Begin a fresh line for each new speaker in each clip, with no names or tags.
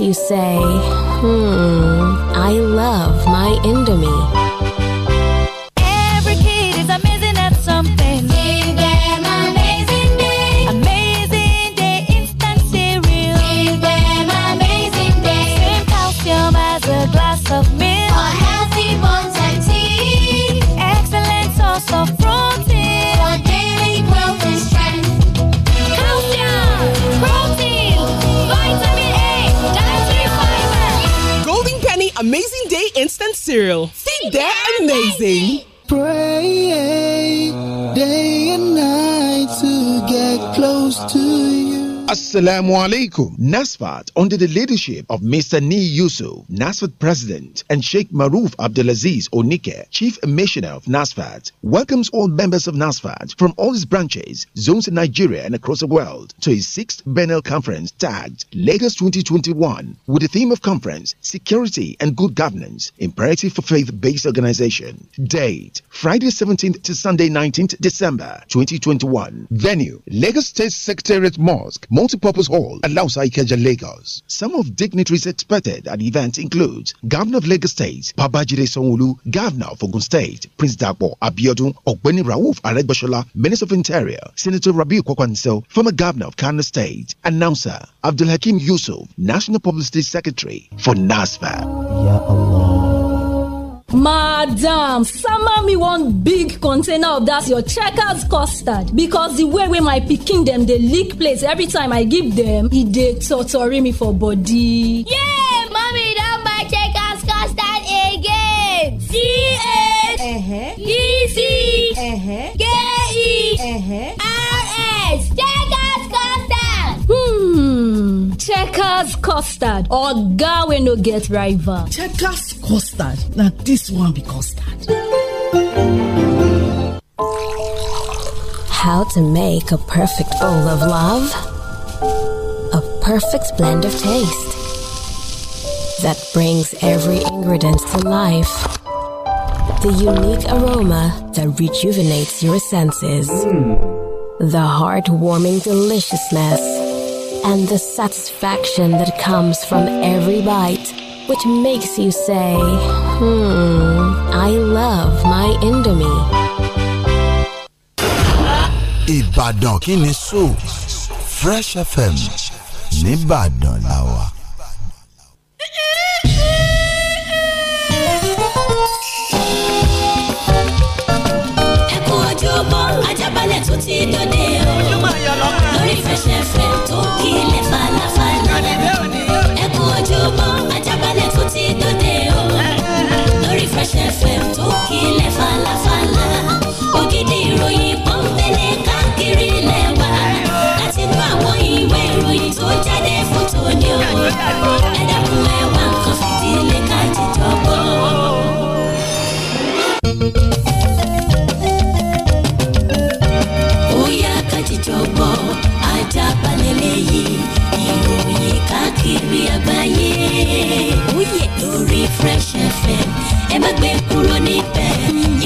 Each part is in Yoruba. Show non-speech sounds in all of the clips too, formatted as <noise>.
you say, hmm, I love my Indomie.
Amazing Day Instant Cereal. Think that amazing. Pray eh, day and night to get close to you. Assalamu alaikum. NASFAT, under the leadership of Mr. Ni Yusuf, NASFAT President, and Sheikh Maruf Abdulaziz Onike, Chief Missioner of NASFAT, welcomes all members of NASFAT from all its branches, zones in Nigeria and across the world to his sixth Benel Conference tagged Lagos 2021 with the theme of conference Security and Good Governance, Imperative for Faith Based Organization. Date Friday 17th to Sunday 19th December 2021. Venue Lagos State Secretariat Mosque, multiple Multi-Purpose Hall at Lausa Ikeja, Lagos. Some of dignitaries expected at the event include Governor of Lagos State, Babajide Sanwolu, Governor of Ogun State, Prince Dapo Abiodun, Ogbeni Rauf Aregbeshola, Minister of Interior, Senator Rabiu Kwakwanso, former Governor of Kano State, Announcer Abdul Hakim Yusuf, National Publicity Secretary for NASFA. Ya Allah
madam summer me one big container of that your checkers custard because the way we my picking them, they leak place every time i give them, it dey totori me for body. Yeah, mommy don't buy checkers custard again. c-h uh-huh. d-c uh-huh. k-e uh-huh. i. checkers custard oga wey no get rival. checkers custard na dis one be custard. How to make a perfect bowl of love? A perfect blend of taste that brings every ingredient to life. The unique aroma that rejuvenates your senses. Mm. The heartwarming deliciousness and the satisfaction that comes from every bite, which makes you say, hmm, I love my Indomie.
Ibadan Kini Soup, Fresh FM, Nibadan Lawa.
ẹkún bo, ajábalẹ̀ tó ti dòde o lórí FM. ẹ dẹ́kun ẹ wá nǹkan fìdílé ká jíjọ gbọ́. ó yá ká jíjọ gbọ́ ajá balẹ̀ lẹ́yìn ìròyìn káàkiri àgbáyé. lórí Fresh FM ẹ má gbé kúrò níbẹ̀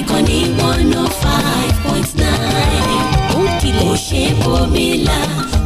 ìkànnì one oh five point nine. ó kìlẹ̀ ó ṣe bòmílà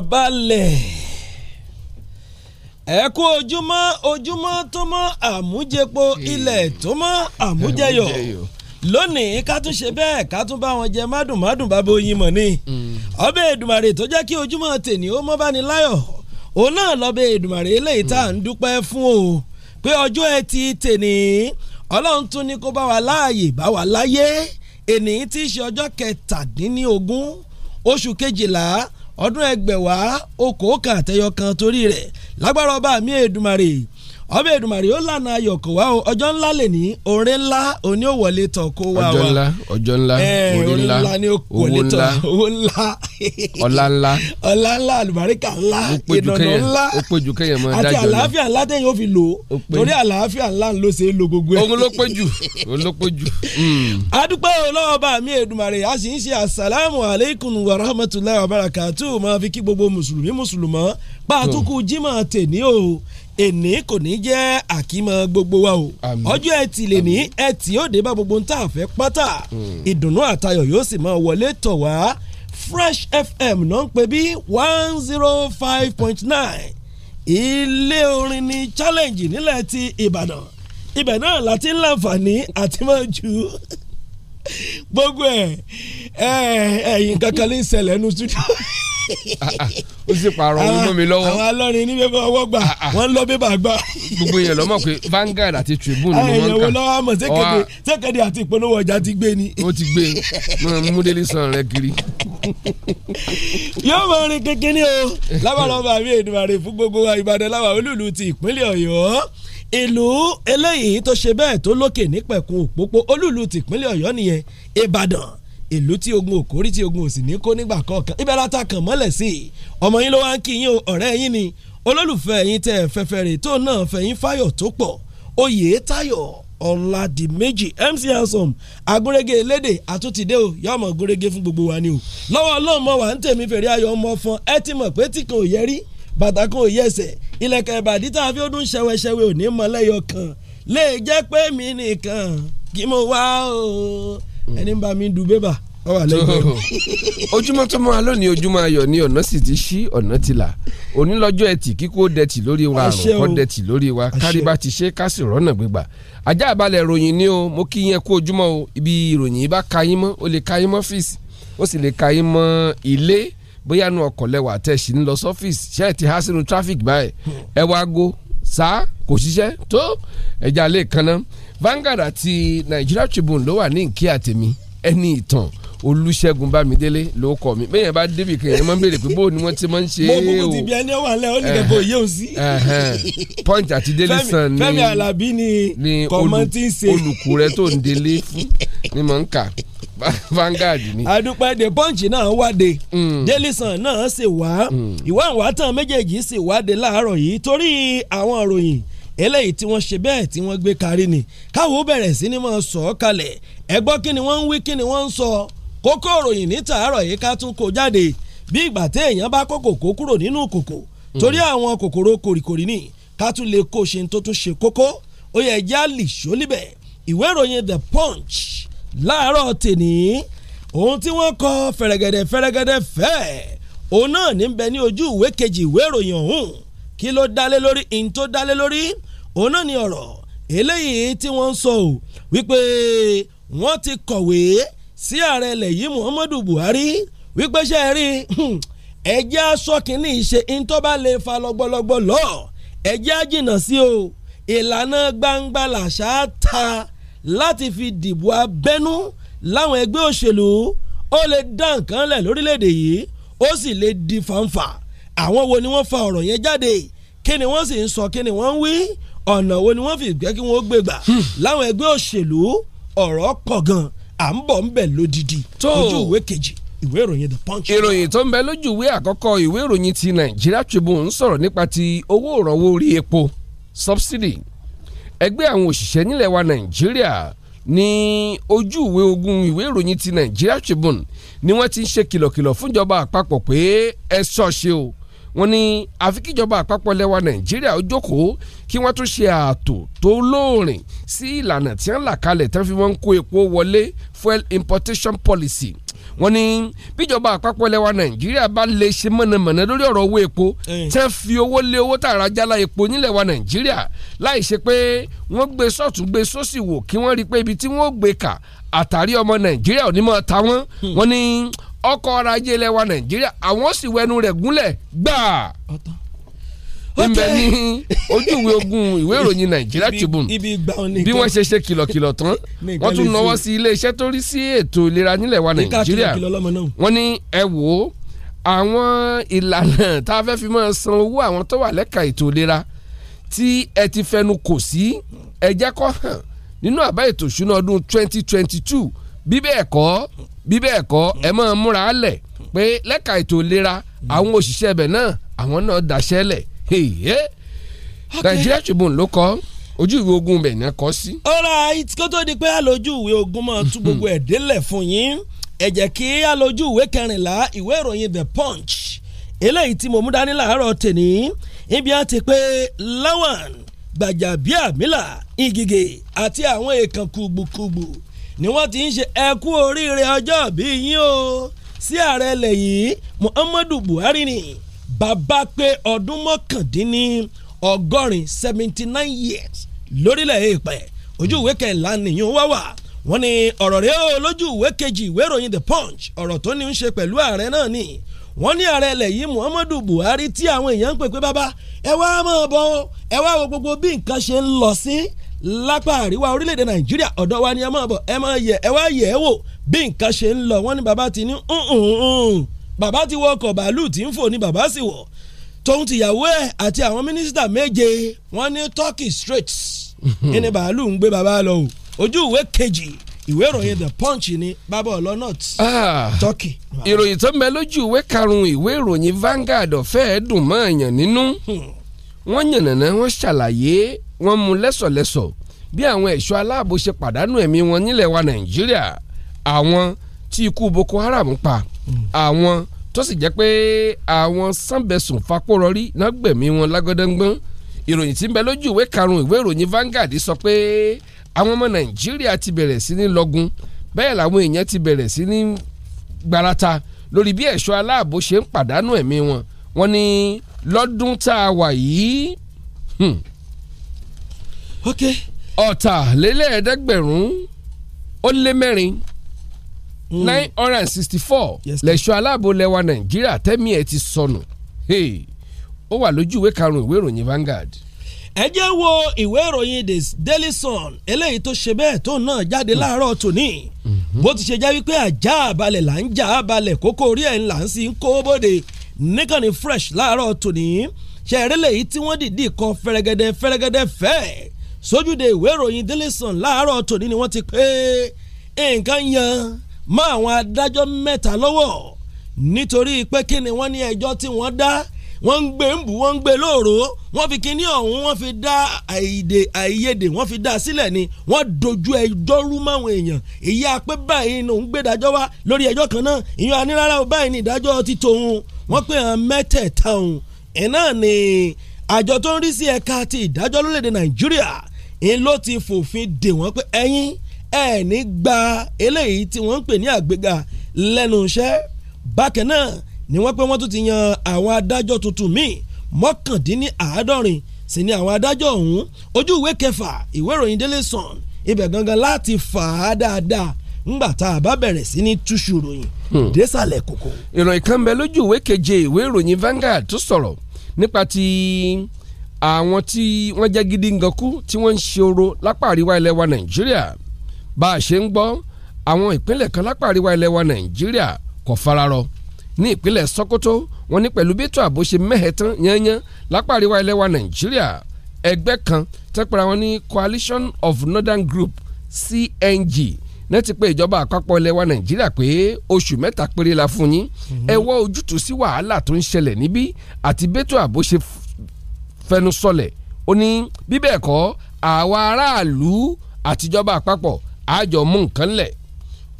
balẹ̀ ẹ kú ojúmọ́ ojúmọ́ tó mọ́ àmújẹpo ilẹ̀ tó mọ́ àmújẹyọ̀ lónìí ká tún ṣe bẹ́ẹ̀ ká tún bá wọn jẹ mádùnmádùn bábo yín mọ̀ ni mm. ọbẹ̀ Èdùmàrè tó jẹ́ kí ojúmọ́ tèmi ó mọ́ bá ní láyọ̀ òun náà lọ́bẹ̀ Èdùmàrè eléyìí tá à ń mm. dúpẹ́ fún o pé ọjọ́ ẹtì tèmi ọlọ́run tún ní kó bá wa láàyè bá wa láyé ènìyàn tí í ṣe ọjọ́ kẹtàdínlógún oṣù kejìlá ọdún ẹgbẹ̀wá okòókà àtẹyọ kan torí rẹ̀ lágbára ọba mi Èdùmàrè ọbẹ̀ Èdùmàrè ó lànà ayọ̀ kò wá o ọjọ́ ńlá lè ní oore ńlá òní ò wọlé tọ̀ kó wá wa ọjọ́ ńlá
ọjọ́ ńlá oore ńlá ni ó wọlé tọ̀
owó ńlá ọlá ńlá <laughs> ọlá ńlá àlùbáríkà ńlá ìdọ̀nà ńlá
àti àlàáfíà
ńlá tẹ̀yìn ó fi lò ó torí àlàáfíà ńlá ló ṣe é lo gbogbo ẹ̀. òun ló pé jù òun ló pé jù. Hmm. adúpẹ́ ọlọ́wọ́ bá mi Èdùmàrè a sì ń ṣe àsálàmù wa rahmatulahi wa barakatu èní kò ní jẹ́ àkímọ gbogbo wa o ọjọ́ ẹtì lè ní ẹtì ó dé bá gbogbo ń tà fẹ́ pátá hmm. ìdùnnú àtayọ̀ yóò sì máa wọlé tọ̀ wá Fresh FM náà ń pè bí one zero oh five point nine ilé orin ni challenge nílẹ̀ ti Ìbàdàn ibẹ̀ náà láti ń láǹfààní àti máa jù ú <laughs> gbogbo ẹ̀ ẹ̀yìn kankan lè ṣẹlẹ̀ nu studio. <laughs>
ó sì pààrọ̀ ohun mọ́ mi lọ́wọ́. àwọn alọ́rin ní bẹ́ẹ̀ ọwọ́ gbà ah, ah. wọ́n lọ bébà gbà. gbogbo yẹn lọ́mọ pé Vanguard àti Tribune ni wọ́n ń kà. àyẹ̀wò lọ́wọ́ àmọ̀
sékèdè àti ìpolówó ọjà ti gbé ni. ó ti gbé
múdélé sàn rẹ kiri.
yóò máa rin kékeré o lábàlọ́ba mi èdùmàrè fún gbogbo Ìbàdàn láwa olúùlú ti ìpínlẹ̀ Ọ̀yọ́ ìlú eléyìí tó ṣe bẹ́ẹ̀ tó lókè nípẹ̀kun òpópó olúùlú tìpínlẹ̀ Ọ̀yọ́ nìyẹn Ìbàdàn ìlú tí ogun òkórí tí ogun òsì ní kó nígbà kọ̀ọ̀kan ibẹ̀ láta kàn mọ́lẹ̀ sí i ọmọ yín ló wá ń kí o ọ̀rẹ́ yín ni olólùfẹ́ yín tẹ́ fẹ́fẹ́ rè tó náà fẹ̀yìn fáyọ̀ tó pọ̀ oyè táyọ̀ ọ̀làdìmẹ́jì mc ansom agúnrégé elédè àtúntìdé o yọ ọmọ agúnrégé fún gbogbo wa ni o lọ́wọ́ ọlọ́mọ wa ń tèmi fèrè ayọ̀ ọmọ fọn ẹ ti mọ̀ pé tí kò yẹ rí bàtà kò yẹ ẹsẹ̀ ilẹ̀kẹ̀ ìbàdí tá a fi ó ṣẹwẹ́ṣẹwẹ́ òní mọ́lẹ́yọ kan lè jẹ́ pé mi nìkan kí mo wá o. Mm. ẹni bá mi dùn bébà ọ wà lẹ́gbẹ̀ẹ́. <laughs>
ojúmọ́ tó mọ́ wa lónìí ojúmọ́ ayọ̀ ni ọ̀nà sì ti ṣí ọ̀nà ti là òní lọ́jọ́ ẹtì kíkó dẹ̀tì lórí wa àrùn kọ́ dẹ̀tì lórí wa káríba ti ṣe ká sì rọ́nà gbígbà ajá àbálẹ̀ ìròyìn ni o mo kí yẹn kú ojúmọ́ o ibi ìròyìn bá ka yín mọ́ o lè ka yín mọ́ fíìsì ó sì lè ka yín mọ́ ilé bóyá nu ọkọ̀ lẹ́wà tẹ̀sí ń lọ sọ́fíìsì ṣe ti há sínú tráfíìkì báyìí ẹ wá go sá kò ṣiṣẹ́ tó ẹja lè kanná Vanguard àti Nigeria Tribune ló wà ní nkí àtẹ̀mí ẹni ìtàn Olúṣẹ́gun Bámidélé ló kọ mi bẹ́ẹ̀ yẹn bá débi kẹ́yìn ẹ̀ máa ń béèrè pé bó ni wọ́n ti máa ń ṣe é o. mo kúkú ti bí ẹni wà lẹ́ ọ ní kẹ́kọ̀ọ́ yé o sí. Punch àti Daily Sun ni Fẹ́mi Alábí ni kọ́mọ́tì ń ṣe. olùkù rẹ tó ń délé fún ni mò ń kà <laughs> Vanguard ni. àdúpẹ́ de Punch náà wáde
Daily hmm. Sun náà ṣèwá hmm. ìwà ìwà tán méjèèjì ṣèwáde láàárọ̀ yìí torí àwọn ìròyìn eléyìí tí wọ́n ṣe bẹ́ẹ̀ tí wọ́n gbé kárí ni káwọ́ bẹ̀rẹ̀ sí ni máa sọ ọ́ kalẹ̀ ẹ kí ni wọ́n ń wí kí ni wọ́n ń sọ kókó ìròyìn ní tàárọ̀ yìí ká tún kó jáde bí ìgbà tí èèyàn bá kó kòkó kúrò nínú kòkó hmm. torí àwọn kòkòrò kòrìkòrì ni ká tún lè kó ṣe tó tún ṣe kókó ó yẹ ẹjẹ́ àlì ṣólíbẹ̀ ìwé ìròyìn The Punch láàárọ̀ tèní ohun tí wọ́n kọ fẹ̀rẹ̀gẹ̀dẹ̀ fẹ̀rẹ̀gẹ̀dẹ̀ fẹ́ẹ̀ òun náà ní bẹ ní ojú ìwé kejì ìwé ìròyìn ọ̀hún kí ló dálé lórí ìyìn tó dálé lórí òun náà ni ọ̀rọ̀ eléyìí tí wọ́n ń sọ ò wípé wọ́n ti kọ̀wé sí ààrẹ ilẹ̀ yìí Muhammadu Buhari wípé hmm. ṣe é rí ẹjẹ́ aṣọ kìíní ṣe ntọ́ba lè fa lọ́gbọ́lọ́gbọ́ lọ ẹjẹ́ àjìnà sí o ìlànà gbangba làṣà ta láti fi dìbò abẹ́nú láwọn ẹgbẹ́ òṣèlú ó lè dá nǹkan lẹ̀ lórílẹ̀‐èdè yìí ó sì lè di fanfa àwọn wo ni wọ́n fa ọ̀rọ̀ yẹn jáde kí ni wọ́n sì ń sọ kí ni wọ́n ń wí ọ̀nà wo ni wọ́n fi gbẹ́ kí wọ́n gbé gbà hmm. láwọn ẹgbẹ́ òṣèlú
ọ̀rọ̀ pọ̀ gan à ń bọ̀ ń bẹ̀ lódìdí ojú ìwé kejì ìwé ìròyìn the punch. ìròyìn tó ń bẹ lójú ìwé àkọ́kọ́ ìwé ìròyìn ti Nigeria Tribune ń sọ̀rọ̀ nípa ti owó ìrànwọ́ orí epo subsidy ẹgbẹ́ àwọn òṣìṣẹ́ nílẹ̀ wa Nàìjíríà ní ojú ìwé ogun ìwé ìròyìn ti Nigeria Tribune ni wọ́n ti ń ṣe kìlọ̀kìlọ̀ fúnjọba àpapọ̀ pé ẹ ṣọ́ọ̀ṣe o wọ́n ní àfi kíjọba àpapọ̀ lẹ́wà nàìjíríà ó jókòó kí wọ́n tún ṣe ààtò tó lóòrìn sí ìlànà tí wọ́n là kalẹ̀ tí wọ́n fi wọ́n kó epo wọlé fuel importation policy wọ́n ní bíjọba àpapọ̀ lẹ́wà nàìjíríà bá lè ṣe mọ̀nàmọ̀nà lórí ọ̀rọ̀ owó epo eh. tí wọ́n fi owó lé owó tààrà jálá epo nílẹ̀ wa nàìjíríà láì ṣe pé wọ́n gbé sọ́ọ̀tún gbé sósì wò kí wọ́n rí i pé ibi tí wọ́n gbé kà àtàrí ọmọ nàìjíríà ò ní mọ̀ ta wọ́n hmm. wọ́n ní ọkọ̀ ọrọ̀ ajé ilẹ̀ wa nàìjíríà àwọn sì wẹnu rẹ̀ gúnlẹ̀ gbàá nbẹ ní ojú ìwé ogun ìwé ìròyìn Nigeria Tribune bí wọ́n ṣe ṣe kìlọ̀kìlọ̀ tán wọ́n tún nọwọ́ sí iléeṣẹ́ tó rí sí ètò ìlera nílẹ̀ wa Nàìjíríà wọ́n ní ẹ wò ó àwọn ìlànà <laughs> tá a fẹ́ fi máa san owó àwọn tó wà lẹ́ka ètò ìlera tí ẹ ti fẹnu kò sí ẹ jẹ́ kó hàn nínú àbá ètò ìṣúná ọdún 2022 bí bẹ́ẹ̀ bí bẹ́ẹ̀ kọ́ ẹ máa múra lẹ̀ pé lẹ́ka ètò ìlera àwọn òṣìṣẹ́ ibẹ̀ náà àwọn náà daṣẹ́ lẹ̀ Nigeria Tribune ló kọ́ ojú ìwé ogun bẹ̀ ni kọ́ sí. alright kó tó di pé àlòjù
ìwé ogun máa tú gbogbo ẹ̀ délẹ̀ fún yín ẹ kí àlòjù ìwé kẹrìnlá ìwé ìròyìn The Punch eléyìí tí mo mú dání làárọ̀ tèní ibi á ti pé Lawan Gbàjàbíàmílà Ìgìgè àti àwọn èèkàn kùgbùkùgbù ni wọ́n ti ń ṣe ẹkú oríire ọjọ́ bí yín o sí ààrẹ ilẹ̀ yìí Muhammadu Buhari ni bàbá pé ọdún mọ́kàndínní ọgọ́rin seventy nine years lórílẹ̀ èèpẹ̀ ojú ìwé kẹ̀ńlá nìyẹn wá wà wọ́n ní ọ̀rọ̀ rẹ̀ ó lójú ìwé kejì ìwé ìròyìn The Punch ọ̀rọ̀ tó ní ń ṣe pẹ̀lú ààrẹ náà ni wọ́n ní ààrẹ ilẹ̀ yìí Muhammadu Buhari tí àwọn èèyàn ń pè pé bàbá ẹ wá máa bọ̀ ẹ wá wo gbogbo bí nǹkan ṣe ń lọ sí. Si lápá àríwá orílẹ̀-èdè nàìjíríà ọ̀dọ̀ wa ni ẹ máa bọ̀ ẹ máa yẹ ẹ wá yẹ ẹ wò bí nǹkan ṣe ń lọ wọ́n ní bàbá ti ní bàbá ti wọ ọkọ̀ bàálù tí ń fò ní bàbá sì wọ̀ tóun tìyàwó ẹ̀ àti àwọn mínísítà méje wọ́n ní Turkey Strait ẹni <laughs> bàálù ń gbé bàbá lọ o ojú ìwé kejì
ìwé ìròyìn the punch ni bàbá ọlọ north ah, turkey. ìròyìn tó ń bẹ lójú ìwé karùn-ún ìwé ìròyìn Vanguard ọ̀fẹ́ dùn mọ́ èèyàn nínú hmm. wọ́n yànnàná wọ́n ṣàlàyé wọ́n mú lẹ́sọ̀lẹ́sọ̀ bí àwọn ẹ̀ṣọ́ aláàbò ṣe pàdánù ẹ̀mí wọn nílẹ̀ wa nàìjíríà àwọn tí ikú boko haram pa àwọn tó sì jẹ́ pé àwọn sànbẹ̀sùn fakórọrí náà gbẹ̀mí wọn lágọ́dẹ́ngbọ́n ìròyìn tí ń bẹ lójú ìwé karùn-ún ìwé ìròyìn Vanguard sọ pé àwọn ọmọ nàìjíríà ti bẹ̀rẹ̀ sí ní lọ́gun bẹ́ẹ̀ làwọn èèyàn ti bẹ̀rẹ̀ sí ní gbarata lórí bí ẹ̀ṣọ́ aláàbò ṣe ń pàdánù ẹ̀mí wọn wọ́n ní lọ́dún tá a wà yìí hmm, ọ̀tàlélẹ́ẹ̀ẹ́dẹ́gbẹ̀rún ó lé mẹ́rin hmm. nine hundred and sixty four lẹ̀ṣọ́ aláàbò lẹwa nàìjíríà tẹ́mi ẹ̀ ti sọnù ó wà lójú ìwé karùn-ún ìwé ìròyìn Vanguard. ẹ jẹ́ wo ìwé ìròyìn the Daily Sun eléyìí tó ṣe bẹ́ẹ̀ tó náà jáde
láàárọ̀ tòní mhm. bó ti ṣe jẹ́ wípé àjà àbalẹ̀ là ń jà àbalẹ̀ kókó orí ẹ̀ là ń sì ń kó bóde nìkan fresh láàárọ̀ tòní ṣe eré lèyí tí wọ́n dìdí kọ fẹ́rẹ́gẹ́dẹ́ fẹ́rẹ́gẹ́dẹ́ fẹ́ẹ́ sójúde ìwé ìròyìn Daily Sun láàárọ̀ tòní ni wọ́n ti pé nǹkan yan mọ́ àwọn adájọ́ mẹ́ta lọ́wọ́ nítorí pé kí ni wọ́n ní ẹjọ́ tí wọ́n dá wọ́n ń gbé ń bù wọ́n ń gbé lóòrò wọ́n fi kíní ọ̀hún wọ́n fi dá àìdè àìyedè wọ́n fi dá sílẹ̀ ni wọ́n dojú ẹjọ́ rú máwọn èèyàn ìyá pé báyìí ló ń gbé ìdájọ́ wá lórí ẹjọ́ kan náà ìyẹn anílára ò báyìí ní ìdájọ́ ti tòun wọ́n pè hàn mẹ́tẹ̀ẹ̀ta òun ẹ̀ náà ni àjọ tó ń rí sí ẹ̀ka ti ìdájọ́ lórílẹ̀‐èdè Nàìjíríà ń ló ti fòfin dè wọ́n pé ẹ̀yin ẹ̀ ní gba eléyìí tí wọ́n ń pè ní àgbéga lẹ́nu iṣẹ́ bákan náà ni wọ́n pé wọ́n tún ti yan àwọn adájọ́ tuntun míì mọ́kàndínláàádọ́rin sì ni àwọn adájọ́ ọ̀hún ojú ìwé kẹfà ìwé ìròyìn Daily Sun ibẹ̀ gangan láti fà
á dáadáa ńgbà tá a bá bẹ̀rẹ̀ sí ní túṣu ròyìn hmm. désàlẹ̀ kòkó. ìròyìn kan bẹ lójú ìwé keje ìwé ìròyìn Vanguard tó sọ̀rọ̀ nípa ti àwọn tí wọ́n jẹ́ gidi ngankú tí wọ́n ń ṣe oro lápá àríwá ilẹ̀ wa nàìjíríà bá a ṣe ń gbọ́ àwọn ìpínlẹ̀ kan lápá àríwá ilẹ̀ wa nàìjíríà kò fararọ ní ìpínlẹ̀ sokoto wọ́n ní pẹ̀lú bí ètò ààbò ṣe mẹ́hẹ̀ tán yányán lápá àríwá ilẹ̀ wa nàìjíríà ẹgbẹ́ kan tẹ́pẹ́ra wọn ní coalition of northern group cng ní ti pé ìjọba àpapọ̀ ilẹ̀ wa nàìjíríà pé oṣù mẹ́ta péré la fún yín mhm. ẹ wá ojútùú sí wàhálà tó ń ṣẹlẹ̀ níbí àti bẹ́tò ààbò fẹnu sọlẹ̀ ó ní bíbẹ̀ ẹ̀kọ́ àwa aráàlú àtijọba àpapọ̀ àjọ mú nǹkan lẹ̀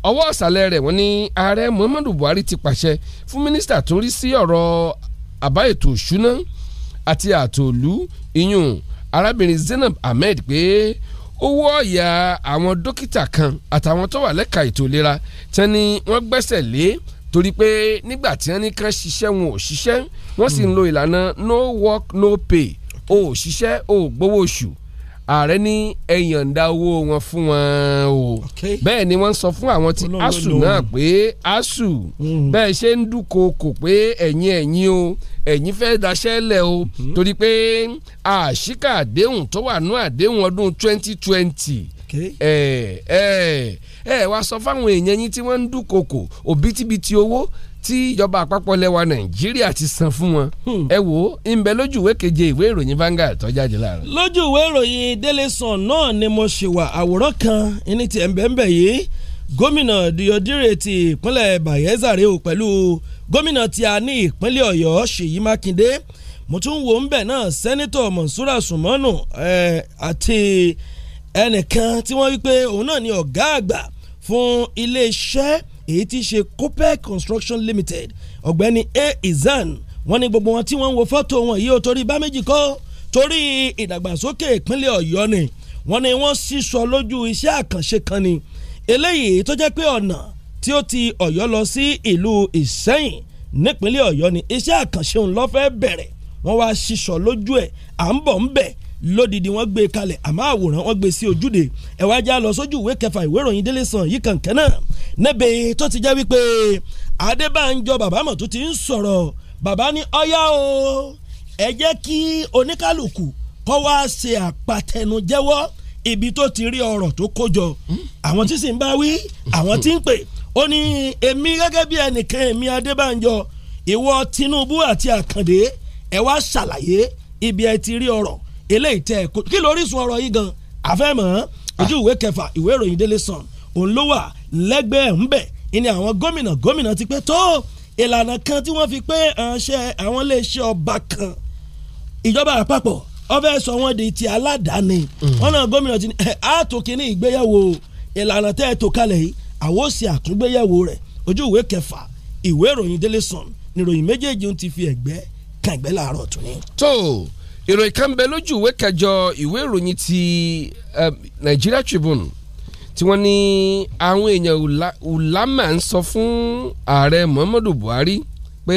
ọwọ́ ọ̀sàlẹ̀ rẹ̀ wọ́n ní ààrẹ Muhammadu Buhari ti pàṣẹ fún mínísítà tó rí sí ọ̀rọ̀ àbá ètò òṣúná àti àtòlú iyùn arábìnrin Zainab Ahmed pé owó ọ̀yà àwọn dókítà kan àtàwọn tó wà lẹ́ka ètò ìlera tẹ́ni wọ́n gbẹ́sẹ̀ lé torí pé nígbà tí wọ́n ní kán ṣiṣẹ́ wọn ò ṣiṣẹ́ wọ́n sì ń lo ìlànà no work no pay o ò ṣiṣẹ́ o ò gbowó oṣù ààrẹ ní ẹ̀yàǹda owó wọn fún wọn o bẹ́ẹ̀ ni wọ́n sọ fún àwọn ti asu. náà pé asuu hmm. bẹ́ẹ̀ ṣe ń dúkookò pé ẹ̀yin ẹ̀yin o ẹ̀yin fẹ́ daṣẹ́ lẹ̀ o hmm. torí pé àṣìkà àdéhùn tó wà nú àdéhùn ọdún twenty twenty ẹ ẹ ẹ wá sọ fáwọn èèyàn yín tí wọ́n ń dúnkokò òbítíbitì owó tí ìjọba àpapọ̀ lẹ́wà nàìjíríà ti san fún wọn. Hmm. ẹ wo ìbẹ lójú ìwé keje ìwé ìròyìn Vanguard tó jáde láàárọ̀.
lójú ìwé ìròyìn Daily Sun náà ni mo ṣe wà àwòrán kan ní ti ẹ̀ńbẹ̀ńbẹ̀ yìí gómìnà Diodire ti ìpínlẹ̀ Bayelsa rèé o pẹ̀lú gómìnà tí a ní ìpínlẹ̀ Ọ̀yọ́ Ṣèyí Mákindé mo tún wò ń bẹ̀ náà sẹ́nitọ̀ Mọ̀nsúrà Sùmọ́nù àti ẹnìkan tí wọ́n wí pé òun náà ni ọ̀gá àgbà fún iléeṣẹ́ èyí tí í ṣe Copec Construction Limited ọ̀gbẹ́ni A Izan wọ́n ní gbogbo wọn tí wọ́n ń wo fọ́tò wọn yìí ó torí bá méjì kọ́ torí ìdàgbàsókè ìpínlẹ̀ Ọ̀yọ́ ni wọ́n ní wọ́n sísọ lójú iṣẹ́ àkànṣe kan ni eléyìí tó jẹ́ pé ọ̀nà tí ó ti Ọ̀yọ́ lọ sí ìlú Ìṣẹ́yìn nípínlẹ̀ Ọ̀yọ́ ni iṣẹ́ àkànṣe òun ló fẹ́ bẹ̀rẹ̀ wọ́n wá sísọ lójú ẹ̀ à ń bọ̀ ń bẹ̀ lódìdí wọ́n gbé kalẹ̀ àmọ́ àwòrán wọ́n gbé sí ojúde ẹ̀wá já lọ sójú ìwé kẹfà ìwé ìròyìn délé sàn yìí kàǹkẹ́ náà níbi tó ti jẹ́ wípé Adébánjọ bàbá mọ̀tún ti ń sọ̀rọ̀ bàbá ní ọ̀yá o ẹ jẹ́ kí oníkálùkù kọ́ wá ṣe àpàtẹnujẹ́wọ́ ibi tó ti rí ọrọ̀ tó kó àwọn tí sì ń bá wí àwọn tí ń pè ó ní èmi gẹ́gẹ́ bí ẹnìkan èmi Adébánjọ ìwọ Tinubu àti Àkàndé ẹ wá ṣàlàyé ibi ẹ ti rí ọrọ̀ eléyìí tẹ́ kó kí lórí sun ọ̀rọ̀ yìí gan àfẹ́mọ̀ ojú ìwé kẹfà ìwé ìròyìn Daily Sun òun ló wà lẹ́gbẹ̀ẹ́ ńbẹ̀ ìní àwọn gómìnà gómìnà ti pé tó ìlànà kan tí wọ́n fi pé àṣẹ àwọn iléeṣẹ́ ọba kan ìjọba àpapọ̀ ọbẹ̀ sọ wọ́n di ti aládàáni hmm. wọn náà gómìnà ti ní àtòkínní ìgbéyàwó ìlànà tẹ́ ẹ tó kalẹ̀ yìí àwòsí àtúngbéyàwó rẹ̀ ojú ìwé kẹfà ìwé ìròyìn Daily Sun
níròyìn méjèèjì ń ti fi ẹ̀gbẹ́ kàn ẹ̀gbẹ́ láàárọ̀ tún ni. tó o ìròyìn kan bẹ lójú ìwé kẹjọ ìwé ìròyìn ti um, Nigeria Tribune tí wọ́n ní àwọn èèyàn ulama ń sọ fún ààrẹ Muhammadu Buhari pé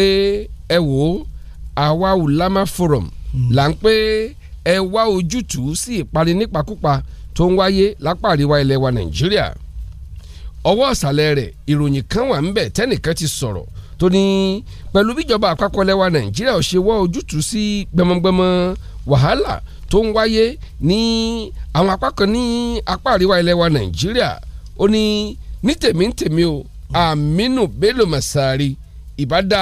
ẹ wo ó àwa ulama forum hmm. là ń pé ẹ wá ojútùú sí ìparí nípakúpa tó ń wáyé lápá àríwá ilẹ̀ wa Nàìjíríà ọwọ́ ọ̀sàlẹ̀ rẹ̀ ìròyìn kan wà ń bẹ̀ tẹ́nìkan ti sọ̀rọ̀ tó ní pẹ̀lú bíjọba àpapọ̀ lẹ́wà nàìjíríà ò ṣe wọ́ ojútùú sí gbẹmọgbẹmọ wàhálà tó ń wáyé ní àwọn apá kan ní apá àríwá ilẹ̀ nàìjíríà ó ní ní tèmi ń tèmi o Aminu Bello Masari ìbádá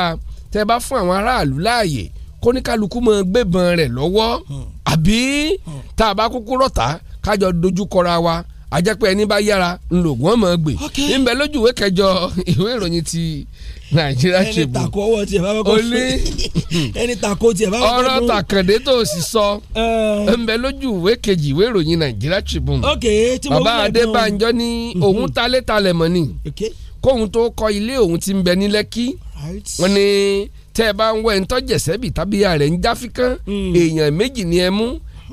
tẹ́ bá fún àwọn aráàlú láàyè kóníkálukú mọ gbébọn rẹ̀ lọ́wọ́ hmm. àbí hmm. tá a bá kúkú rọ̀tá kájọ dojúkọra wa ajẹ́pẹ́ ẹni bá yára ńlò wọ́n mọ̀ gbè ńbẹ lójú ìwé kẹjọ <laughs> ìwé ìròyìn ti nàìjíríà ṣe bù ẹni tako ọwọ́ tiẹ̀ bá fẹ́ kó sọ ẹni tako tiẹ̀ bá fẹ́ kó sọ. ọ̀rọ̀ tàkàndé tó o sì sọ ẹnbẹ lójú ìwé kejì ìwé ìròyìn nàìjíríà ṣe bù. bàbá adébánjọ ní mhm. òun talẹ́talẹ̀ mọ́ ni kóhun tó kọ́ ilé òun ti ń bẹ ní lẹ́kí wọ́n ní tẹ́ ẹ bá ń wẹ̀ ń tọ́jẹ̀sẹ́ bì tábíyà rẹ̀ ń jáfikán hmm. èèyàn méjì ni ẹ mú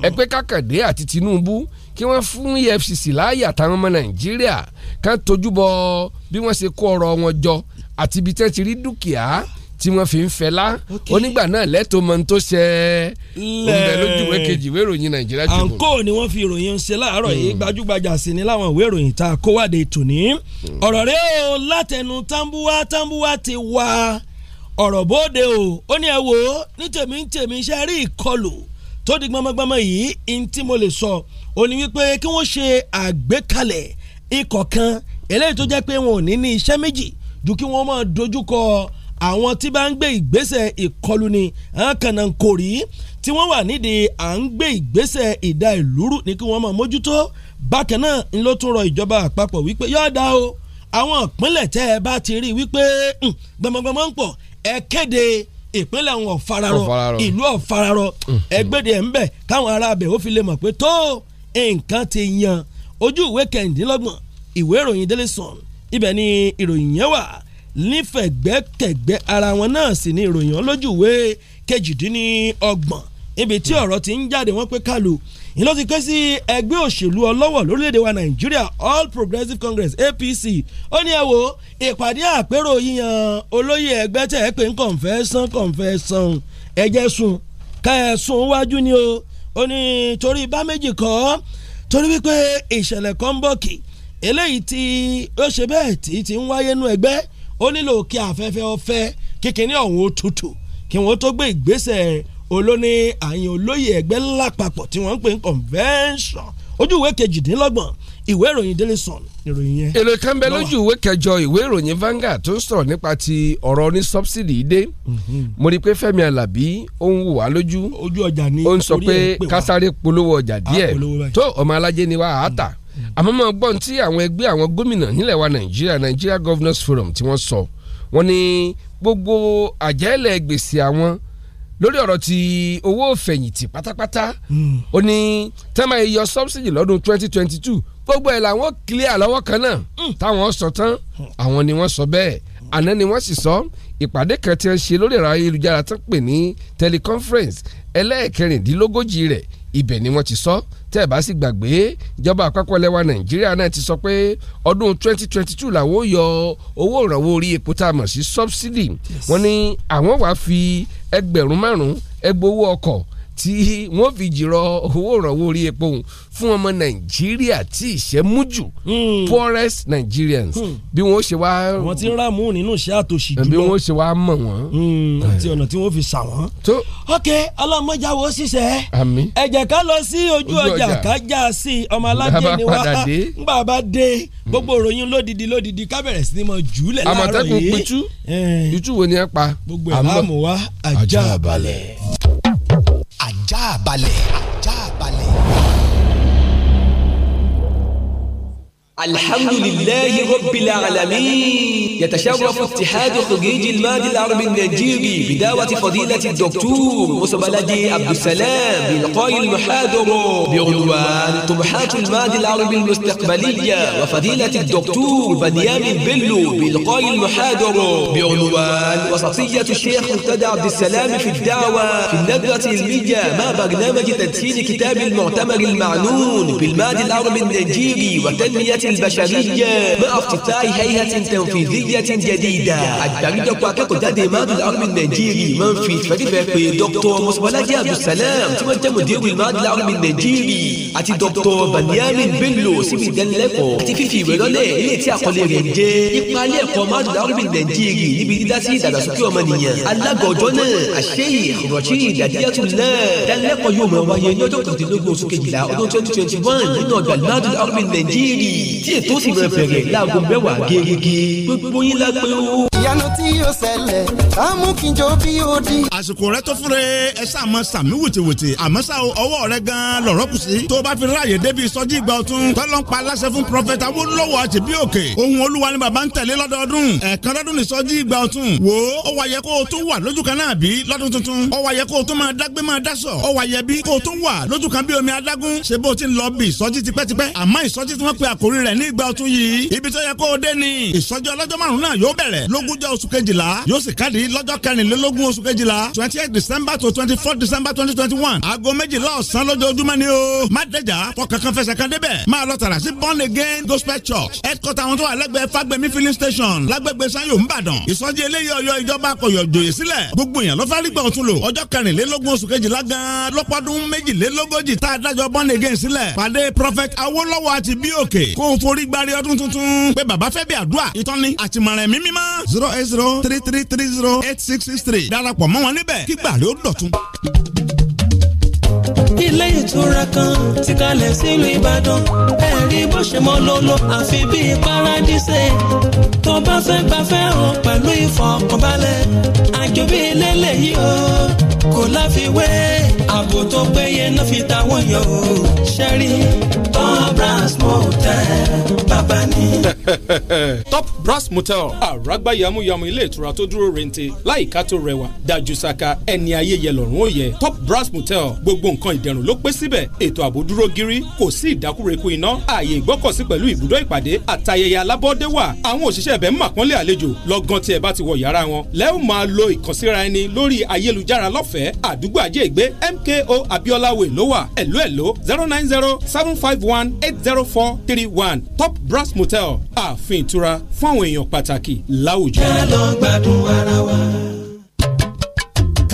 ẹ pé kákàndé àti tinubu kí wọ́n fún EFCC láàyè àtàwọn ọmọ nàìjíríà kan tójú bọ bí wọ́n ṣe kó ọ̀rọ̀ wọn jọ àti ibi tẹ́ ti rí dúkìá tí wọ́n fi ń fẹ́lá onígbà náà lẹ́tọ́ mọ tó ṣe ọ̀nbẹ lójúwé kejì ìwé ìròyìn nàìjíríà
ti àǹkó ni wọ́n fi ìròyìn ṣe láàárọ̀ yìí hmm.
gbajúgbajà sí ni láwọn ìwé ìròyìn tá a kó wáde
tòní. Hmm. ọ̀rọ̀ rẹ o látẹnu tambuwa tambuwa ti wá ọ̀rọ̀ bóde o ó ní ẹ wo ní tèmi ń tèmi ṣe rí ìkọlù tó di gbọmọgbọmọ yìí ní tí mo lè sọ ò ní wípé kí wọ́n ṣe àgbékalẹ̀ ikọ̀ kan eléyìí tó jẹ́ pé wọn ò ní ní iṣẹ́ méjì ju kí wọ́n máa dojúkọ àwọn tí bá ń gbé ìgbésẹ̀ ìkọlù ni kànáńkòrí tí wọ́n wà nídìí à ń gbé ìgbésẹ̀ ìdá ìlúrú ni kí wọ́n máa mójútó bákan náà ń ló tún rọ ìjọba àpapọ̀ wípé yóò dá o àwọn ìpínlẹ̀ tẹ́ ẹ bá ti rí wípé hmm, gbọmọgbọmọ ń pọ̀ ẹ kéde ìpínlẹ̀ ọ̀hún ọ̀fararọ ìlú ọ̀fararọ hmm. ẹgbẹ́dẹ̀ ń bẹ̀ káwọn ará abẹ̀ ó fi lè mọ̀ pé tó nǹkan ti yan ojú ìwé kẹ̀ǹdínlọ́gbọ̀n ìwé ìròyìn Daily Sun ibẹ̀ ni ìròyìn yẹn wà nífẹ̀gbẹ́kẹ̀gbẹ́ ara wọn náà sì ni ìròyìn wọn lójú ìwé kejìdínlọ́gbọ̀n ibi tí ọ̀rọ̀ ti ń jáde wọ́n pé kálù ni ló ti ké sí ẹgbẹ́ òṣèlú ọlọ́wọ̀ lórílẹ̀‐èdè wa nàìjíríà all progressives congress apc ó ní ẹ wo ìpàdé àpérò yíyan olóyè ẹgbẹ́ tẹ̀ ẹ́ pé ń confession confession ẹ̀jẹ̀ sùn ká ẹ̀ sùn wájú ni o ó ní torí bá méjì kọ́ torí wípé ìṣẹ̀lẹ̀ kan bọ̀ kì eléyìí tí ó ṣe bẹ́ẹ̀ tí ti ń wáyé nú ẹgbẹ́ ó nílò kí afẹ́fẹ́ ọ̀fẹ́ kíkiní ọ̀hún tutù kí wọ́n tó gbé ìgbésẹ̀ olóní àyàn olóyè ẹgbẹ́ ńlá papọ̀
tí wọ́n ń pè ní convention ojú ìwé kejìdínlọ́gbọ̀n ìwé ìròyìn Daily Sun ìròyìn yẹn. èrò kan bẹ lójú ìwé kẹjọ ìwé ìròyìn Vanguard tó ń sọ̀rọ̀ nípa ti ọ̀rọ̀ ní sọ́bsidì dé mhm. mo rí i pé Fẹ́mi Alábí ó ń wù wá lójú ó ń sọ pé kásáré polówó ọjà díẹ̀ tó ọmọ alájẹ ni wà á tà. Mm -hmm àmọ́ mọ́ gbọ́n tí àwọn ẹgbẹ́ àwọn gómìnà nílẹ̀ wa nàìjíríà nàìjíríà governors forum tí wọ́n sọ wọ́n ní gbogbo àjẹ́lẹ̀ gbèsè àwọn lórí ọ̀rọ̀ ti owó fẹ̀yìntì pátápátá hmm. ó ní tẹ́lẹ̀ yọ subsidy lọ́dún twenty twenty two gbogbo ẹ̀ làwọn clear lọ́wọ́ kan náà hmm. táwọn sọ tán àwọn ni wọ́n sọ bẹ́ẹ̀ àná ni wọ́n sì sọ ìpàdé kan tí wọ́n ṣe lórí ẹ̀rọ ayélujára tó ń pè ní teleconference ẹlẹ́ẹ̀kẹrìndínlógójì rẹ̀ ibẹ̀ ni wọ́n ti sọ tẹ́ ẹ̀ bá sì gbàgbé ìjọba àpapọ̀ lẹ́wà nàìjíríà náà ti sọ pé ọdún 2022 làwọn ó yọ owó ìrànwọ́ orí epo tá a mọ̀ sí subsidy wọ́n ní àwọn wàá fi ẹgbẹ̀rún márùn-ún ẹgbowó ọkọ̀ tí wọ́n fi jìrọ owó ìrànwọ́ orí epo fún ọmọ nàìjíríà tí ìṣẹ́ mú jù hmm. poorest Nigerians hmm. bí wọ́n ṣe wá. wọ́n ti ń rà mú nínú iṣẹ́ àtòṣì jùlọ bí wọ́n ṣe wá mọ̀ wọ́n.
Hmm. Eh. àti ọ̀nà tí wọ́n fi ṣà wọ́n. ok ọlọ́mọjàwó ṣiṣẹ́ ẹ jẹ́ ká lọ sí ojú ọjà ká já sí ọmọ aládé ni wá ngbà bá dé gbogbo ìròyìn lódìdí lódìdí ká bẹ̀rẹ̀ sí ni mo jù ú yìí àmọ̀tẹ́kùn pitú
eh. pitú wo ni ẹ pa. gbogbo ẹ̀ láàmú wá ajá
balẹ̀ ajá balẹ̀
ajá
الحمد لله رب العالمين يتشرف اتحاد خريج المادي العربي
النيجيري بدعوة فضيلة الدكتور مصبلدي عبد السلام بإلقاء المحاضرة بعنوان طموحات المادي العربي المستقبلية وفضيلة الدكتور بنيامين بلو بإلقاء المحاضرة بعنوان وسطية الشيخ مرتدى عبد السلام في الدعوة في الندرة العلمية مع برنامج تدشين كتاب المعتمر المعنون بالمادي العربي النيجيري وتنمية البشرية مع افتتاح هيئة تنفيذية جديدة àgbáríjọpọ̀ akẹ́kọ̀ọ́ jáde madu army nàìjírí máa ń fi ìfẹ́kẹ́fẹ́ pé dr mosbolaji abdulsalam tí wọ́n jẹ́ mọ̀déwì madu army nàìjírí àti dr banyamin bello síbi ìdánilẹ́kọ̀ọ́ àti fífi ìwé lọ́lẹ̀ ilé tí àkọlé rẹ̀ jẹ́ ìparí ẹ̀kọ́ madu army nàìjírí níbi dídásí ìdàgbàsókè ọmọnìyàn alága ọjọ́ náà àṣeyì rọ̀ṣí ìdàdíyàtúlẹ̀ ìdánilẹ́kọ̀ọ́ yóò máa wáyé ní ọjọ́ kọ̀ọ̀dínlógún oṣù kejìlá ọdún twenty twenty one nínú ọgbà madu army nàìjírí tí ètò sì máa bẹ̀rẹ̀ láago mẹ́wàá gẹ́gẹ́
gbogbo yín lápẹ́ ó ìyanu tí yóò ṣẹlẹ̀ ká mú kí n jó bí ó di. àsìkò rẹ tó fúnre ẹ sáà mọ sàmí wùtìwùtì àmọ́ sá ọwọ́ rẹ gan-an kù sí. tó o bá fi ráàyè débi ìsọjí ìgbà ọ̀tun tọ́lọ́npa aláṣẹ fún prọfẹ̀tà Awólọ́wọ̀ àti bí òkè ohun olúwa ni bàbá ń tẹ̀lé lọ́dọọdún ẹ̀ẹ̀kan lọ́dún ìsọjí ìgbà ọ̀tun wo ó wà yẹ kó o tún wà lójú kan náà bí lọ́dún tuntun ó wà yẹ kó o tún máa dágbé máa dásọ̀ ó wà yẹ bí kó o tún wà lójú kan bí omi adágún ṣe bó o ti ń lọ bí ìsọjí tipẹ́tipẹ́ àmọ́ ìsọjí tí wọ́n pe àkórí rẹ̀ ní ìgbà ọ̀tun yìí ibi tó yẹ kó o dé ni ìsọjí ọlọ́jọ́ márùn-ún náà yóò bẹ̀rẹ̀ lógún lọ́jọ́ oṣù kejìlá yóò sì káàdì lọ́jọ́ kẹrìnlélógún oṣù kejìlá twenty eight december to twenty four december twenty twenty one aago méjìlá ọ̀sán lójoojúmọ́ ni o má dẹjà fọkànkan fẹsẹ̀ kan débẹ̀ máa lọ tààrà sí born again gospel church headquarter àwọn tó wà lẹ́gbẹ̀ẹ́ fagbemi filling station lágbègbè sanyo nìbàdàn ìsọjí eléyìí ọyọ ìjọba akọyọ joyè sílẹ̀ gbogbo èèyàn ló fárí gbà ọ̀tún lò ọjọ́ kẹrìnlélógún oṣù kejìlá gan lọ́pọ̀dún méjìlélógójì tá a dájọ́ born again sílẹ̀ pàdé prophet awolowo àti bíòkè kó o forí gbárí ọdún tuntun pé bàbá fẹ́ bí àdúrà ìtọ́ni àtìmọ̀ràn mímímọ́ zero eight zero three three three zero eight six six
three darapọ̀ mọ́ wọn níbẹ̀ kígbà ló dọ̀tun ilé ìtura kan ti kalẹ̀ sílùú ìbàdàn ẹ̀rí bó ṣe mọ́ ló lọ àfi bíi
paradíṣẹ́ tó bá fẹ́ gbà fẹ́ hàn pẹ̀lú ìfọ̀kànbalẹ̀ àjò bíi lélẹ̀ yìí o kò láfiwé ààbò tó péye náà fi táwọn
yọ o ṣẹ́rí top brass motel bàbá ni. <laughs> top brass motel àràgbá yamuyamu ilé ìtura tó dúró rente láìka tó rẹwà dájú saka ẹni ayé yẹ lọ́rùn ó yẹ top brass motel gbogbo nǹkan ìdẹ̀rùn ló pé síbẹ̀ ètò ààbò dúró gírí kò sí ìdákùrekú iná ààyè ìgbọ́kọ̀sí pẹ̀lú ibùdó ìpàdé àtayẹyẹ alábọ́dé wà àwọn òṣìṣẹ́ ibẹ̀ ń màpọ́nlé àlejò lọ́gán tí ẹ bá ti wọ yàrá wọn lẹ́ẹ̀ máa lo ìkànsíra ẹni lórí ayélujára lọ́fẹ̀ẹ́ àdúgbò ajé ìgbé mp ko abiolawe ló wà ẹ̀lú ẹ̀ló zero nine zero seven five one eight zero four three one top brass motel ààfin ìtura fún àwọn èèyàn pàtàkì láwùjọ. ká lọ gbádùn wa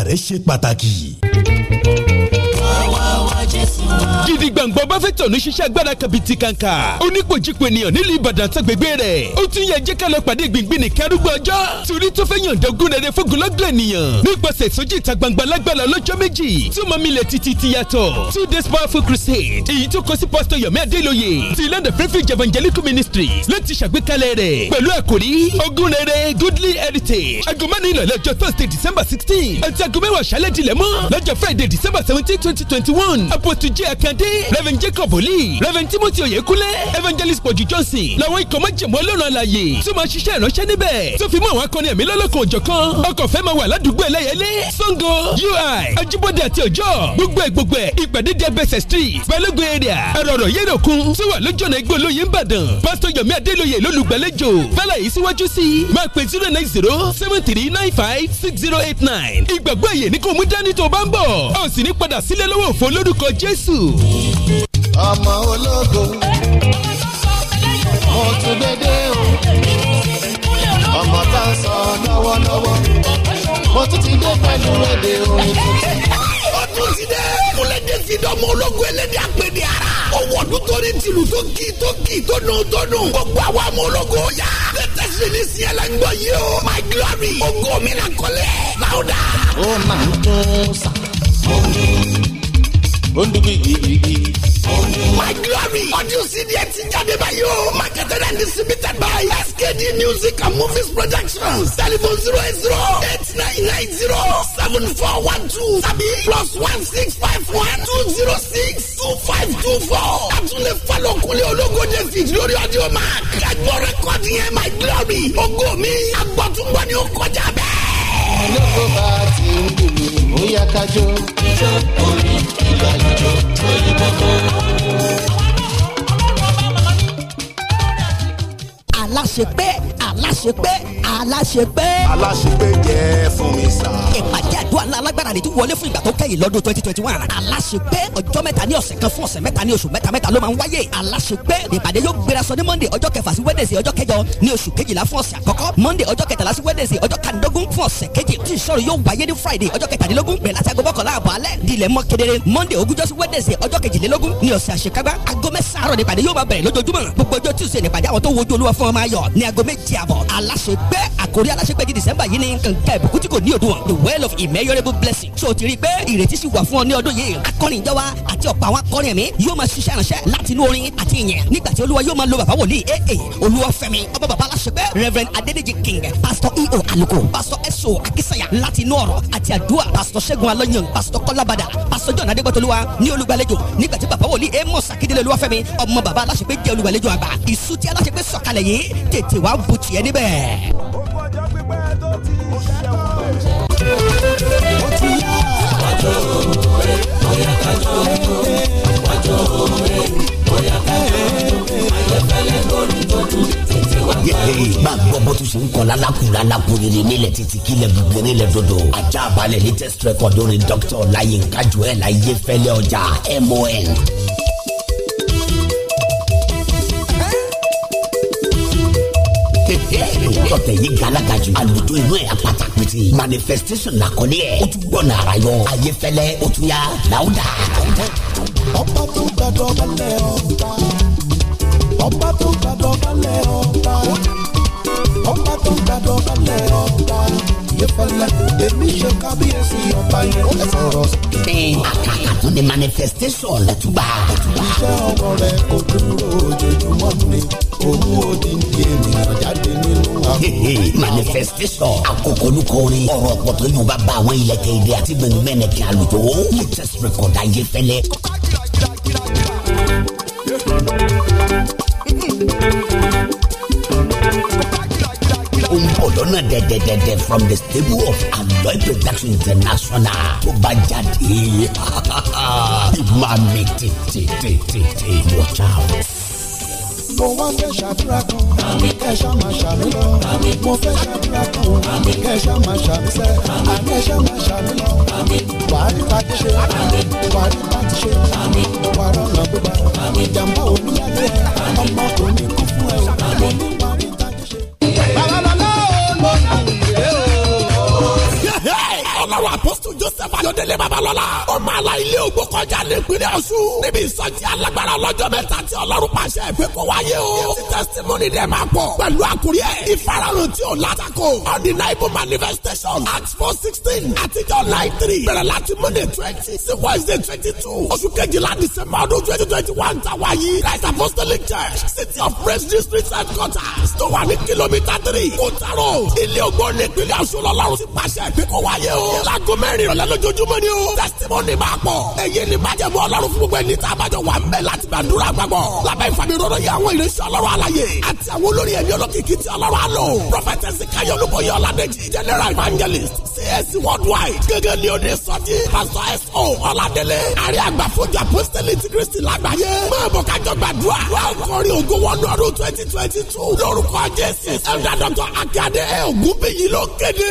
ìlera rẹ ṣe pàtàkì gidi gbàngbọ́ bá fẹ́ tọ̀nù ṣiṣẹ́ agbára kabiti kanka oníkojúpo ènìyàn nílùú ìbàdàn àtàgbègbè rẹ̀ ó tún yẹ jẹ́ ká lọ pàdé gbìngbìn nìkan arúgbó ọjọ́ torí tó fẹ́ yàn dọ́gún rẹ̀ fógunlọ́gbọ̀n ènìyàn nípasẹ̀ ìsọjí ìta gbangba lágbára lọ́jọ́ méjì tí ó máa milẹ̀ títí ti yàtọ̀ two days powerful crusade èyí tó kọ sí pásítọ̀ yomi adéloye ti land of refuge evangelical ministry láti ṣàgbékalẹ̀ rẹ̀ pẹ̀lú àkòrí ogún rere goodly heritage aago mẹ́rin thursday december sixteen àti aago mẹ́wàá ṣálẹ̀ friday december seventeen twenty apostle j akande
reverend jacob oli reverend timothy oyekunle evangelist pọ̀jù johnson làwọn ikọ̀ májèmọ́ ọlọ́run àlàyé tí ó máa ṣiṣẹ́ ìránṣẹ́ níbẹ̀ tó fi mọ́ àwọn akọni ẹ̀mí lọ́lọ́kan òjọ̀kan ọkọ̀ fẹ́ máa wà ládùúgbò ẹlẹ́yẹlé sango ui ajibode àti ọjọ́ gbogbo ìgbogbo ìgbàdédé abẹ́sẹ̀ street balógun area ẹ̀rọ̀rọ̀ yẹ́rọ̀kun tí wà lójú ọ̀nà igbó olóyè ńbàdàn pásítọ̀ yomi adélóye
lólùgbàlejò fẹ́lẹ̀ yìí síwájú sí máa pè zero nine zero seven three nine five six zero eight nine ìgbàgbọ́ ẹ̀yẹ ní kò mú dání tó bá ń bọ̀ ó lórúkọ Jésù. ọmọ ológo mo tún dédé o ọmọ tá a sọ lọ́wọ́lọ́wọ́ mo tún ti dé pẹ̀lú èdè orin tuntun tún ti dẹ. Kúlẹ̀ dé fi dọ́mọ ológun ẹlẹ́dẹ̀ àgbèdè ara. Ó wọ̀dún torí tìlù tó kì tó kì tó nù tó nù. Gbogbo àwọn ọmọ ológun ó yá. Tẹ́tẹ́ sì sí ẹlẹ́gbọ́ yìí o. My glory. Ogo mi là kọ́lẹ̀. Láwùdà. Ó máa ń tún sàn. Mo ní. My glory ọdún cd ẹ ti jáde báyìí o. Marketed and distributed by SKD Music and Movies Productions. Telephone zero eight zero eight nine nine zero seven four one two tàbí plus one six five one two zero six two five two four. Àtúnlẹ̀ Fálọ̀kúnlé ológo David lórí ọdún mark. Kẹ́gbọ́n rẹ́kọ́dì yẹn My glory. Ogo mi. Agbọ́túngbọ́n ni ó kọjá bẹ́ẹ̀. Olóko bá ti ń dùn ó yá kájó. ijó orin ìlà ijó òyìnbó kó.
aláṣepẹ́ aláṣepẹ́ aláṣepẹ́. aláṣepẹ́
jẹ́ fún mi sá.
ìpàdé àdó alágbára lè ti wọlé fún ìgbà tó kẹ́yìn lọ́dún twenty twenty one aláṣepé ọjọ́ mẹ́ta ní ọ̀sẹ̀ kan fún ọ̀sẹ̀ mẹ́ta ní oṣù mẹ́ta mẹ́ta ló máa ń wáyé aláṣepé ìpàdé yóò gbéra sọ ní monday ọjọ́ kẹfà sí wednesday ọjọ́ kẹjọ ní oṣù kejìlá fún ọ̀sẹ̀ àkọ́kọ́ monday ọjọ́ kẹtàlá sí wednesday ọjọ́ kàndógún fún ọ̀sẹ̀ kejì tí ìṣòro yóò wáyé ní friday ọjọ́ kẹtàdínlógún the well of image immeasurable blessing. so ti rí i pé ìrètí sì wà fún ọ ní ọdún yìí akọrin ìjọ wa àti ọ̀pọ̀ àwọn akọrin ẹ̀mí yóò máa ṣiṣẹ́ ìránṣẹ́ láti inú orin àti ìyẹn nígbà tí olúwa yóò máa lo bàbá wòlíì aa olúwafẹ́mi ọba bàbá aláṣẹpẹ́ reverend Adeleji king pastor eo aluko pastor eso akísàyà láti inú ọ̀rọ̀ àti àdúrà pastor ṣẹ́gun alọ́yàn pastor kọ́lábàdà pastor john adégbòtolúwa ní olùgbàlejò nígbà tí bàbá wòlíì amos akíndélé olúwafẹ́mi ọmọ bàbá aláṣẹpẹ́ jẹ́ olùgbàlejò àgbà ìsú tí aláṣẹpẹ́ sọ̀kalẹ̀ yìí tètè wá bùtì ẹ ó ti yá. nílẹ̀ títí kílẹ̀ gbogbo nílẹ̀ dodo ajá balẹ̀ latest record orin dr ọláyínká joel ayéfẹ́lẹ́ ọjà mon. tọ̀tẹ̀ yìí galaka jù àlùtò inú ẹ̀ apata pété manifestation làkọ́lé ẹ̀ ó tún gbọ́nà ara yọ ayé fẹ́lẹ́ ó tún yá làwùdà. ọba
tó gbàdọ̀ balẹ̀ ọba ọba tó gbàdọ̀ balẹ̀ ọba
ọba tó gbàdọ̀ balẹ̀ ọba òde fẹlẹ èmi ṣe kábíyèsí ọba yẹn ó lè sọ̀rọ̀ àtàkùn ni manifestation ọ̀túnba. iṣẹ́ ọwọ́ rẹ kò dúró ojoojúmọ́ ni òun ò dín ní ènìyàn jáde nínú àkókò. manifestation àkókò olùkọrin ọ̀rọ̀ ọ̀pọ̀tọ́ yóò bá bá àwọn ilẹ̀kẹ̀ ilé àti gbẹ̀ngbẹ̀nẹ̀kẹ̀ àlùjọ latest record ayé fẹ́lẹ́. Thank you. lọ́nà dẹ̀dẹ̀dẹ̀dẹ̀ from the stable of Aloy Production International tó bá jáde <laughs> máa mi tètè watch out. Mo wá fẹ́ ṣàdúrà kan, àmì
kẹ́sà máa ṣàmì lọ. Mo fẹ́ ṣàdúrà kan, àmì kẹ́sà máa ṣàmì sẹ́. Àmì kẹ́sà máa ṣàmì lọ. Wàárí pàtí ṣe, wàárí pàtí ṣe. Wàá rọ̀nà gbígbà, ìjàmbá òní yàgbé. Ọmọ kò ní kú fún ẹ o. power ọ̀ṣun joseph ayọ̀délé babalọ́lá ọmọ àlà ilé ògbókọjà nípínlẹ̀ ọ̀ṣun níbi ìsọjí alágbára ọlọ́jọ́ mẹ́ta tí ọlọ́run pàṣẹ ìpè kó wáyé o ti testimony dẹ̀ máa pọ̀ pẹ̀lú àkúrí ẹ̀ ìfarahàn tí ò látàkò undeniable manifestation act four sixteen àtijọ́ nine three bẹ̀rẹ̀ láti monday twenty sí wednesday twenty two oṣù kejìlá december ọdún twenty twenty one tàwa yìí christ apostolic church city of praise district headquarters tó wà ní kìlómítà three kò tààrọ̀ ilé ògbóni ìpínlẹ̀ ọ̀ṣun lọ́lọ́run ti pàṣẹ ìpè kó wáyé o láago nírọ̀lẹ́ lójoojúmọ́ ni o. testimony máa pọ̀. èyí ni májẹ̀mú ọlọ́run fún gbogbo ẹni tá a bá jọ wà ń bẹ̀ láti gbàdúrà gbàgbọ́. lábẹ́ ìfàmì rọrọ yẹ àwọn ìrẹsì ọlọ́run alaye àti àwọn olórí ẹ̀mí olókìkí tí ọlọ́run á lò. prophetess kayoluboye ọ̀làdẹ́jì general evangelist cs worldwide gẹ́gẹ́ ni o ní sọ́jí pastor so ọ̀làdẹ́lẹ̀ àrí àgbàfojú apostolic christy lágbàáyé. máa bọ̀ kájọ gbàdúrà. wàá kọrin ògo wọnú ọdún twenty twenty two lórúkọ jésù. ẹ̀dá dr akíade ògúnbíyì ló kéde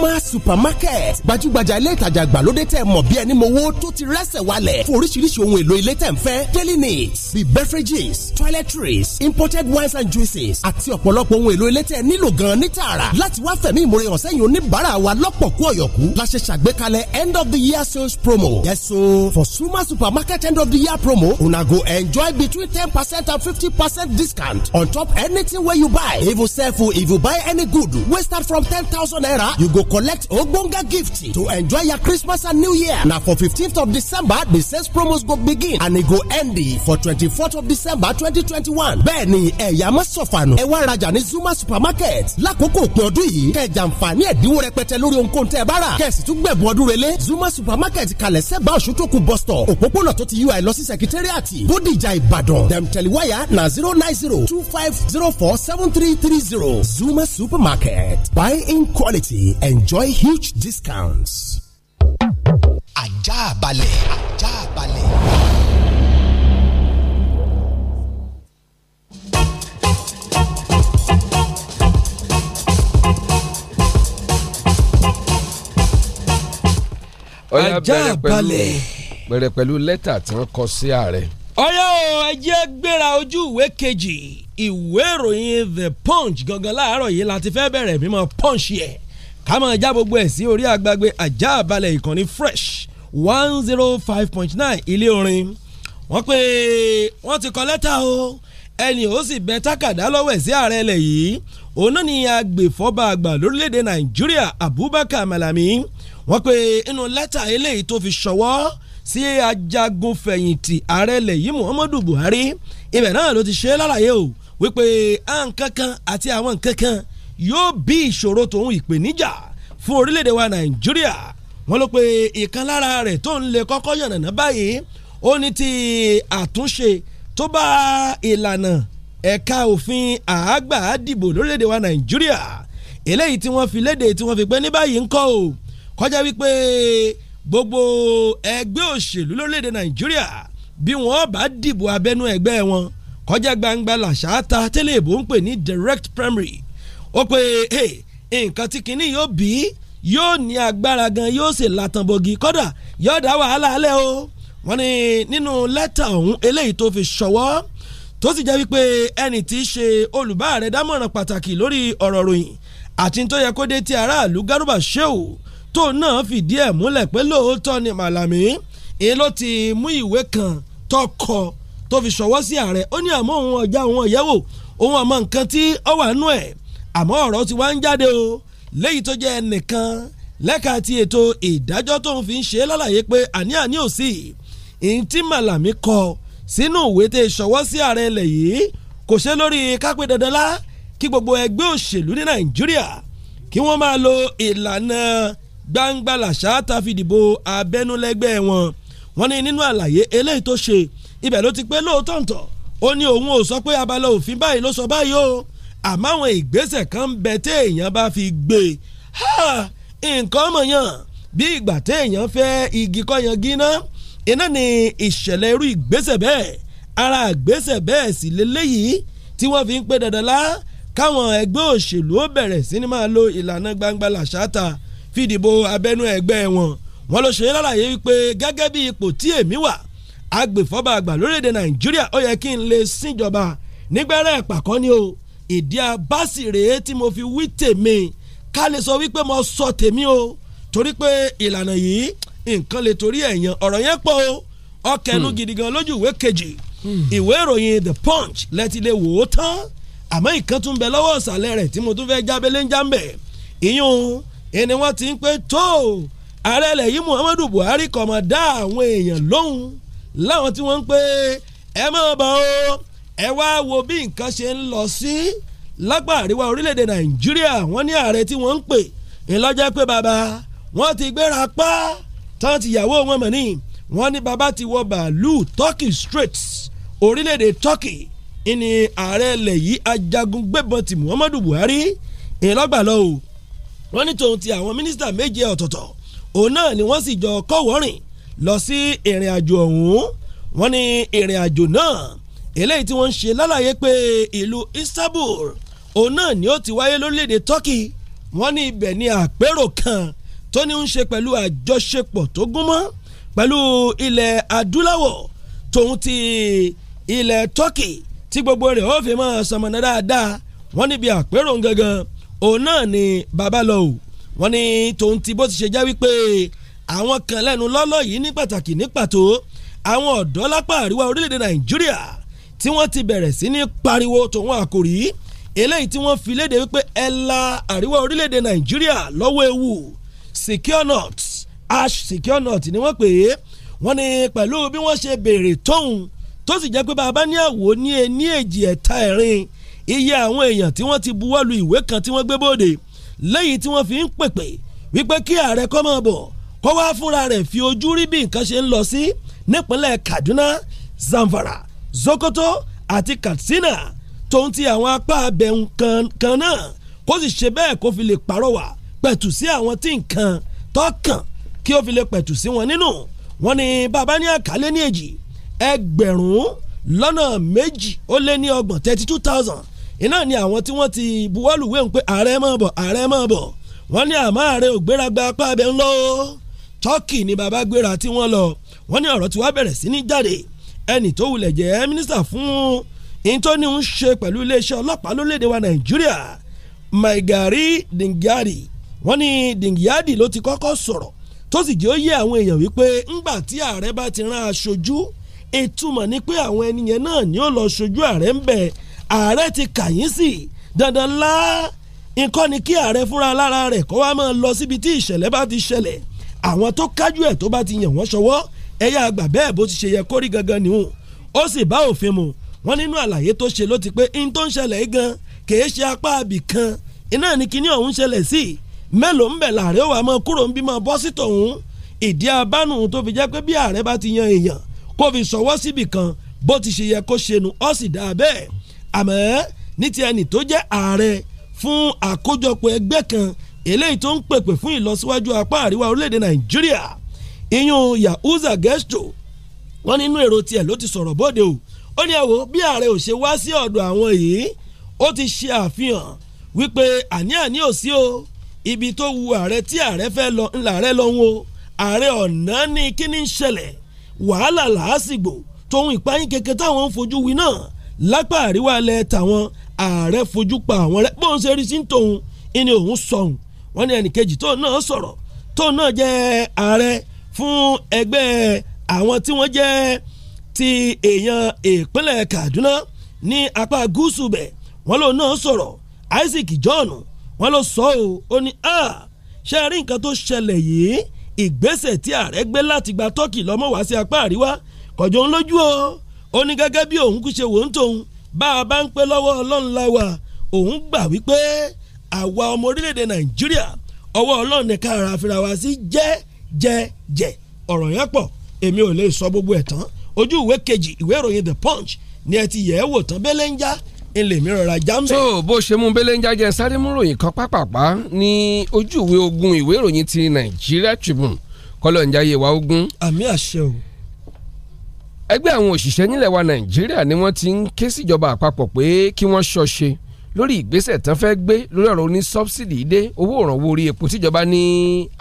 Puma supermarket gbajúgbajà ilé ìtajà gbàlódé tẹ́ mọ̀ bí ẹni mowó tó ti rẹ́sẹ̀ wálẹ̀ fún oríṣiríṣi ohun èlò ilé tẹ́ ń fẹ́ daily needs bíi beverages toiletries imported wines and juices àti ọ̀pọ̀lọpọ̀ ohun èlò ilé tẹ́ nílò gan ní tààrà láti wá fẹ̀mí ìmúre hàn sẹ́yìn oníbàárà wa lọ́pọ̀ kú ọ̀yọ̀kú la ṣe ṣàgbékalẹ̀ end of the year sales promo yes so for Suma supermarket end of the year promo una go enjoy between ten percent and fifty percent discount on top anything wey you buy If you even sef if you buy any good wey start from ten thousand naira you go collect ogbonga gift to enjoy your christmas and new year Now for 15th of december the sales promos go begin and it e go end for 24th of december 2021 bẹ́ẹ̀ni ẹ̀yà má sọ̀fànù ẹ wá rajà ní zuma supermarket lákòókò òpin ọdún yìí kẹjà nfààní ẹ̀dínwó rẹpẹtẹ bara. ohunkóhun tẹ́ ẹ bá rà kẹ̀sì tún gbẹ̀bù ọdún relé zuma supermarket kalẹ̀ sẹ́gbà òṣùtòkù bus stop ui losi secretariat. sẹkítẹ́rìàtì jai badon. dem tẹ̀líwáyà na zero nine zero two five zero four seven three three zero zuma supermarket buy in quality and enjoy huge
discounts.
Ajabale, Ajabale.
ajá balẹ̀. ọyá bẹ̀rẹ̀ pẹ̀lú bẹ̀rẹ̀ pẹ̀lú lẹ́tà tí wọ́n kọ sí ààrẹ.
ọyá o gbéra ojú ìwé kejì ìwé ìròyìn the punch gangan láàárọ̀ yìí láti fẹ́ bẹ̀rẹ̀ mímọ́ punch yẹn kámọ̀ já gbogbo ẹ̀ sí orí àgbàgbé ajá balẹ̀ ìkànnì fresh one zero five point nine ilé orin wọ́n pé wọ́n ti kọ lẹ́tà o ẹni ó sì bẹ tákàdá lọ́wọ́ ẹ̀ sí ààrẹ ilẹ̀ yìí òun náà ni agbèfọ́ba àgbà lórílẹ̀‐èdè nàìjíríà abubakar malami wọ́n pé inú lẹ́tà eléyìí tó fi ṣọwọ́ sí ajagun fẹ̀yìntì ààrẹ ilẹ̀ yìí muhammadu buhari ibẹ̀ náà ló ti ṣe é lálàyé o wípé à ń kankan àti àwọn kankan yóò bí ìṣòro tòun ìpèníjà fún orílẹ̀-èdè wa nàìjíríà wọ́n ló pe ìkan lára rẹ̀ tó ń lè kọ́kọ́ yànnàná báyìí ó ní ti àtúnṣe tó bá ìlànà ẹ̀ka òfin àágbà dìbò lórílẹ̀‐èdè wa nàìjíríà eléyìí tí wọ́n fi léde tí wọ́n fi pé ní báyìí ń kọ́ o kọjá wípé gbogbo ẹgbẹ́ òṣèlú lórílẹ̀‐èdè nàìjíríà bí wọ́n bá dìbò abẹ́nú ẹgbẹ́ wọn kọjá gbangba làṣà ta tẹ́lẹ̀ ìbò ń pè ní direct primary ó pé nǹkan tí kinní yóò bí yóò ní agbára gan yóò sì latanbogi kódà yóò dá wàhálà alẹ́ o wọ́n ní nínú lẹ́tà ọ̀hún eléyìí tó fi ṣọwọ́ tó sì jẹ́ wípé ẹni tí í ṣe olùbáàrẹ dámọ̀ràn pàtàkì lórí ọ̀rọ̀ ròyìn àti tó yẹ kó dé ti aráàlú Garba Shehu tó náà fìdí ẹ̀ múlẹ̀ pé lóòótọ́ ni Màlàmí èyí ló ti mú ìwé kan tọkọ tó fi ṣọwọ́ sí ààrẹ ó ní àmọ́ òun ọjà òun ọ̀yẹ́wò òun àmọ́ nǹkan tí ó wà ẹ̀ àmọ́ ọ̀rọ̀ ti wá ń jáde o léyìí tó jẹ́ ẹnìkan lẹ́ka ti ètò ìdájọ́ tó ń fi ń ṣe lálàyé pé àní àní ò sí ìyìn tí màlàmí kọ sínú ìwé tẹ ìṣọwọ́ sí ààrẹ ilẹ̀ yìí kò ṣe lórí kápẹ́ dandan lá kí gbogbo ẹgbẹ́ òṣèlú ní nàìjíríà kí wọ́n máa lo ìlànà gbangba làṣà tàfìdìbò abẹ́nulẹ́gbẹ́ wọn wọ́n ní nínú àlàyé eléyìí tó ṣe ibẹ̀ ló ti pé lóòótọ́ ntọ́ ó ní òun ò sọ pé abala òfin báyìí ló sọ báyìí o àmọ́ àwọn ìgbésẹ̀ kan ń bẹ téèyàn bá fi gbé nǹkan mọ̀yàn bí ìgbà téèyàn fẹ́ igi kọ́yàn gíná iná ni ìṣẹ̀lẹ̀ irú ìgbésẹ̀ bẹ́ẹ̀ ara ìgbésẹ̀ bẹ́ẹ̀ sì lélẹ́yìí tí wọ́n fi ń pé dandan lá káwọn ẹgbẹ́ òṣèlú ó bẹ̀rẹ̀ sí ni máa lo ìlànà gbangba làṣáta fìdìbò abẹ́nú ẹgbẹ́ wọn wọn ló ṣe é lálàyé wípé gẹ́gẹ́ bí ipò tí èmi wà agbèfọ́ba àgbà lórílẹ̀‐èdè nàìjíríà ó yẹ kí n lè síjọba nígbẹ́rẹ́ ìpàkọ́ ni o ìdí abáàsì rèé tí mo fi wí tèmi ká lè sọ wípé mo sọ tèmi o torí pé ìlànà yìí nǹkan lè torí ẹ̀yàn ọ̀rọ̀ yẹn pọ̀ o ọkẹnu hmm. gidi gan lójú ìwé kejì hmm. ìwé ìròyìn the punch lẹ́tìlẹ̀ wò ó tán àmọ́ ìkan tún bẹ lọ́wọ́ ìsàlẹ̀ rẹ̀ tí mo tún fẹ́ jábẹ́lẹ́ ń jábẹ́ ìyún ẹni wọ́n ti ń pé tó ààrẹ ilẹ̀ yìí Muhammadu Buhari kọ̀ mọ̀ dá àwọn èèyàn lóhùn láwọn tí wọ́n ń pé ẹ mọ̀ bọ́ ọ́ ẹ wá wo bí nǹkan ṣe ń lọ sí lápá àríwá orílẹ̀-èdè nàìjíríà wọ́n ní ààrẹ tí wọ́n ń pè ńlọ́jẹ́ pé bàbá wọ́n ti gbéra pa tán ti yàwó wọn mọ̀ ní wọ́n ní bàbá ti wọ bàálù turkey straight orílẹ̀-èdè turkey ìní ààrẹ ilẹ̀ yìí ajagun gbébọn ti muhammadu buhari ńlọ́gbàlọ́ o wọ́n ní tòun ti àwọn mínísítà méje ọ̀tọ̀ọ̀tọ̀ òun náà ni wọ́n sì jọ kọ́wọ́rìn lọ sí ìrìn àjò ọ̀hún wọ́n ní ìrìn àjò náà eléyìí tí wọ́n ń ṣe lálàyé pé ìlú Istanbul òun náà ni ó ti wáyé lórílẹ̀‐èdè Turkey wọ́n ní ibẹ̀ ni àpérò kan tó ní ń ṣe pẹ̀lú àjọṣepọ̀ tó gúnmọ́ pẹ̀lú ilẹ̀ adúláwọ̀ tòun ti ilẹ̀ Turkey tí gbogbo rẹ̀ ó fi máa sọmọ́nà dáadáa wọ́n níbi àpérò gangan òun náà ni bàbá lọ o wọ́n ní tòun ti bó ti ṣe jẹ́ wípé àwọn kan lẹ́nu lọ́lọ́ yìí ní pàtàkì ní pàtó àwọn ọ̀dọ́ lápá àríwá orílẹ̀-èdè Nàìjíríà tí wọ́n ti bẹ̀rẹ̀ sí ní pariwo tòun àkòrí eléyìí tí wọ́n fi léde wípé ẹ la àríwá orílẹ̀-èdè nàìjíríà lọ́wọ́ ewu secure not ash secure not ni wọ́n pè é wọ́n ní pẹ̀lú bí wọ́n ṣe béèrè tóun tó sì jẹ́ pé bàbá ní àwò ní ení èjì ẹ̀ta ẹ̀rin iye àwọn èèyàn tí wọ́n ti buwọ́ lu ìwé kan tí wọ́n gbé bóde lẹ́yìn tí wọ́n fi ń pèpè wípé kí ààrẹ kó máa bọ̀ kó wá fúnra rẹ̀ fi ojú rí bí nǹkan ṣe ń lọ sí nípínlẹ̀ Kaduna Zamfara Zokoto àti Katsina tóun ti àwọn apá abẹ́hùn kan náà kó sì ṣe bẹ́ẹ̀ kó fi lè pàrọwà pẹ̀tù sí àwọn tí nǹkan tọ́kàn kí ó fi lè pẹ̀tù sí wọn nínú wọn ni bàbá ní àkálé ní èjì ẹgbẹ̀rún lọ́nà méjì ó lé ní ọgbọ̀n thirty two thousand iná ni àwọn tí wọ́n ti buwọ́lù wé ń pé ààrẹ máa bọ̀ ààrẹ máa bọ̀ wọ́n ní àmọ́ ààrẹ ò gbéraga apá abẹ́ ńlọ́ọ́ Tọ́kì ni bàbá gbéra tí wọ́n lọ wọ́n ní ọ̀rọ̀ tí wàá bẹ̀rẹ̀ sí ní jáde ẹnì tó wulẹ̀ jẹ́ mínísítà fún ìtọ́ni ń ṣe pẹ̀lú iléeṣẹ́ ọlọ́pàá lórílẹ̀‐èdè wa nàìjíríà maigari dingyadi wọ́n ní dingyadi ló ti kọ́kọ́ sọ̀rọ̀ tó sì jẹ́ ó yé àwọn èèyàn wípé ńgbà tí ààrẹ bá ti rán aṣojú ìtumọ̀ ni pé àwọn ènìyàn náà ni ó lọ ṣojú ààrẹ ń bẹ̀ ààrẹ ti kàyín sí dandan lá nǹkan ni kí ààrẹ fúnra lára rẹ̀ kó wá máa lọ síbi tí ìṣẹ̀lẹ̀ bá ti ṣẹlẹ̀ àwọn tó kájú ẹ̀ tó bá ti yàn wọ́n ṣọwọ́ ẹ̀yà àgbà bẹ́ẹ̀ bó ti ṣe yẹ kórì gangan nìhun ó sì bá òfin mu wọ́n nínú àlàyé tó ṣe ló ti pé in tó ń ṣẹlẹ̀ gan kìí ṣe apá àbì kan iná ní kíní ọ̀hún ṣẹlẹ̀ sí mélòó ń bẹ̀ láàrẹ́ wà mọ́ kúrò ń bímọ bọ́ sí tòun ìdí abánu tó fi jẹ́ pé bí ààrẹ bá ti yan èèyàn kó fi sọwọ́ síbì kan bó ti ṣe yẹ kó ṣe nu ó sì dáa bẹ́ẹ̀ àmọ́ ní ti ẹni tó jẹ́ ààrẹ fún àkójọpọ̀ ẹgbẹ́ kan eléyìí tó ń pèpè fún ìlọsíwájú apá àríwá orílẹ̀-èdè Nàìjíríà iyún yahuza gesto wọn nínú èrò tiẹ̀ ló ti sọ̀rọ̀ bóde o ó ní ẹ wo bí ààrẹ ò ṣe wá sí ọ̀dọ̀ àwọn yìí ó ti ṣe àfihàn wípé àní-àní ò sí o ibi tó wu ààrẹ tí ààrẹ fẹ́ lọ ńlá ààrẹ lọ ń wo ààrẹ ọ̀nà ní kí ni ń ṣẹlẹ̀ wàhálà làásìgbò tóun ìpáyín kẹ̀kẹ́ táwọn ń fojú wí náà lápá àríwá ilẹ̀ tàwọn ààrẹ fojú pa àwọn rẹ bóun ṣe rí sí tòun ìní òun sọ̀hún wọn ni ẹnìkejì tóun náà sọ̀rọ̀ tóun náà jẹ́ ààrẹ fún ẹgbẹ́ àwọn tí wọ́n jẹ́ ti èèyàn ìpínlẹ̀ Kaduna ní apá gúúsù bẹ̀ wọ́n lòun náà sọ̀rọ̀ Isaac John wọ́n ló sọ ọ́ ó ní ṣe rí nǹkan tó ṣẹlẹ̀ yìí ìgbésẹ̀ tí ààrẹ gbé láti gba Turkey lọ́mọ́ wá sí apá àríwá kọjọ́ ń lójú o ó ní gẹ́gẹ́ bí òun kú ṣe wò ń tòun bá a bá ń pẹ́ lọ́wọ́ ọlọ́run la wà òun gbà wípé àwa ọmọ orílẹ̀-èdè Nàìjíríà ọwọ́ ọlọ́run nìkan ara fìrà sí jẹ́ jẹ́jẹ́ ọ̀rọ̀ yẹn pọ̀ èmi ò lè sọ gbogbo ẹ̀ tán ojú ìwé kejì
ìwé ìròyìn the punch ni ẹ ti yẹ̀ ẹ́ wò tán bẹ́lẹ̀ ń já ilé mi rọra já mẹ́. tó bó ṣe mú bẹ́lẹ̀ ń jájẹ́ sáré mú ròyìn kan pápápá ní ojú ìwé ogun ìwé ìròyìn ti Nigeria Tribune kọ́lọ̀ ń jáyé wa ogun. àmì àṣẹ o. ẹgbẹ́ àwọn òṣìṣẹ́ nílẹ̀ wa Nàìjíríà ni wọ́n ti ń ké síjọba àpapọ̀ pé kí wọ́n ṣọ́ṣe lórí ìgbésẹ̀ tán fẹ́ gbé lórí ọ̀rọ̀ oní sọ́bsidì dé owó òrànwó orí epo tíjọba ní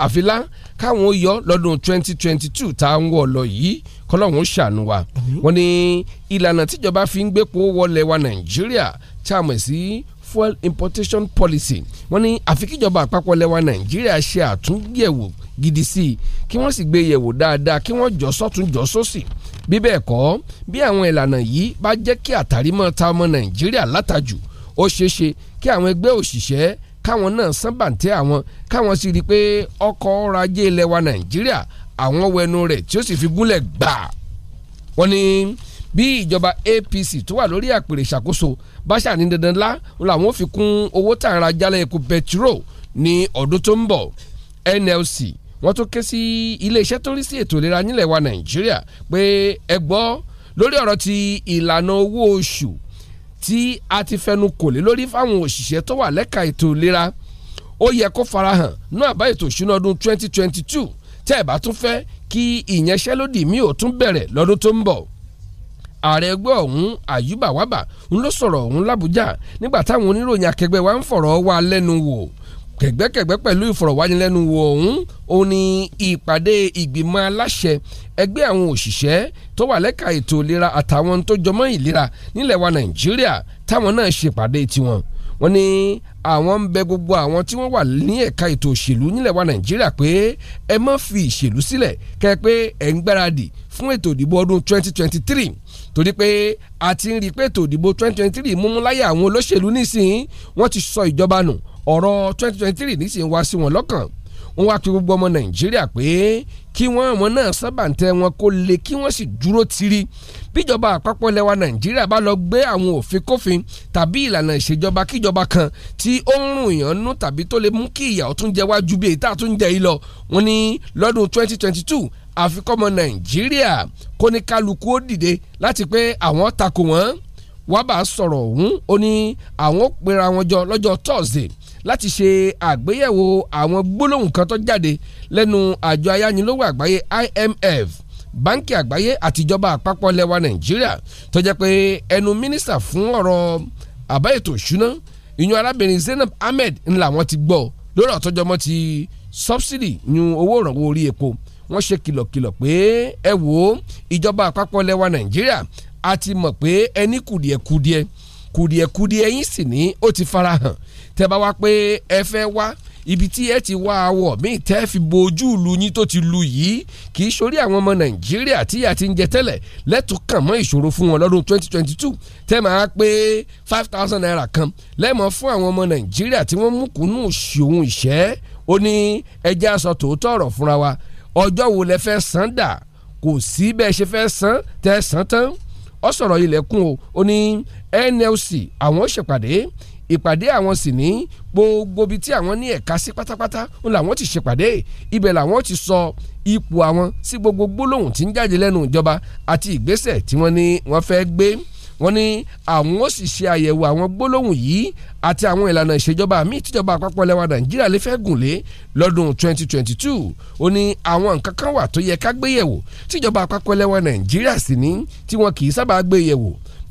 àfilá káwọn ó yọ lọ́dún 2022 tá à ń wọ̀ lọ yìí kọ́lọ́hún ṣàánú wa wọ́n ní ìlànà tíjọba fi ń gbépo wọlé wa nàìjíríà tá a mọ̀ sí fuel importation policy wọ́n ní àfi kíjọba àpapọ̀ lẹ́wà nàìjíríà ṣe àtúnyẹ̀wò gidi sí i kí wọ́n sì gbé yẹ̀wò dáadáa kí wọ́n jọ sọ́tún jọ sósì bí bẹ́ẹ̀ kọ́ bí àwọn ìlànà yìí bá jẹ́ kí àtàrímọ́ ta ọmọ nàìjíríà látàjù ó ṣeé ṣe kí àwọn ẹgbẹ́ òṣìṣẹ́ káwọn náà sán bàǹtẹ́ àwọn káwọn sì rí i pé ọkọ̀ ọrọ̀ ajé ilẹ̀ wa nàìjíríà àwọn wẹnu rẹ̀ tí ó sì fi gúnlẹ̀ gbà. wọ́n ní bí ìjọba APC tó wà lórí àpèrè ìṣàkóso bá ṣàní dandan lá làwọn ò fi kún owó tààrà jálẹ̀ epo bẹtiró ní ọdún tó ń bọ̀ NLC wọ́n tún ké sí iléeṣẹ́ tó rí sí ètò ìlera nílẹ̀ wa nàìjíríà pé ẹ gbọ́ lórí ọ̀rọ̀ ti ìlànà owó oṣù tí a ti fẹnu kò lé lórí fáwọn òṣìṣẹ́ tó wà lẹ́ka ètò ìlera ó yẹ kó farahàn ní àbá ètò ìṣúná ọdún 2022 tẹ́ ẹ̀ bá tún fẹ́ kí ìyanṣẹ́lódì mi ò tún bẹ̀rẹ̀ lọ́dún tó ń bọ̀ ààrẹ ẹgbẹ́ ọ̀hún Ayuba Waba ń ló sọ̀rọ̀ ọ̀hún l'Àbújá nígbà táwọn oníròyìn akẹgbẹ́ wa ń fọ̀rọ̀ wá lẹ́nu wò kẹ̀gbẹ́kẹ̀gbẹ́ pẹ̀lú ìfọ̀rọ̀wánilẹ́nuwò ọ̀hún ó ní ìpàdé ìgbìmọ̀ aláṣẹ ẹgbẹ́ àwọn òṣìṣẹ́ tó wà lẹ́ka ètò ìlera àtàwọn tó jọmọ́ ìlera nílẹ̀ wa Nàìjíríà táwọn náà ṣèpàdé tiwọn wọ́n ní àwọn ń bẹ gbogbo àwọn tí wọ́n wà ní ẹ̀ka ètò òṣèlú nílẹ̀ wa Nàìjíríà pé ẹ má fi ìṣèlú sílẹ̀ kẹ́ pé ẹ̀ ń gbáradì fún ètò ìdìbò ọdún 2023 torí pé a ti ń rí i pé ètò ìdìbò 2023 múmúláyà àwọn olóṣèlú nísìnyí wọ́n ti sọ ìjọba nù ọ̀rọ̀ 2023 nísìnyí wá sí wọn lọ́kàn wọ́n wá pe gbogbo ọmọ nàìjíríà pé kí wọ́n àwọn náà sábàǹtẹ̀ wọn kó lè kí wọ́n sì dúró tiri bíjọba àpapọ̀ lẹwa nàìjíríà bá lọ gbé àwọn òfin kófin tàbí ìlànà ìṣèjọba kíjọba kan tí ó ń rùn yàn nú tàbí tó lè mú kí ìyà ó tún jẹ wá ju bí èyí tá a tún jẹ yìí lọ wọ́n ní lọ́dún 2022 àfikọ́mọ nàìjíríà kó ní kálukú ó dìde láti pé àwọn tako wọn wàá bá sọ̀rọ̀ ọ̀hún ó ní àwọn ó pera wọn jọ lọ́jọ́ Thursday láti ṣe àgbéyẹ̀wò àwọn gbólóhùn kan tó jáde lẹ́nu àjọ ayánilówó àgbáyé IMF báńkì àgbáyé àtijọba àpapọ̀ lẹwa nàìjíríà tó jẹ́ pé ẹnu mínísítà fún ọ̀rọ̀ àbá ètò ìṣúná ìyún arábìnrin Zainab Ahmed ńlá wọn ti gbọ́ lórí ọ̀tọ́jọmọ́ ti subsidy yún owó ìrànwọ́ orí epo wọ́n ṣe kìlọ̀kìlọ̀ pé ẹ wò ó ìjọba àpapọ̀ lẹwa nàìjíríà a ti mọ̀ pé ẹni kùdìẹ̀kùdìẹ̀ kùdìẹ̀kùdìẹ̀ yín sì ní ó ti farahàn tẹ́ bá wá pé ẹ fẹ́ wá ibi tí ẹ ti wá àwọ̀ míì tẹ́ fi bo ojú yín tó ti lu yìí kì í sórí àwọn ọmọ nàìjíríà tí a ti ń jẹ tẹ́lẹ̀ lẹ́tùn kàn mọ́ ìṣòro fún wọn lọ́dún 2022 tẹ́ máa pé five thousand naira kan lẹ́mọ̀ fún àwọn ọmọ nàìjíríà tí wọ́n mú kùnú ṣòun ìṣẹ́ ó ní ẹjẹ́ aṣọ tòótọ́ ọ̀rọ̀ fúnra wa ọjọ́ wo lẹ fẹ́ san dà kò sí bẹ́ẹ̀ ṣe fẹ́ san tẹ́ san tán ó sọ̀rọ̀ ilẹ̀kùn o ó ní NLC àwọn ṣèpàdé ìpàdé àwọn sì ní gbogbo ibi tí àwọn ní ẹ̀ka sí pátápátá ń làwọn ti ṣèpàdé ibẹ̀ làwọn ti sọ ipò àwọn sí gbogbo gbólóhùn tí ń jáde lẹ́nu ìjọba àti ìgbésẹ̀ tí wọ́n ní wọ́n fẹ́ gbé wọ́n ní àwọn ó sì ṣe àyẹ̀wò àwọn gbólóhùn yìí àti àwọn ìlànà ìṣèjọba míì tíjọba àpapọ̀ lẹ́wà nàìjíríà lè fẹ́ gùn lé lọ́dún 2022 ó ní àwọn nǹkan kan wà tó yẹ ká gbé yẹ̀wò àpapọ̀ lẹ́wà nàìjíríà sì ní tí wọn kì í sábà gbé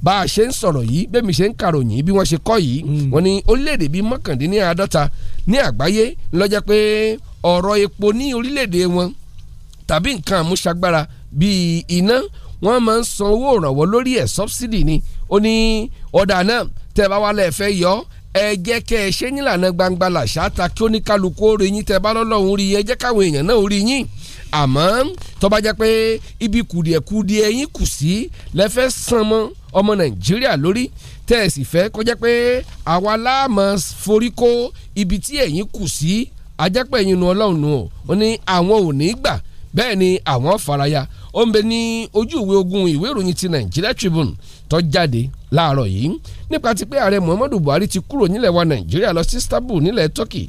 bá a ṣe ń sọ̀rọ̀ yìí bẹ́ẹ̀ mi ṣe ń karòyìn bí wọ́n ṣe kọ́ yìí hmm. wọ́n ní orílẹ̀-èdè bíi mọ́kàndínláàádọ́ta ní àgbáyé lọ́jọ́ pé ọ̀rọ̀ epo ní orílẹ̀-èdè wọn tàbí nǹkan àmúṣagbára bíi iná wọ́n máa ń san owó ìrànwọ́ lórí ẹ̀ subsidy ni ó ní ọ̀dà náà tẹ́ bá wálẹ̀ fẹ́ yọ ẹ jẹ́ kẹ́ ẹ ṣe nílànà gbangba làṣà kí oníkálukú ó rí yín tẹ́ bá lọ́lọ́run rí yín ẹ jẹ́ káwọn èèyàn náà ó rí yín àmọ́ tó jẹ́ pé ibi kùdìẹ̀kudìẹ̀ yín kù sí lẹ́fẹ́ san ọmọ nàìjíríà lórí tẹ́ ẹ sì fẹ́ kọjá pé àwa láàmú forí kó ibi tí ẹ̀yin kù sí ajẹ́pẹ́ ẹ̀yin nu ọlọ́run nu ọ̀ ní àwọn ò ní gbà bẹ́ẹ̀ ni àwọn faraya ó ń bẹ ní ojú ìwé ogun ìwé ìròyìn ti Nigeria Tribune tó jáde láàárọ̀ yìí nípa ti pé ààrẹ Muhammadu Buhari ti kúrò nílẹ̀ wa Nàìjíríà lọ sí Istanbul nílẹ̀ Turkey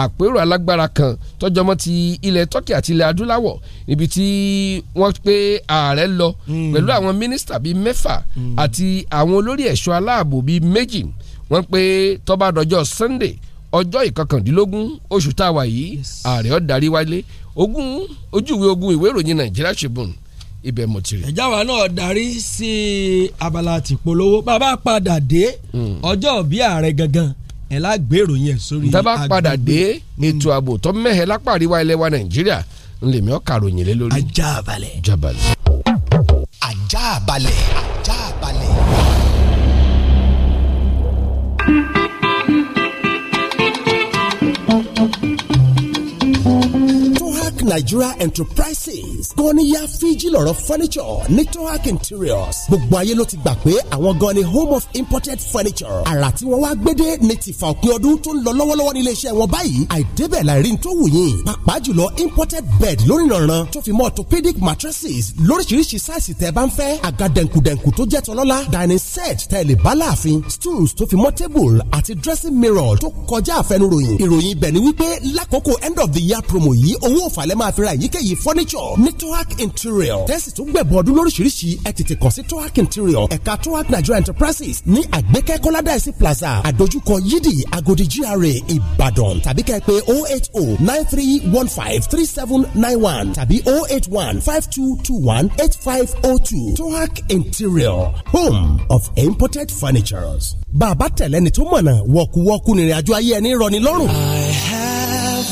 àpérò alágbára kan tọjọmọ ti ilẹ̀ Turkey àti ilẹ̀ adúláwọ̀ níbi tí wọ́n pé ààrẹ lọ hmm. pẹ̀lú àwọn mínísítà bíi mẹ́fà hmm. àti àwọn olórí ẹ̀ṣọ́ aláàbò bíi méjì wọ́n pé tó bá Sunday ọjọ́ ìkọkàndínlógún oṣù tá a wà yìí ààrẹ ó darí wálé ogún ojúwe ogún ìwé ìròyìn Nàìjíríà Tribune ibẹ̀ mo ti rí.
ìjáwa náà darí sí
abala tìpolówó bàbá padà dé hmm. ọjọ́ òbí ààrẹ gangan ẹ̀ lágbèrò yẹn sórí agbègbè. tábà padà dé ètò ààbò tó mẹ́hẹ̀ lápá àríwá ilẹ̀ wa nàìjíríà ńlẹ̀mí ọ̀kà ròyìn lé lórí. ajá balẹ̀. ajá balẹ̀. ajá balẹ̀. ajá balẹ̀.
Nigeria Enterprises gọ́níyà fíjì lọ́rọ̀ furniture ní Tohac Interiors gbogbo ayé ló ti gbà pé àwọn gan ni home of imported furniture àrà tí wọ́n wá gbédé ní tìfà òpin ọdún tó ń lọ lọ́wọ́lọ́wọ́ nílé iṣẹ́ wọn báyìí àìdébẹ̀ láìrí tó wù yín pàápàá jùlọ imported bed lórí ìrànràn tó fi mọ́ orthopedic mattresses lóríṣiríṣi sáìsì tẹ́ bá ń fẹ́ àga dẹ̀nkùdẹ̀nkù tó jẹ́ tọ́lọ́lá dining set tẹ́lẹ̀ bá stools tó fi mọ́ table àti dressing mirror tó kọjá àfẹnuròyìn ìròyìn ibẹ̀ ni wípé lákòókò end of the year promo yìí owó òfàlẹ́ lẹ́ máa fi ra èyíkéyìí furniture ní tohac interior tẹ́sí tó gbẹ̀bọ̀ ọdún lóríṣiríṣi ẹ̀ tètè kàn sí tohac interior ẹ̀ka tohac nigeria enterprises ní àgbẹ̀kẹ́ kọ́ládàísí plaza àdójúkọ yídì agodi gra ìbàdàn tàbí kẹ́ pé oh eight oh nine three one five three seven nine one tàbí oh eight one five two two one eight five oh two tohac interior home of imported furnitures. bàbá tẹ̀lẹ́ni tó mọ̀nà wọ̀kúwọ́kú nìrìn àjò ayé ẹni rọ̀ ní lọ́rùn. I have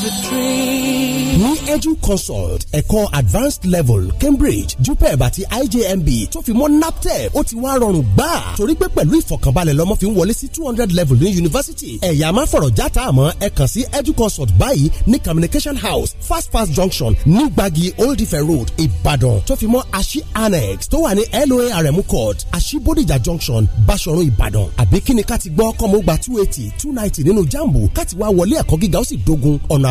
ní edu consult ẹ̀kọ́ advanced level cambridge jupeb àti ijmb tó fi mọ́ naptep ó ti wá rọrùn gbà torí pé pẹ̀lú ìfọ̀kànbalẹ̀ lọ́mọ fi ń wọlé sí two hundred level ní yunifásitì ẹ̀yà máa fọ̀rọ̀ játa àmọ́ ẹ kàn sí edu consult báyìí ní communication house fast fast junction ní gbagi old ife road ìbàdàn tó fi mọ́ aṣí annex tó wà ní loarm court aṣí bodijà junction basọ̀run ìbàdàn àbí kíni ká ti gbọ́ kọ́mọ́gbà two eighty two ninety nínú jambu ká ti wá wọlé ẹ̀kọ́ gíga ó sì dogun ọ̀nà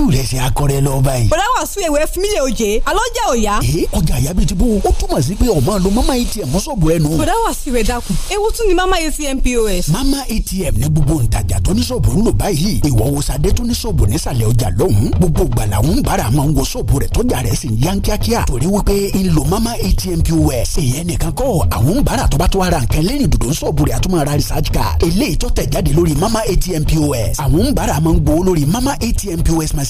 ojú rẹ ṣe akọrẹ lọ báyìí.
bọ̀dá wà sún ewé fúnmílẹ̀ òjé alọ́ jẹ́ òya. ee ọjà
àyà bíi ti bó o túmọ̀ sí pé ọmọ lo mama atm sọ̀bù ẹnu. bọ̀dá wà sí ìwé dàkún ewu tún ni mama atm pos. mama atm ní gbogbo ntajà tó ní sọ̀bù ń lò báyìí ìwọ wo sadé tó ní sọ̀bù nísàlẹ̀ ọjà lọ́hùn gbogbo gbala ń bára máa ń wo sọ̀bù rẹ̀ tọ́jà rẹ̀ sì ń yá kíákíá mama atm pos. èèyàn nìkan kọ́ àwọn bára tó bá tó ara nǹkan lẹ́yìn dòdò ń sọ̀bù rẹ̀ àtúmọ̀ ara research mama atm pos. àwọn bára máa ń gbowó mama atm pos machine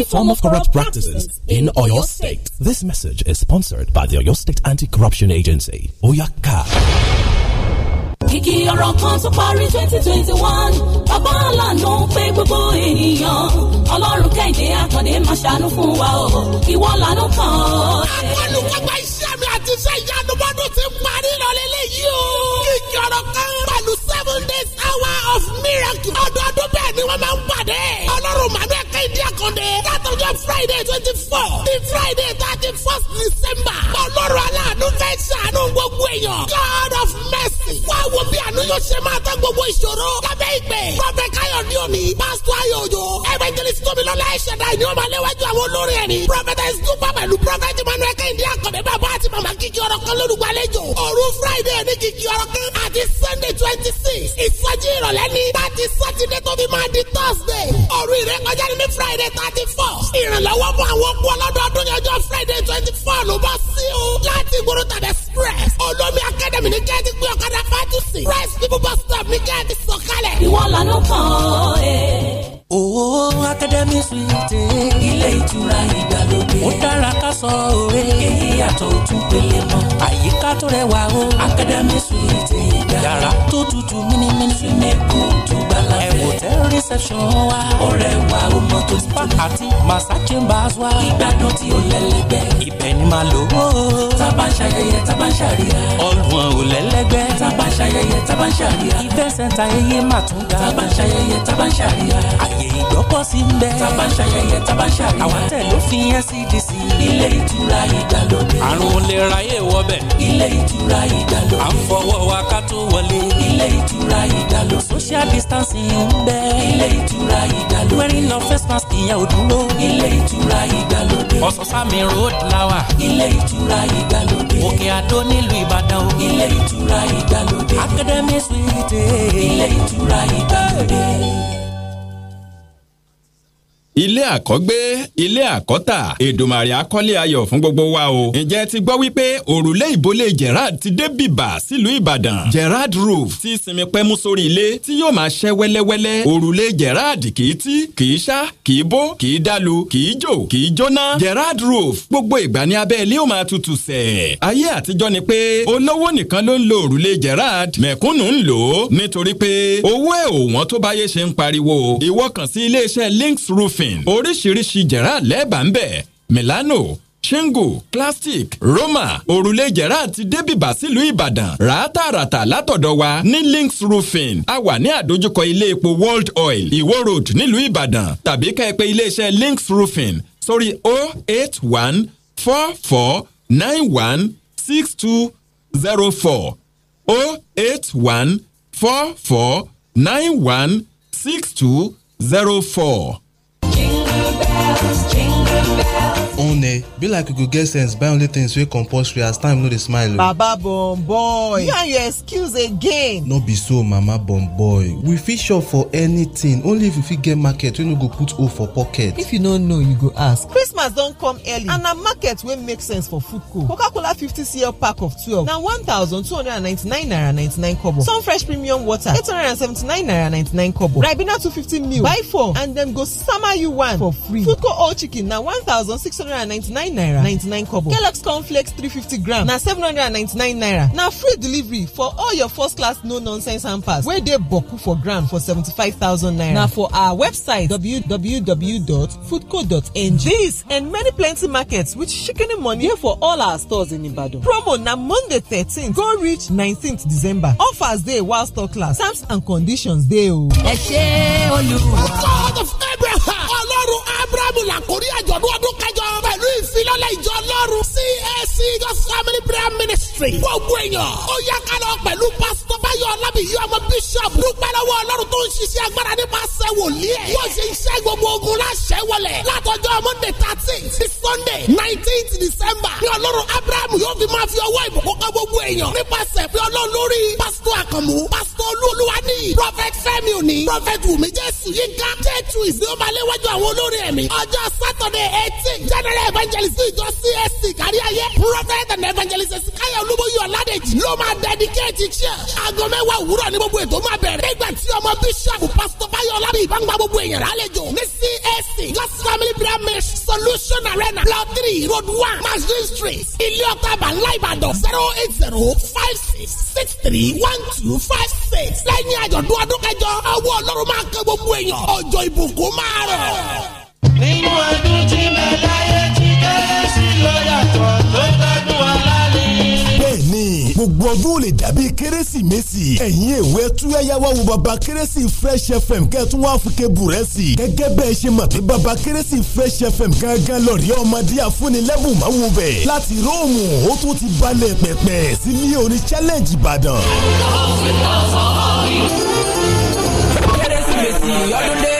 any form of corrupt practices in Oyo State. This message is sponsored by the Oyo State Anti-Corruption Agency, Oyaka
kìkì ọ̀rọ̀ kan tó parí twenty twenty one bàbá àlànà pé gbogbo ènìyàn ọlọ́run kẹ́hìndé àkàndé máa ṣàánú fún wa o ìwọ lànà kan.
akọlùkọgbà iṣẹ́ mi àti iṣẹ́ ti parí lọ lélẹ́yìí o kìkì ọ̀rọ̀ kan seven days hour of miracle ọdọọdún bẹ́ẹ̀ ni wọ́n máa ń pàdé. ọlọ́run màánú ẹ̀ka ìdí àkàndé látọjọ́ friday twenty four ní friday thirty first december ọlọ́run aláàánú fẹ́ ṣàánú gbogbo èèyàn god of mercy wá wo bí àánú yóò ṣe máa tán gbogbo ìṣòro lábẹ́ ìpè prọfẹ̀ káyọ̀dé òní pásítọ̀ ayọ̀yọ̀ evangelist tómilọ́lá ẹ̀ṣẹ̀dá ìní ọmọ aléwájú àwọn olórin ẹ̀rí prophetess dupa pẹ̀lú prophet emmanuel kẹ́hìndé àkànbẹ́ bàbá àti màmá kìkì ọ̀rọ̀ kan lórúkọ òru friday ní kìkì ọ̀rọ̀ kan àti sunday twenty six ìsọjí ìrọ̀lẹ́ ní thirty saturday tó fi máa di thursday òru ìrékọjá ní friday thirty four ìrànlọ́wọ́ fún àwọn okú ọlọ́dọọdún ní ọjọ́ friday twenty four ló bá sí o láti ìgboro tàbí express olómi academy ní kẹ́ẹ̀tì gbé ọ̀kadà àfojúsùn. praise people bus stop ní kẹ́hìn sọ̀kalẹ̀. ìwọ lànà kan ẹ̀. Eh.
Owó oh, Akademi Suite. Ilé ìtura ìgbàlódé. Ó dára ká sọ òwe. Èyí yàtọ̀ òtún pélé mọ́. Àyíká tó rẹwà o. Akademi Suite ìgbà. Yàrá tó tutù mímímí. Súnmẹ́kù tó gbàlá fẹ́. Ẹ̀wò tẹ́ reception wa. Ọ̀rẹ́ wa ó mọ tó ti tó. Spa àti Massa Chambers wa. Ìgbádùn tí ó lẹ́lẹ́gbẹ́. Ibẹ̀ ni màá lò ó. Tábà ń ṣayẹyẹ, tábà ń ṣàríyá. Ọlùwọ̀n ò lẹ́lẹ́gbẹ́. Tábà ń ṣayẹyẹ, tábà ń ṣàríyá. Ìfẹ́ sẹ́ńtà eyé màtúndà. Tábà ń ṣayẹyẹ, tábà ń ṣàríyá ààyè ìgbọ́kọ̀ sí ń bẹ. tàbá ń ṣayẹyẹ tàbá ń ṣàríyá. àwọn tẹ̀ ló fi NCDC. E ilé ìtura ìdàlódé. àrùn olè ráyè wọbẹ̀. ilé ìtura ìdàlódé. à ń fọwọ́ wa ká tó wọlé. ilé ìtura ìdàlódé. social distancing ń bẹ. ilé ìtura ìdàlódé. wearing of face mask ìyẹn ò dúró. ilé ìtura ìdàlódé. ọ̀sán-sámi road lawa. ilé ìtura ìdàlódé. òkè àdó nílùú ìbàdàn. ilé ìtura ìdàlódé. academy suite. ilé ìtura ìdàlódé
ilé àkọ́gbé ilé àkọ́tà Èdùmàrè akọ́lé ayọ̀ fún gbogbo wa o. ǹjẹ́ ti gbọ́ wípé òrùlé ìbólé Gerard ti dé bìbà sílùú Ìbàdàn Gerard roof ti sinmi pẹ́mú sórí ilé tí yóò máa ṣẹ́ wẹ́lẹ́wẹ́lẹ́ òrùlé Gerard kì í tí kì í ṣá kì bó kì dalu kì jò kì jóná Gerard roof gbogbo ìgbà ní abẹ́ ilé ó máa tutù sẹ̀. ayé àtijọ́ ni pé olówó nìkan ló ń lo òrùlé Gerard mẹ̀kúnnù ń lò ó nítorí pé owó ẹ̀ links roofing roofing oríṣiríṣi jẹ̀rá lẹ́ẹ̀bà ń bẹ̀ milano shingle plastic roma òrùlé jẹ̀rá àti débìbà sílùú ìbàdàn ràátàràtà látọ̀dọ̀ wa ní links roofing a wà ní àdójúkọ ilé epo world oil ìwó road nílùú ìbàdàn tàbí ká ẹ pè iléeṣẹ́ links roofing sórí 081 44 91 6204 081 44 91 6204. own eh be like you go get sense
buy only things wey compulsory as time no dey smile o. Oh.
baba bon boy you and your excuse again.
no be so mama bon boy we fit shop for anything only if you fit get market wey no go put hole for pocket. if you no know you go ask. christmas don come early and na market wey make sense for food co. coca-cola fifty cl pack of twelve na one thousand two hundred and ninety-nine naira ninety-nine kobo. sun fresh premium water eight hundred and seventy-nine naira ninety-nine kobo. ribena two fifty mil buy four and dem go sama you one for free. food co whole chicken na one thousand six hundred hundred and ninety-nine naira ninety-nine kobo kellogg's cornflakes three fifty gram na seven hundred and ninety-nine naira na free delivery for all your first class no nonsense hampers wey dey boku for ground for seventy-five thousand naira na for our website www.foodco.ng this and many plenty markets with shikini money dey for all our stores in Ibadan promo na monday thirteenth go reach nineteenth december offers dey while stock last terms and conditions dey o. ẹ ṣe olùwà. God of Abraham ọlọ́run Abraham làkórí àjọ̀dún ọdún kẹjọ pẹ̀lú ìfilọ́lẹ̀ ìjọ ọlọ́run CAC just family prayer ministry. gbogbo èèyàn ó yá ká lọ pẹ̀lú pásítọ̀ báyọ̀ ọlábìyí ọmọ bíṣọ̀pù. dúpẹ́ lọ́wọ́ ọlọ́run tó ń ṣiṣẹ́ agbára nípasẹ̀ wòlíẹ̀. yóò ṣe iṣẹ́ gbogbo ogun láṣẹ wọlẹ̀. látọjọ́ monday thirteen sí sunday nineteenth december. ní ọlọ́run abraham yóò fi máa fi ọwọ́ ìbùkún ká gbogbo èèyàn. nípasẹ̀ fi ọlọ́run lórí pásítọ̀ àkànmú pásítọ̀ olúwa ní prophet fẹ́mi òní prophet wùmí jésù yínká jẹ́ tuesday ó máa léwájú àwọn olórin ẹ̀mí. ọjọ́ saturday eighteen january senior evangelist ìjọ CSC kárí ayé prophet and evangelist sikaya olúbóyè ọ̀làdẹ̀jì ló máa dedicate church. aago mẹ́wàá òwúrọ̀ ni gbogbo ètò máa bẹ̀rẹ̀. nígbà tí ọmọ bíṣọ̀pù pásítọ̀ báyọ̀ lábẹ́ ìbámu gbogbo èèyàn lálejò ní CSC God's family prayer mesh solution arena block three road one mazin street ilé ọ̀tá bàńlá ìbàdàn zero eight zero five six six three one two five six lẹ́yìn àjọ̀dún ọdún kẹjọ ọwọ́ ọlọ́run máa kẹ́ gbogbo èèyàn ọjọ́ ìbùkún máa rọ̀ gbogbo ọdún ò lè dàbí kérésìmesì ẹ̀yin èwe túyáyáwá wo baba kérésì fresh fm kẹ́tún wá fún kébùrẹ́sì gẹ́gẹ́ bẹ́ẹ̀ ṣe mọ̀ pé baba kérésì fresh fm gángan lọ́ọ̀rì ọmọdé àfúnilẹ́bùn máa wo bẹ̀ láti róòmù ó tún ti balẹ̀ pẹ̀pẹ̀ sílé oní challenge ìbàdàn.
kérésìmesì
ọdún dé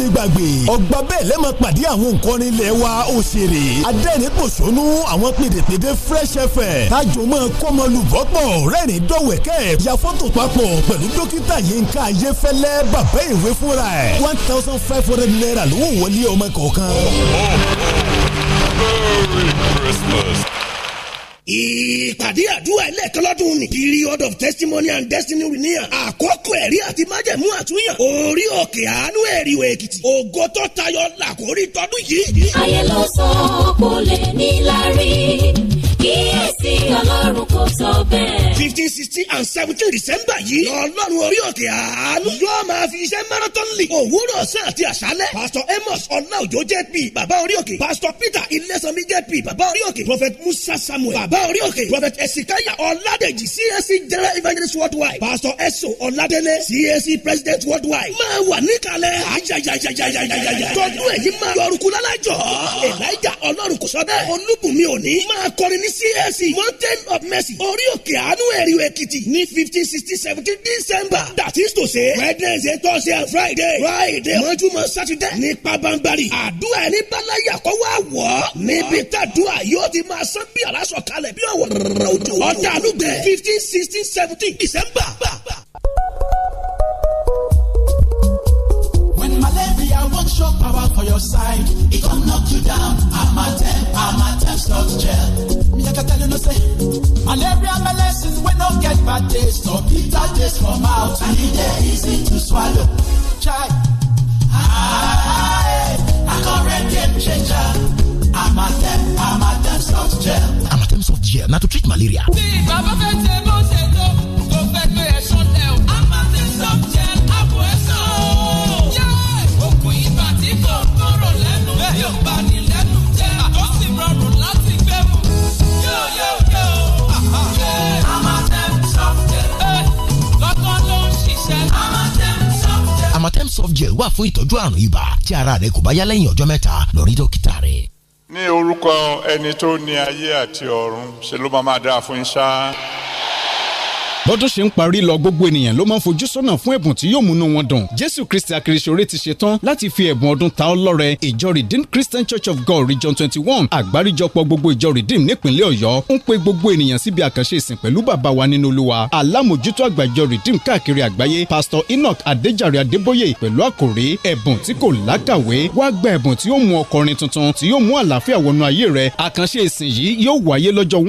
ní gbàgbé ọgbà bẹ́ẹ̀ lẹ́mọ̀ pàdé àwọn nǹkan ilẹ̀ wa òṣèré adẹ́rìn pòṣónú àwọn pèdèpèdè fresh fm tájò máa kọ́mọ lùbọ́pọ̀ rẹ́rìn dọ́wẹ̀kẹ́ ya fọ́tò papọ̀ pẹ̀lú dókítà yínká ayéfẹ́lẹ́ bàbá ìwé fúnra ẹ̀ one thousand five hundred naira ló wọlé ọmọ kọ̀ọ̀kan. Oh, oh, oh, Merry Christmas ìpàdé àdúrà ẹlẹ́ẹ̀kan lọ́dún ni period of testimony and destiny renewal àkókò ẹ̀rí àti májẹ̀mú àtúnyàn orí òkè àánú ẹ̀ríwẹ̀ èkìtì ògo tó tayọ làkórí tọdún yìí. ayẹlọsọ kò lè ní lárí kíyèsí ọlọ́run kò tó bẹ́ẹ̀. fifteen sixteen and seventeen december yìí ọlọ́run orí òkè àánú yóò máa fi iṣẹ́ marathon league òwúrọ̀ ọ̀sán àti àṣálẹ̀ pastor amos ọláòjó jp bàbá orí òkè pastor peter ilẹ̀sánmi jp bàbá orí òkè prophet musa samuel bàbá orí òkè prophet esikaya ọládèjì csc general evangelist worldwide pastor eso ọládélé csc president worldwide máa wà níkàlẹ̀ ajajajajajajaja tọdún ẹ̀yìn máa yọrùkú lálàjọ elijah ọlọ́run kò sọ bẹ́ẹ̀ olúbùnmi òní máa kọrin ní CAC e. mountain of mercy orí òkè àánú ẹ̀rìwẹ̀ èkìtì ní fifteen sixteen seventeen december that is to say wednesday thursday and friday friday mọ́júmọ́ saturday ní pabambari àdúrà ẹni bálayà kọ́ wá wọ̀ ọ́ níbi tàdúrà yóò ti máa sán bí aláṣọ kalẹ̀ bí ọ̀wọ̀ rẹ̀ òjò ọ̀dà àlùbẹ̀ fifteen sixteen seventeen december. show power for your side. It gon' knock you down. I'm a temp, I'm a temp, not gel. Me, I can tell you no say. Malaria, my lessons, we do get bad taste. No bitter taste for mouth. And it easy to swallow. Chai. I, I got red game changer. I'm a temp, I'm a temp, not gel. I'm a temp, soft gel. Now to treat malaria. See? wà fún ìtọ́jú àrùn ibà
tí ara rẹ kò bá yá lẹ́yìn ọjọ́ mẹ́ta lọ rí dókítà rẹ.
ní orúkọ ẹni tó ní ayé àti ọ̀run ṣe ló máa máa dáa fún yín
bọ́dún ṣe ń parí lọ gbogbo ènìyàn ló máa ń fojú sọ́nà fún ẹ̀bùn tí yóò múnú wọn dùn jésù kristi akérésìore ti ṣe tán láti fi ẹ̀bùn ọdún ta ọ́ lọ́rẹ ìjọ redeemed christian church of god region twenty one àgbáríjọpọ̀ gbogbo ìjọ redeemed nípìnlẹ̀ ọ̀yọ́ ń pe gbogbo ènìyàn síbi àkànṣe ìsìn pẹ̀lú bàbá wa nínú olúwa alámòjútó àgbà ìjọ redeemed káàkiri àgbáyé pastor enoch adéjàre adébóyè pẹ̀lú àkòrí ẹ̀bùn tí kò lákàwé wá gba ẹ̀bùn tí yóò mú ọkọrin tuntun tí yóò mú àlàáfíà wọnú ayé rẹ àkànṣe ìsìn yìí yóò wáyé lọ́jọ́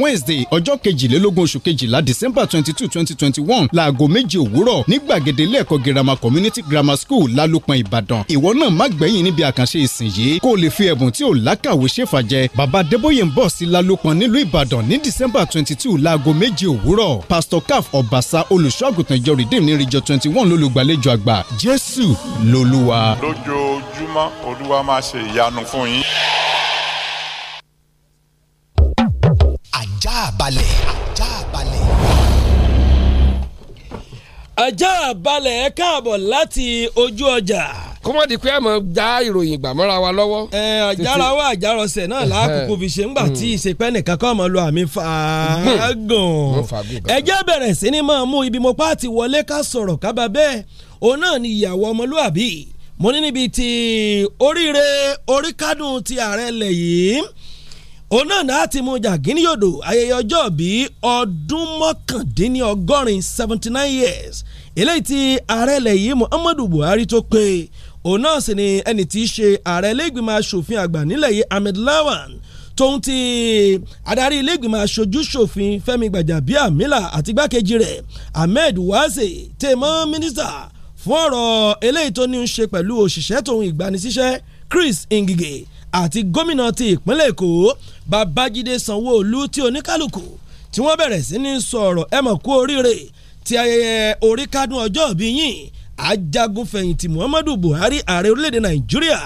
december twenty two twenty twenty one láago méje òwúrọ̀ ní gbàgede ilé-ẹ̀kọ́ girama community grammar school lálùpọ̀ ìbàdàn ìwọ náà má gbẹ̀yìn níbi àkànṣe ìsìn yìí kó o lè fi ẹ̀bùn tí ò lákàwé ṣèfàjẹ bàbá adébóyè ń bọ̀ sí lálùpọ̀ nílùú ìbàdàn ní december twenty two láago méje òwúrọ̀ pastor caf ọ̀bàṣà olùṣọ́àgùtàn ìjọ redeem ní region twenty one lólùgbàlejò àgbà jésù lolúwa.
lójoojúmọ́ olúwa máa ṣe ìyanu fún yín.
ajá balẹ̀ káàbọ̀ láti ojú ọjà. kọ́mọ́dé pé àmọ́ já
ìròyìn ìgbà mọ́ra wa lọ́wọ́. ẹ àjàrà wa
àjàrọ̀sẹ̀ náà láàkókò fi ṣe ńgbà tí hmm. ìṣèpẹ́ nìkan kọ́ ọmọ lu àmì fàágùn. Hmm. ẹjẹ́ bẹ̀rẹ̀ sí ni máa mú ibi mo pa ti wọlé ká sọ̀rọ̀ kábà bẹ́ẹ̀ òun náà ni ìyàwó ọmọlúàbí mo ní níbi ti oríire oríkádùn ti ààrẹ lẹ̀ yìí òun náà láti mú jàgínní yòdò ayẹyẹ ọjọ́ bíi ọdún mọ́kàndínlọ́gọ́rin seventy nine years eléyìí tí ààrẹ ilẹ̀ yìí Muhammadu Buhari tó pé òun náà sì ni ẹni tí í ṣe ààrẹ ilé asòfin àgbà nílẹ̀ yìí Ahmed Lawan tóun ti adarí ilé-ìgbìmọ̀ aṣojú-ṣòfin Fẹ́mi Gbàjàbíàmílà àti igbákejì rẹ̀ Ahmed Waze tèmọ́ mínísítà fún ọ̀rọ̀ eléyìí tó ní í ṣe pẹ̀lú òṣìṣẹ́ tòun ìgbanisíṣẹ́ Chris Ngige àti gómìnà ti ìpínlẹ̀ èkó babájídé sanwó-olú tí oníkálukú tí wọ́n bẹ̀rẹ̀ sí ní sọ̀rọ̀ ẹ mọ̀ kú oríire ti ayẹyẹ oríkádùn ọjọ́ ìbí yìí ajagunfẹ̀yìntì muhammadu buhari ààrẹ orílẹ̀-èdè nàìjíríà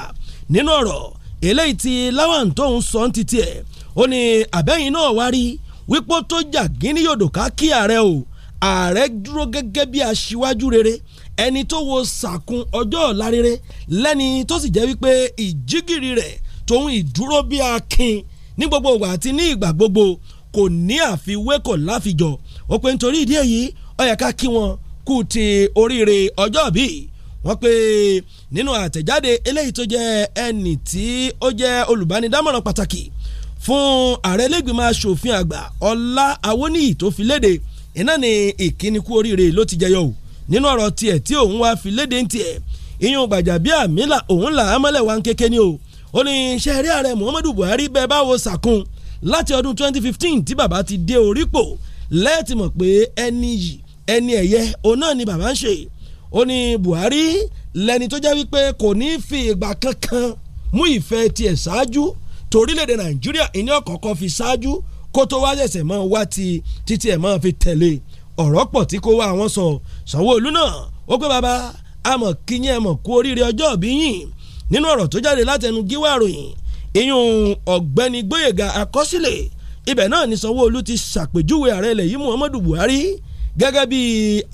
nínú ọ̀rọ̀ eléyìí tí lawan tóun sọ ń titi ẹ̀ ó ní àbẹ́yìn náà wá rí wípó tó jà gíní yòdò ká kí ààrẹ o ààrẹ dúró gẹ́gẹ́ bí aṣíwájú rere ẹni tó wo sàkún ọjọ́ ọ̀la rere lẹ́ni tó sì jẹ́ wípé ìjígìrì rẹ̀ tòun ìdúró bí akin ní gbogbo ìgbà àti ní ìgbà gbogbo kò ní àfiwé kò láfijọ ó pé nítorí ìdí èyí ó yẹ ká kí wọn kú ti oríire ọjọ́ bíi wọ́n pé nínú àtẹ̀jáde eléyìí tó jẹ́ ẹnì tí ó jẹ́ olùbánidámọ̀ràn pàtàkì fún ààrẹ ilégbìmọ̀ asòfin àgbà ọlá awóníyì tó fi léde iná ni ìkíni kú oríire ló ti jẹyọ o nínú ọ̀rọ̀ tiẹ̀ tí òun wá fi léde ń tiẹ̀ ìyún gbàjàbíàmílà òun là á mọ́lẹ̀ wá ń kéke ni o ó ní iṣẹ́ eré ààrẹ Muhammadu Buhari bẹ́ẹ̀ bá wo sàkún láti ọdún 2015 tí bàbá ti dé orípò lẹ́ẹ̀tì mọ̀ pé ẹni yìí ẹni ẹ̀yẹ òun náà ni bàbá ń ṣe ó ní Buhari lẹ́ni tó jẹ́ wípé kò ní fi ìgbà kankan mú ìfẹ́ tiẹ̀ ṣáájú torílẹ̀-èdè Nàìjíríà ìní ọ̀kọ̀ọ̀kan fi ṣáájú kó tó wá ṣẹ̀ṣẹ̀ mọ́ wá ti títí ẹ̀ mọ́ fi tẹ̀lé ọ̀rọ̀ pọ̀ tí kò wá àwọn sọ Sanwó-Olú náà ó pé bàbá àmọ̀ kíyìn ẹ̀mọ̀ kú oríire ọjọ́ ìbí yìí nínú ọ̀rọ̀ tó jáde látẹnu gíwá ìròyìn ìyún ọ̀gbẹ́ni gbóyèga àkọsílẹ̀ ibẹ̀ náà ni sanwó-olu ti ṣàpèjúwe ààrẹ ilẹ̀ yìí muhammadu buhari gẹ́gẹ́ bí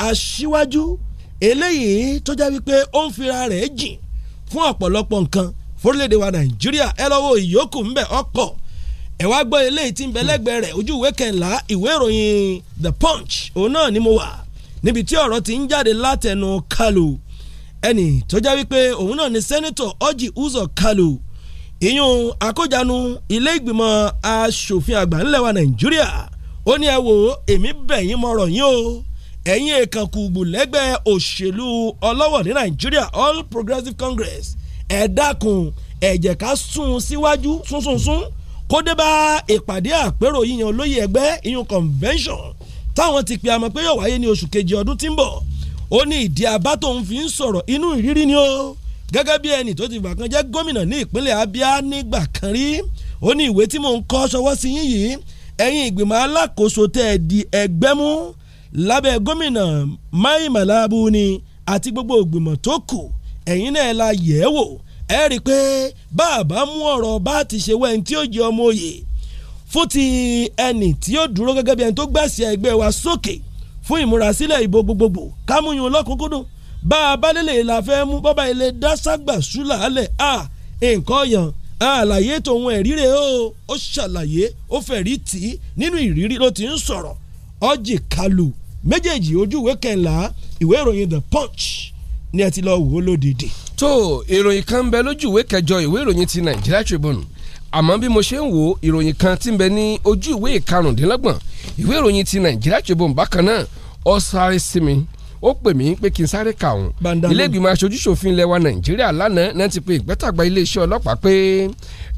aṣíwájú eléyìí tó jẹ́ wípé ó ń fira rẹ̀ jìn fún ọ̀pọ̀lọpọ̀ nǹkan fórílẹ̀-èdè wa nàìjíríà ẹ lọ́wọ́ ìyókù ńbẹ ọkọ̀ ẹ wá gbọ́ eléyìí tí ń bẹ lẹ́gbẹ̀ẹ́ rẹ̀ ojú ìwé kẹńlá ìwé ìròyìn the punch òun náà ni mo wà níbi tí ọ̀rọ̀ ti ń jáde látẹnu kálù ẹnì tó jẹ́ wípé òun náà ni sẹ́nitọ̀ Orji Uzor Kalu ìyún akójanu ilé ìgbìmọ̀ asòfin àgbà ńlẹ̀ wa Nàìjíríà ó ní ẹ wò ó èmi bẹ̀ yín mọ̀rọ̀ yín o ẹ̀yin èèkàn lẹ́gbẹ́ òṣèlú ọlọ́wọ̀ ní Nàìjíríà All Progressives Congress ẹ dákun ẹ jẹ́ ká sún síwájú súnsúnsún kó dé bá ìpàdé àpérò yíyan olóyè ẹgbẹ́ ìyún convention táwọn ti pe àmọ́ pé yóò wáyé ní oṣù kejì ọdún tí ń bọ̀ ó ní ìdí abá tóun fi ń sọ̀rọ̀ inú ìrírí ni ó gẹ́gẹ́ bí ẹnì tó ti gbà kan jẹ́ gómìnà ní ìpínlẹ̀ Abia nígbà kan rí ó ní ìwé tí mò ń kọ ṣọwọ́ sí yín yìí ẹ̀yin ìgbìmọ̀ alákòóso tẹ́ ẹ di ẹgbẹ́ mú lábẹ́ gómìnà Mai Mala Buni àti gbogbo ìgbìmọ̀ tó kù ẹ̀yin náà la yẹ̀ ẹ́ wò ẹ rí i pé bàbá mú ọ̀rọ̀ bá ti ṣe wẹ́n tí ó jẹ ọmọ òye fún ti ẹnì tí ó dúró gẹ́gẹ́ bí ẹni tó gbàsí ẹgbẹ́ wa sókè so fún ìmúrasílẹ̀ ìbò gbogbogbò kámúyún lọ́kùnkúndùn bá a bá lélẹ̀ la fẹ́ mú bọ́bá ilé dáṣàgbà ṣúlà alẹ̀ a nǹkan yàn àlàyé tòun ẹ̀ríre o ó ṣàlàyé ó fẹ̀rí tì í nínú ìrírí ló ti ń sọ̀rọ̀ ọjì kalu méjèèjì ojú ìwé
ìwé ìròyìn the punch ni ẹ ti lọ wò ó lódìdí. tó ìròyìn kan ń bẹ lójú kẹjọ ìwé ìròyìn ti Nigeria Tribune àmọ́ bí mo ṣe ń wo ìròyìn kan ti ń bẹ ní ojú ìwé ìkarùndínlọ́gbọ̀n ìwé ìròyìn ti Nigeria Tribune bákan náà ọ sáré sí mi ó pè mí pé kí n sáré kà òun ilé ìgbìmọ̀ aṣojúṣòfin ilẹ̀ wa nàìjíríà lánàá náà ti pe ìgbẹ́tàgbà iléeṣẹ́ ọlọ́pàá pé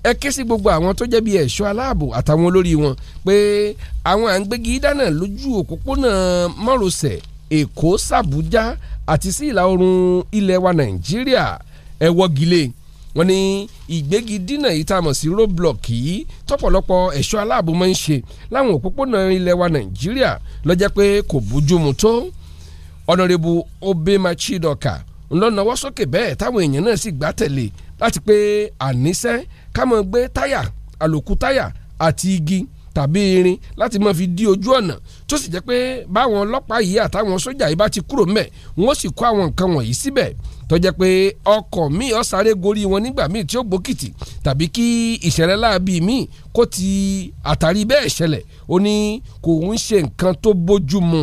ẹ ké sí gbogbo àwọn tó jẹ́ bíi ẹ̀ṣọ́ aláàbò àtàwọn olórí wọn pé àwọn à ń gbégi dáná lójú òpópónà márosẹ̀ èkó sàbújá àti sí ìlà oòrùn ilẹ̀ wa nàìjíríà ẹ wọ́gilé wọ́n ní ìgbégidínà yìí tá a mọ̀ sí roadblock yìí tọ́pọ̀lọpọ̀ ẹ̀ṣọ́ aláàbò máa ń ṣe láwọn òpópónà ilẹ̀ wa nàìjíríà ló jẹ́ pé kò bójúmu tó ọ̀nàrẹ́bù obemachidoka ńlọ́nàwọ́ sókè bẹ́ẹ̀ táwọn èèyàn náà sì gbá tẹ̀lé láti pé àníṣẹ́ ká máa gbé táyà àlòkù táyà àti igi tàbí irin láti máa fi dí ojú ọ̀nà tó sì jẹ́ pé báwọn ọlọ́pàá yìí àtàwọn sójà yìí bá ti kúrò mẹ́ wọ́n sì kó àwọn nǹkan wọ̀nyí síbẹ̀ tó jẹ́ pé ọkọ̀ míì ó sáré gorí wọn nígbà míì tí ó gbókìtì tàbí kí ìṣẹ̀lẹ̀ láabi míì kó ti àtàrí bẹ́ẹ̀ ṣẹlẹ̀ ó ní kò ń ṣe nǹkan tó bójú mu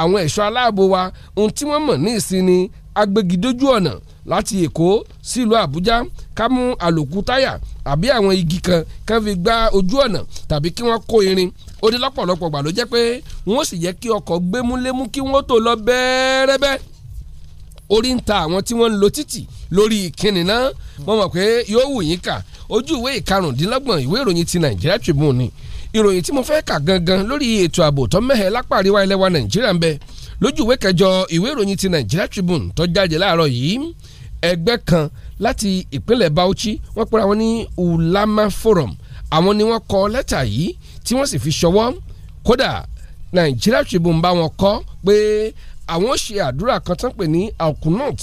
àwọn ẹ̀ṣọ́ aláàbò wa ohun tí wọ́n mọ̀ ní ìsinmi agbégidójú ọ̀nà láti Èkó sílùú Àbújá ká mú àlòkù táyà àbí àwọn igi kan kán fi gba ojú ọ̀nà tàbí kí wọ́n kó irin ó ní lọ́pọ̀lọpọ̀ gbà ló jẹ́ pé wọ́n sì yẹ kí ọkọ̀ gbémúlémú kí wọ́n tó lọ bẹ́ẹ̀rẹ́bẹ́ orí ń ta àwọn tí wọ́n ń lo títì lórí ìkíni náà wọ́n mọ̀ pé yóò wù yín kà ojú ìwé ìkarùndínlọ́gbọ̀n ìwé ìròyìn ti Nàìjíríà Tribune ni ìròyìn tí mo fẹ́ kà gangan lórí ètò ààbò tó mẹ́hẹ̀ lápá àríwá ilẹ̀ wa Nàìjíríà ń bẹ lójú ìwé kẹjọ ìwé ìròyìn ti Nàìjíríà Tribune tó jáde láàárọ̀ yìí ẹgbẹ́ kan láti ìpínlẹ̀ Bauchi wọ́n pera wọn ní Ulama Forum àwọn ni wọ́n kọ lẹ́tà yìí tí wọ́n sì fi ṣọwọ́ kódà Nigeria Tribune bá wọn kọ pé àwọn ṣe àdúrà kan tán pè ní alkunot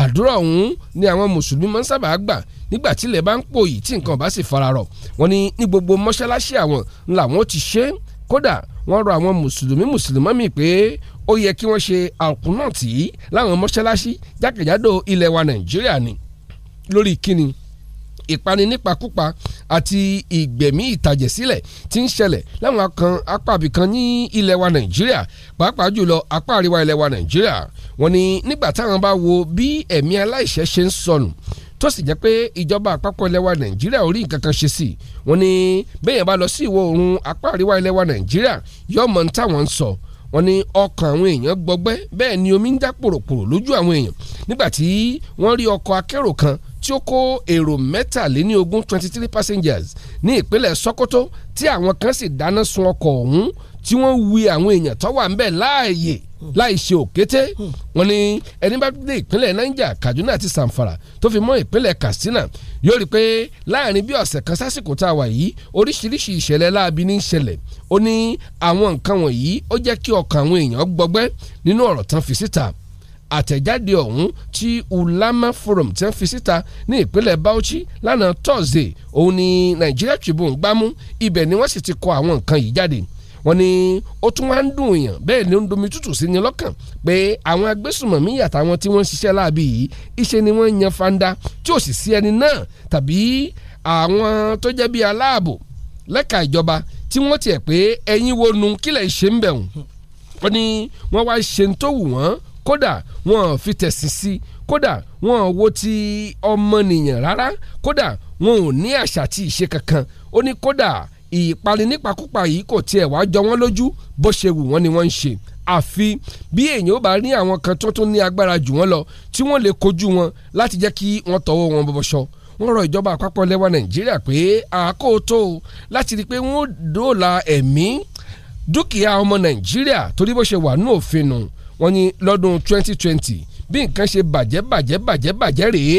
àdúrà ọ̀hún ni àwọn mùsùlùmí máa ń sábà gbà nígbà tílẹ̀ bá ń pò yìí tí nǹkan bá sì fararọ̀ wọ́n ní ní gbogbo mọ́ṣáláṣí àwọn làwọn ti ṣe kódà wọ́n rọ àwọn mùsùlùmí mùsùlùmọ́ mi pé ó yẹ kí wọ́n ṣe àkúnnáàtì láwọn mọ́ṣáláṣí jákèjádò ilẹ̀ wa nàìjíríà ni lórí kíni ìpani nípakúpa àti ìgbẹ̀mí ìtàjẹ̀sílẹ̀ tí ń ṣẹlẹ̀ láwọn kan apá abìkan ní ilẹ̀ wa nàìjíríà pàápàá jùlọ apá àríwá ilẹ̀ wa nàìjíríà wọ́n ní nígbà táwọn bá wo bí ẹ̀mí aláìṣẹ̀ ṣe ń sọnù tó sì jẹ́ pé ìjọba àpapọ̀ ilẹ̀ wa nàìjíríà ò nǹkan kan ṣe sí i wọ́n bẹ́ẹ̀ yẹn bá lọ sí ìwọ̀ oòrùn apá àríwá ilẹ̀ wa nàìjíríà yọ̀ọ́ mọ̀ ní táwọn ń sọ wọ́n ní ọkàn àwọn èèyàn gbọgbẹ́ bẹ́ẹ̀ ni omi ń já pòròpòrò lójú àwọn èèyàn nígbà tí wọ́n rí ọkọ̀ akérò kan tí ó kó èrò mẹ́tàléníogún twenty three passengers ní ìpínlẹ̀ Sokoto tí àwọn kan sì dáná sun ọkọ̀ ọ̀hún tí wọ́n wí àwọn èèyàn tó wà láàyè láì ṣe òkété hmm. wọ́n ní ẹni bá dé ìpínlẹ̀ Niger Kaduna àti Samfara tó fi mọ́ ìpínlẹ̀ Katsina yóò rí i pé láàrin bí ọ̀sẹ̀ kan sásìkò tá a wà yìí oríṣiríṣi ìṣẹ̀lẹ̀ láabi ní í ṣẹlẹ̀ ó ní àwọn nǹkan wọ̀nyí ó jẹ́ kí ọkàn àwọn èèyàn gbọgbẹ́ nínú ọ̀rọ̀ tán fi síta àtẹ̀jáde ọ̀hún tí Ulama Forum ti ń fi síta ní ìpínlẹ̀ Bauchi lánàá Thursday òun ni Nigeria Tribune gbámú ibẹ̀ ni wọ́n sì ti kọ àwọn nǹkan yìí jáde wọ́n ní ó tún wá ń dùn èèyàn bẹ́ẹ̀ ni ó ń domi tútù sí ni lọ́kàn pé àwọn agbésùmọ̀mí àtàwọn tí wọ́n ń ṣiṣẹ́ láabi yìí iṣẹ́ ni wọ́n ń yan fanda tí ò sì sí ẹni náà tàbí àwọn tó jẹ́ bíi aláàbò lẹ́ka ìjọba tí wọ́n tiẹ̀ pé ẹ̀yin wo nu kílẹ̀ ṣe ń bẹ̀rù wọ́n ní wọ́n wá ṣe ń tó wù wọ́n kódà wọ́n fi tẹ̀sìn sí kódà wọ́n wo ti ọmọnìyàn rárá kódà wọ́n ò ní àṣà tí ì ṣe kankan ó ní kódà ìparí nípakúpa yìí kò tiẹ̀ wá jọ wọ́n lójú bó ṣe wù wọ́n ni wọ́n ń ṣe àfi bí èèyàn ó bá rí àwọn kan tó tún ní agbára jù wọ́n lọ tí wọ́n lè kojú wọn láti jẹ́ kí wọ́n tọwọ́ wọn bọ̀bọ̀ṣọ wọ́n rọ ìjọba àpapọ̀ lẹ́wà nàìjíríà pé àkóòtó láti rí i pé wọ́n dóòlà ẹ̀mí dúkìá ọmọ nàìjíríà torí bó ṣe wà ní òfin nù wọ́n ní lọ́dún 2020 bí nǹkan ṣe bàjẹ́ bàjẹ́ bàjẹ́ bàjẹ́ rèé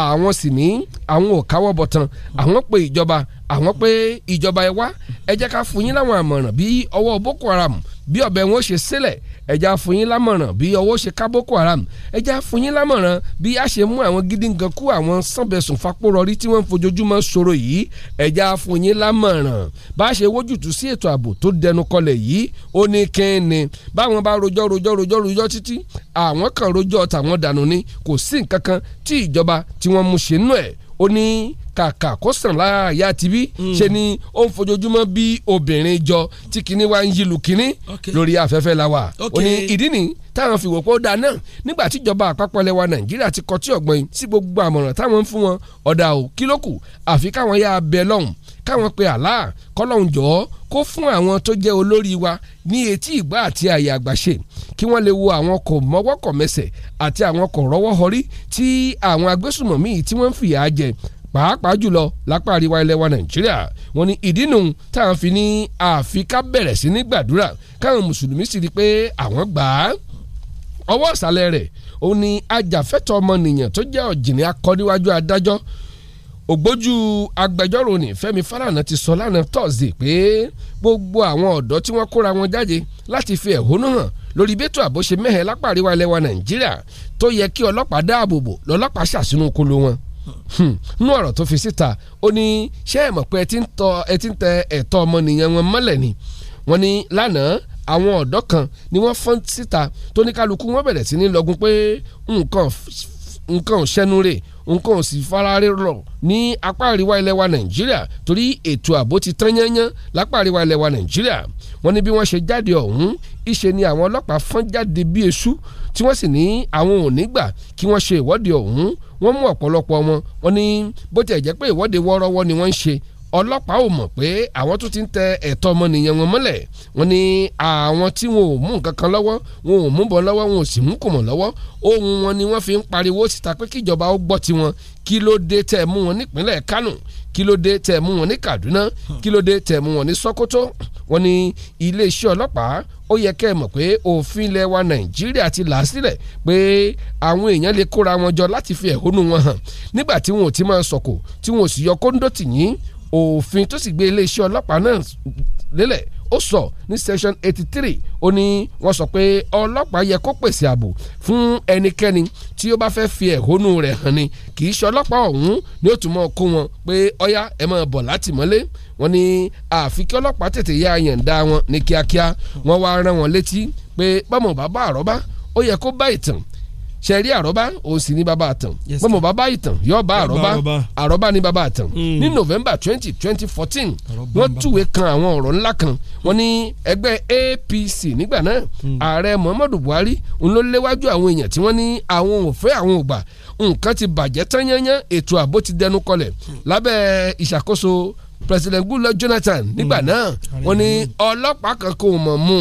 àwọn sì ní àwọn ò káwọ́ bọ̀tán àwọn pé ìjọba àwọn pé ìjọba ẹ wá ẹ jẹ́ ká fún yín láwọn àmọ̀ràn bí ọwọ́ Boko Haram bí ọ̀bẹ wọn ṣe sílẹ̀ ẹja fún yín lámọ̀ràn bí ọwọ́ ṣe ká Boko Haram ẹja fún yín lámọ̀ràn bí a ṣe mú àwọn gidingan kú àwọn sànbẹ̀sùn fapórọrí tí wọ́n ń fojoojúmọ́ ṣòro yìí ẹja fún yín lámọ̀ràn bá a ṣe wójútùú sí ètò ààbò tó dẹnu kọlẹ̀ yìí ó ní kẹ́ni báwọn bá rojọ́ rojọ́ rojọ́ rojọ́ títí àwọn kan rojọ́ tàwọn dànù ni kò sí nǹkan kan tí ìjọba tí wọ́n mú ṣe nú ẹ̀ ó ní kàkà kó sàn lára ìyá tibí mm. ṣe ni ó ń fojoojúmọ́ bí obìnrin jọ tí kinní wa ń yilu kinní lórí afẹ́fẹ́ la wa ó ní ìdí nìyí táwọn fi wò pé ó da náà nígbà tíjọba àpapọ̀ lẹwa nàìjíríà ti kọtí ọ̀gbìn sí gbogbo àmọ̀ràn táwọn ń fún wọn ọ̀dà ò kí ló kù àfi káwọn yá abẹ lọ́hùn káwọn pe àlá kọ́lọ́hún jọ̀ọ́ kó fún àwọn tó jẹ́ olórí wa ní etí ìgbà àti àyè àgbàṣe kí wọ́n lè wo àwọn kò mọ́wọ́ mẹsẹ̀ àti àwọn kò rọ́wọ́ họrí tí àwọn agbésùmọ̀mí tí wọ́n ń fìyà jẹ pàápàá jùlọ lápá àríwá ilẹ̀ wa nàìjíríà wọ́n ní ìdí nù tá à ń fi ní àfi ká bẹ̀rẹ̀ sí ní gbàdúrà káwọn mùsùlùmí sì rí i pé àwọn gbà á ọwọ́ ìsàlẹ̀ rẹ̀ ó ní ajàfẹ́tọ̀ ọmọnìyàn tó jẹ́ ọ̀jìnì akọ́níwájú adájọ́ ògbójú agbẹjọ́rò ní Fẹ́mi Fálànà ti sọ lánàá tọ́sídẹ̀ẹ́ pé gbogbo àwọn ọ̀dọ́ tí wọ́n kóra wọn jáde láti fi ẹ̀hónú hàn lórí bẹ́tọ̀ àbóṣe mẹ́hẹ̀ẹ́ lápá àríwá ilẹ̀ wa nàìjíríà tó yẹ kí ọlọ́pàá dáàbò lọ́lọ́pàá ṣàṣínú kolo wọn Hmm. nú ọ̀rọ̀ tó fi síta ó ní ṣé ẹ mọ̀ pé ẹ ti ń tẹ ẹ̀tọ́ ọmọnìyàn wọn mọ́lẹ̀ ni wọ́n ní lánàá àwọn ọ̀dọ́ kan ni wọ́n fọ́n síta tó ní kálukú wọ́n bẹ̀rẹ̀ sí ní lọ́gun pé nǹkan ṣẹnure nǹkan ò sì farare rọ ní apá àríwá ilẹ̀ wa nàìjíríà torí ètò ààbò ti tán yányán lápá àríwá ilẹ̀ wa nàìjíríà wọ́n ní bí wọ́n ṣe jáde ọ̀hún ìṣe ni àwọn ọlọ́pàá fọ́n jáde bí eṣú tí wọ́n sì ní àwọn ò ní gbà kí wọ́n ṣe ìwọ́de ọ̀hún wọ́n mú ọ̀pọ̀lọpọ̀ wọn wọ́n ní bó tiẹ̀ jẹ́ pé ìwọ́de wọ́ọ́rọ́wọ́ ni wọ́n ń ṣe ọlọ́pàá ò mọ̀ pé àwọn tó ti ń tẹ ẹ̀tọ́ ọmọnìyàn wọn mọ́lẹ̀ wọn ni àwọn tí wọn ò mú nǹkan kan lọ́wọ́ wọn ò mú bọ́ lọ́wọ́ wọn ò sì mú kò lọ́wọ́ ohun wọn ni wọ́n fi ń pariwo síta pé kíjọba ó gbọ́ tiwọn kí ló dé tẹ̀ mú wọn nípínlẹ̀ Kánò kí ló dé tẹ̀ mú wọn ní Kaduna hmm. kí ló dé tẹ̀ mú wọn ní Sokoto wọ́n ní iléeṣẹ́ ọlọ́pàá ó yẹ kẹ́ ẹ mọ̀ pé òfin ilẹ̀ wa Nàìjíríà ti là á sílẹ̀ pé àwọn èèyàn lè kóra wọn jọ láti fi ẹ̀hónú wọn hàn nígbà tí wọn ò ti máa sọ̀kò tí wọn ò sì yọ kóńdó tì yín òfin tó sì gbé iléeṣẹ́ ọlọ́pàá náà lélẹ̀ ó sọ ní section eighty three ó ní wọ́n sọ pé ọlọ́pàá yẹ kó pèsè ààbò fún ẹnikẹ́ni tí ó bá fẹ́ fi ẹ̀hónú rẹ̀ hàn ni kì í ṣe ọlọ́pàá ọ̀hún ni ó tún mọ́ kó wọn pé ọ̀yá ẹ máa bọ̀ látìmọ́lé wọ́n ní àfi kí ọlọ́pàá tètè yá àyàndá wọn ní kíákíá wọ́n wá rán wọn létí pé bámọ̀ bàbá àrọ́bá ó yẹ kó bá ìtàn sẹ̀rí àrọ́bá òun sì ni bàbá àtàn mọ̀mọ́ bàbá ìtàn yọ bá àrọ́bá àrọ́bá ni bàbá àtàn hmm. ní november twenty twenty fourteen wọ́n túwèé kan àwọn ọ̀rọ̀ ńlá kan wọ́n ní ẹgbẹ́ apc nígbà náà hmm. ààrẹ muhammadu buhari ń ló léwájú àwọn èèyàn tí wọ́n ní àwọn ò fẹ́ àwọn ò gbà nǹkan ti bàjẹ́ tán yányán ètò ààbò ti dẹnu kọlẹ̀ lábẹ́ ìṣàkóso president goodluck jonathan nígbà hmm. náà wọ́n ní ọlọ́pàá kan kò mọ̀ mú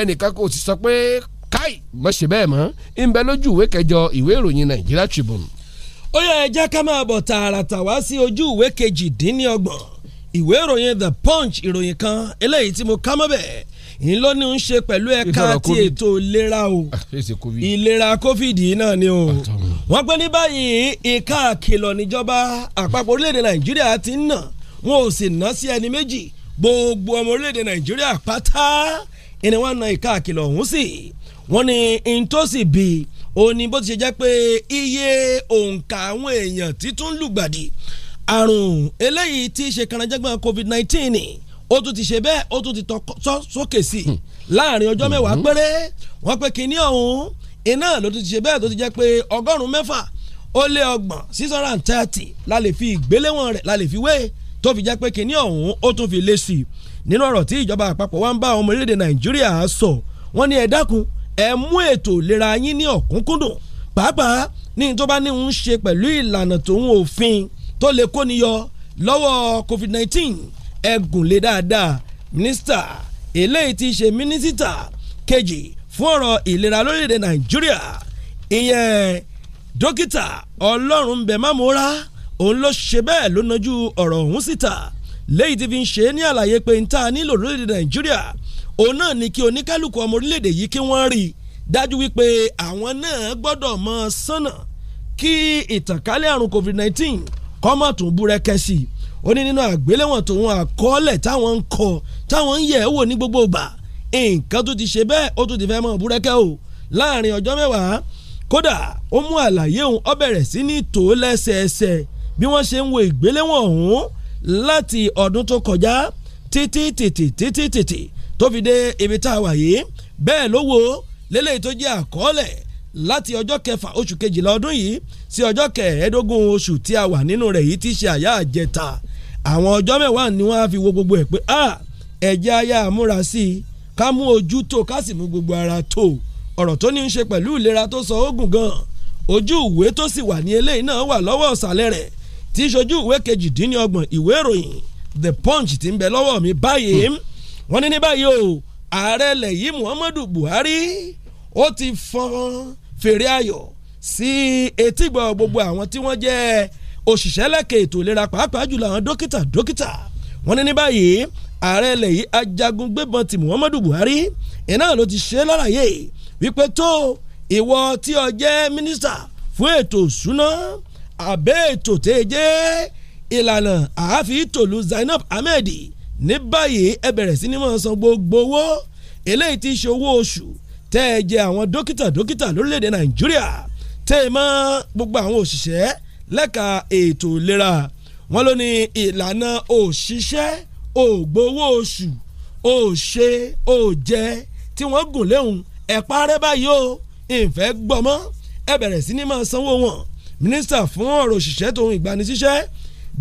ẹnìkan kò sì sọ pé káì mọ̀ ṣe bẹ́ẹ̀ mọ́ ń bẹ lójú ìwé kẹjọ ìwé ìròyìn Nigeria Tribune. ó yẹ ẹ jẹ́ ká máa bọ̀ tààràtà
wá sí ojú ìwé kejìdínlọ́gbọ̀n ìwé ìròyìn The Punch ìròyìn kan eléyìí tí mo ká mọ́ bẹ́ẹ̀ ń ló ní ń ṣe pẹ̀lú ẹ̀ka ti ètò ìlera o ah, ìlera covid náà ni o wọ́n pé ní báyìí ìka àkìlọ̀ níjọba àpapọ̀ orílẹ̀-èdè nàìjíríà ti ń nà wọn ò sì ná sí ẹni méjì gbogbo ọmọ orílẹ̀-èdè nàìjíríà pátá ẹni wọ́n na ìka àkìlọ̀ ọ̀hún sí i wọ́n ní ntòsí bíi òní bó ti ṣe jẹ́ pé iye òǹkà àwọn èèyàn títún lùgbàdì àrùn eléyìí tí í ṣe kànáńjẹ́gbọ̀n covid-19 ni ó tún ti ṣe bẹ́ẹ̀ ó tún ti tọ́ sókè sí i hmm. láàrin ọjọ́ mẹ́wàá hmm. péré wọ́n pe kínní ọ̀hún iná ló ti ṣe bẹ́ẹ̀ tó ti jẹ́ pé ọgọ́rùn-ún mẹ́fà ó lé ọgbọ̀n six hundred and thirty la lè fi ìgbéléwọ̀n rẹ̀ la lè fi wé tó fi jẹ́ pé kínní ọ̀hún ó tún fi lé sí i nínú ọ̀rọ̀ tí ìjọba àpapọ̀ wa ń bá ọmọ orílẹ̀-èdè Nàìjíríà sọ wọ́n ní ẹ ẹ mú ètò ìlera yín ní ọ̀kúnkúndùn pàápàá ní tó bá ní ń ṣe pẹ̀lú ìlànà tó ń òfin tó lè COVID-19 ẹ gùn lé dáadáa mínísítà eléyìí ti ṣe mínísítà kejì fún ọ̀rọ̀ ìlera lórílẹ̀‐èdè Nàìjíríà ìyẹn dókítà ọlọ́run bẹ̀ mámúra òun ló ṣe bẹ́ẹ̀ ló nájú ọ̀rọ̀ síta fi ń ṣe é ní àlàyé pé ń ta nílò lórílẹ̀ òun náà ni kí oníkálukú ọmọ orílẹ̀-èdè yìí kí wọ́n rí i dájú wípé àwọn náà gbọ́dọ̀ mọ sánà kí ìtànkálẹ̀ àrùn COVID-19 kọ́mọ̀ tún búrẹ́kẹ́ sí i ó ní nínú àgbéléwọ̀n tòun àkọọ́lẹ̀ táwọn ń kọ táwọn ń yẹ̀ wò ní gbogbo ìgbà nǹkan tó ti ṣe bẹ́ẹ̀ ó tún ti fẹ́ mọ̀ búrẹ́kẹ́ o láàrin ọjọ́ mẹ́wàá kódà ó mú àlàyé òun ó bẹ̀rẹ̀ sí ní tò lẹ́sẹẹsẹ bí wọ́n ṣe ń wo ìgbéléwọ̀n ọ̀hún láti ọdún tó kọjá títí títí títí títí tó fi dé ibi tá a wà yìí bẹ́ẹ̀ ló wo lélẹ́yìí tó jẹ́ àkọọ́lẹ̀ láti ọjọ́ kẹfà oṣù kejìlá ọdún yìí sí ọjọ́ kẹẹ̀ẹ́dógún oṣù tí a wà nínú rẹ̀ yìí ti ṣe àyà àjẹta àwọn ọjọ́ mẹ́wàá ni wọ́n á fi wo gbogbo ẹ̀ pé ẹ̀jẹ̀ ayá àmúra sí i ká mú ojú tó ká sì mú gbogbo ara tó ọ̀rọ̀ tó ní í ṣe pẹ̀lú ìlera tó sọ oògùn gan ojú ìwé tó sì wà ní eléyìí náà wà lọ́wọ́ ọ̀sàlẹ̀ rẹ̀ tí ṣojú ìwé kejìdínlọ́gbọ̀n ìwé ìròyìn The Punch ti ń bẹ lọ́wọ́ mi báyìí. Hmm wọ́n ní ní báyìí o ààrẹ ilẹ̀ yìí Muhammadu Buhari ó ti fọn fèrè ayọ̀ sí etígbọ̀ gbogbo àwọn tí wọ́n jẹ́ òṣìṣẹ́ lẹ́kẹ̀ ètò ìlera pàápàá jùlọ àwọn dókítà dókítà wọ́n ní ní báyìí ààrẹ ilẹ̀ yìí ajagun gbébọn ti Muhammadu Buhari iná ló ti ṣe lálàyé wípé tó ìwọ tí o jẹ́ mínísítà fún ètò ìṣúná àbẹ́ ètò tẹ́ jẹ́ ìlànà àáfi tòlú Zainab Ahmed ní báyìí ẹ bẹ̀rẹ̀ sí ni máa san gbogbo owó eléyìí ti ṣe owó oṣù tẹ́ ẹ jẹ àwọn dókítà dókítà lórílẹ̀‐èdè nàìjíríà tẹ́ ẹ mọ́ gbogbo àwọn òṣìṣẹ́ lẹ́ka ètò ìlera wọn ló ní ìlànà òṣìṣẹ́ ògbówó oṣù òṣè òjẹ tí wọ́n gùn léhùn ẹ̀ parẹ́ báyìí o ìfẹ́ gbọ́mọ ẹ bẹ̀rẹ̀ sí ni máa sanwó wọn mínísítà fún ọ̀rọ̀ òṣìṣẹ́ tòun ìgbanisíṣẹ́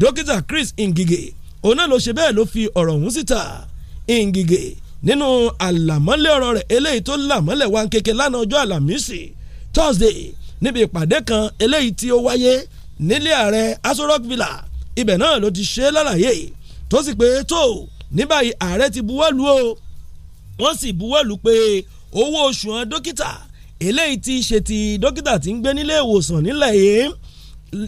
dókítà Chris Ngige òun náà ló ṣe bẹ́ẹ̀ ló fi ọ̀rọ̀ ọ̀hún síta ngige nínú àlàmọ́lẹ̀ ọ̀rọ̀ rẹ̀ eléyìí tó làmọ́lẹ̀ wa kéke lánàá ọjọ́ àlàmísì Thursday níbi ìpàdé kan eléyìí tí ó wáyé nílé ààrẹ Aso Villa ibẹ̀ náà ló ti ṣe é lálàyé tó sì pé tó ní báyìí ààrẹ ti buwọ́lù o wọ́n sì buwọ́lù pé owó oṣù hàn dókítà eléyìí ti ṣe ti dókítà ti ń gbé nílé ìwòsàn nílẹ̀ yìí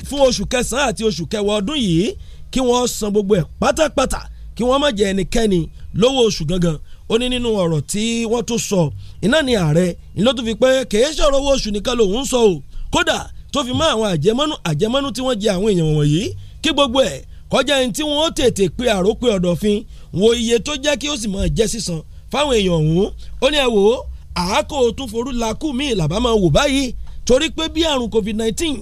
fún oṣù kẹsàn-án àti oṣù kẹwàá ọdún yìí kí wọ́n san gbogbo ẹ̀ pátápátá kí wọ́n má jẹ ẹnikẹ́ni lówó oṣù gangan ó ní nínú ọ̀rọ̀ tí wọ́n tún sọ iná ni ààrẹ ló tún fi pé kèé sọ̀rọ̀ owó oṣù nìkan lòun ń sọ o kódà tó fi mọ́ àwọn àjẹmọ́nú àjẹmọ́nú tí wọ́n jẹ àwọn èèyàn wọ̀nyí kí gbogbo ẹ̀ kọjá ẹni tí wọ́n tètè pe àròpé ọ̀dọ̀fin wo iye tó jẹ́ kí ó sì máa jẹ́ sísan fáwọn èèyàn ọ̀hún ó ní ẹ wò ó àákò tún forú lakú míì làbá máa wò báyìí torí pé bí àrùn covid nineteen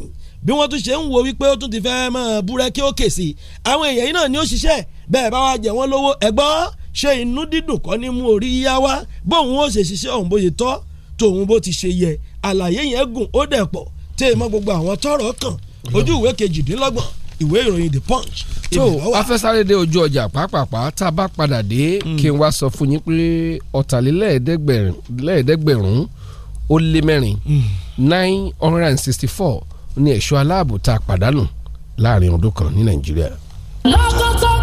bí wọ́n tún ṣe ń wo wípé ó tún ti fẹ́ mọ́ búrẹ́kì òkè sí i àwọn èèyàn yìí náà ni ó ṣiṣẹ́ bẹ́ẹ̀ bá wa jẹ wọ́n lówó ẹ̀gbọ́n ṣe inú dídùn kọ́ ní mú orí yá wá bóun ó ṣe ṣiṣẹ́ òun bó ṣe tọ́ tòun bó ti ṣe yẹ àlàyé yẹn gùn ó dẹ̀ pọ̀ tẹ́ ẹ mọ́ gbogbo àwọn tọ́rọ̀ kàn ojú ìwé kejìdínlọ́gbọ̀n ìwé ìròyìn
the punch. tó afẹ́sáré dé ojú ọjà pàápàá tá a bá padà dé hmm. kí n wá sọ fún yín pé ọ̀tàlélẹ́ẹ̀ẹ́dẹ́gbẹ̀rún ó lé mẹ́rin hmm. nine hundred and sixty four ní ẹ̀ṣọ́ aláàbò tá a pàdánù láàrin ọdún kan ní nàìjíríà.
lọ́kọ́tọ̀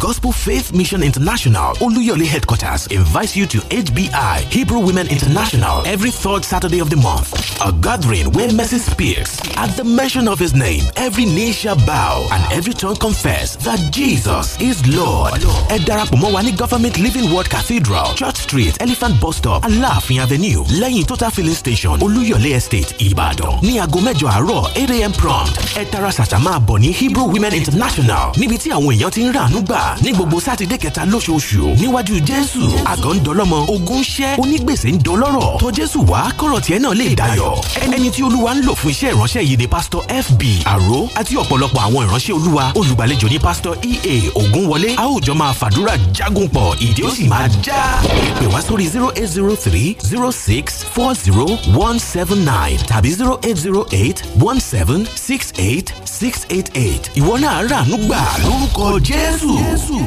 Gospel Faith Mission International, Oluyole headquarters, invites you to HBI, Hebrew Women International, every third Saturday of the month. A gathering where mercy speaks. At the mention of his name, every knee shall bow and every tongue confess that Jesus is Lord. Ẹ darapọ̀ mọ́ Government Living World Cathedral, Church Street, Elephant Bus Stop, Aláàfin Avenue, lẹ́yìn Total Filling Station, Oluyole Estate, Ibadan. Ní aago mẹ́jọ 8 a.m. prompt. Ẹ tara ṣàṣà máa Hebrew Women International, Nibiti tí àwọn èèyàn ti ń ràánú gbà wà ní gbogbo sátidé kẹta lóṣooṣù níwájú jésù àgọ́ ń dọlọ́mọ ogun ṣẹ́ onígbèsè ń dọlọ́rọ̀ tọ̀ jésù wá kọ́rọ̀ tiẹ̀ náà lè dayọ̀ ẹni tí olúwa ń lò fún iṣẹ́ ìránṣẹ́ yìí ni pásítọ̀ fb àró àti ọ̀pọ̀lọpọ̀ àwọn ìránṣẹ́ olúwa olùgbàlejò ní pásítọ̀ ea ògúnwọlé a ó jọ máa fàdúrà jagun pọ̀ ìdí ó sì máa já pè wá sórí zero eight zero three zero six four zero one seven nine tàbí zero eight zero eight one seven six eight six eight eight ìwọ náà rà nígbà lórúkọ jésù
jésù.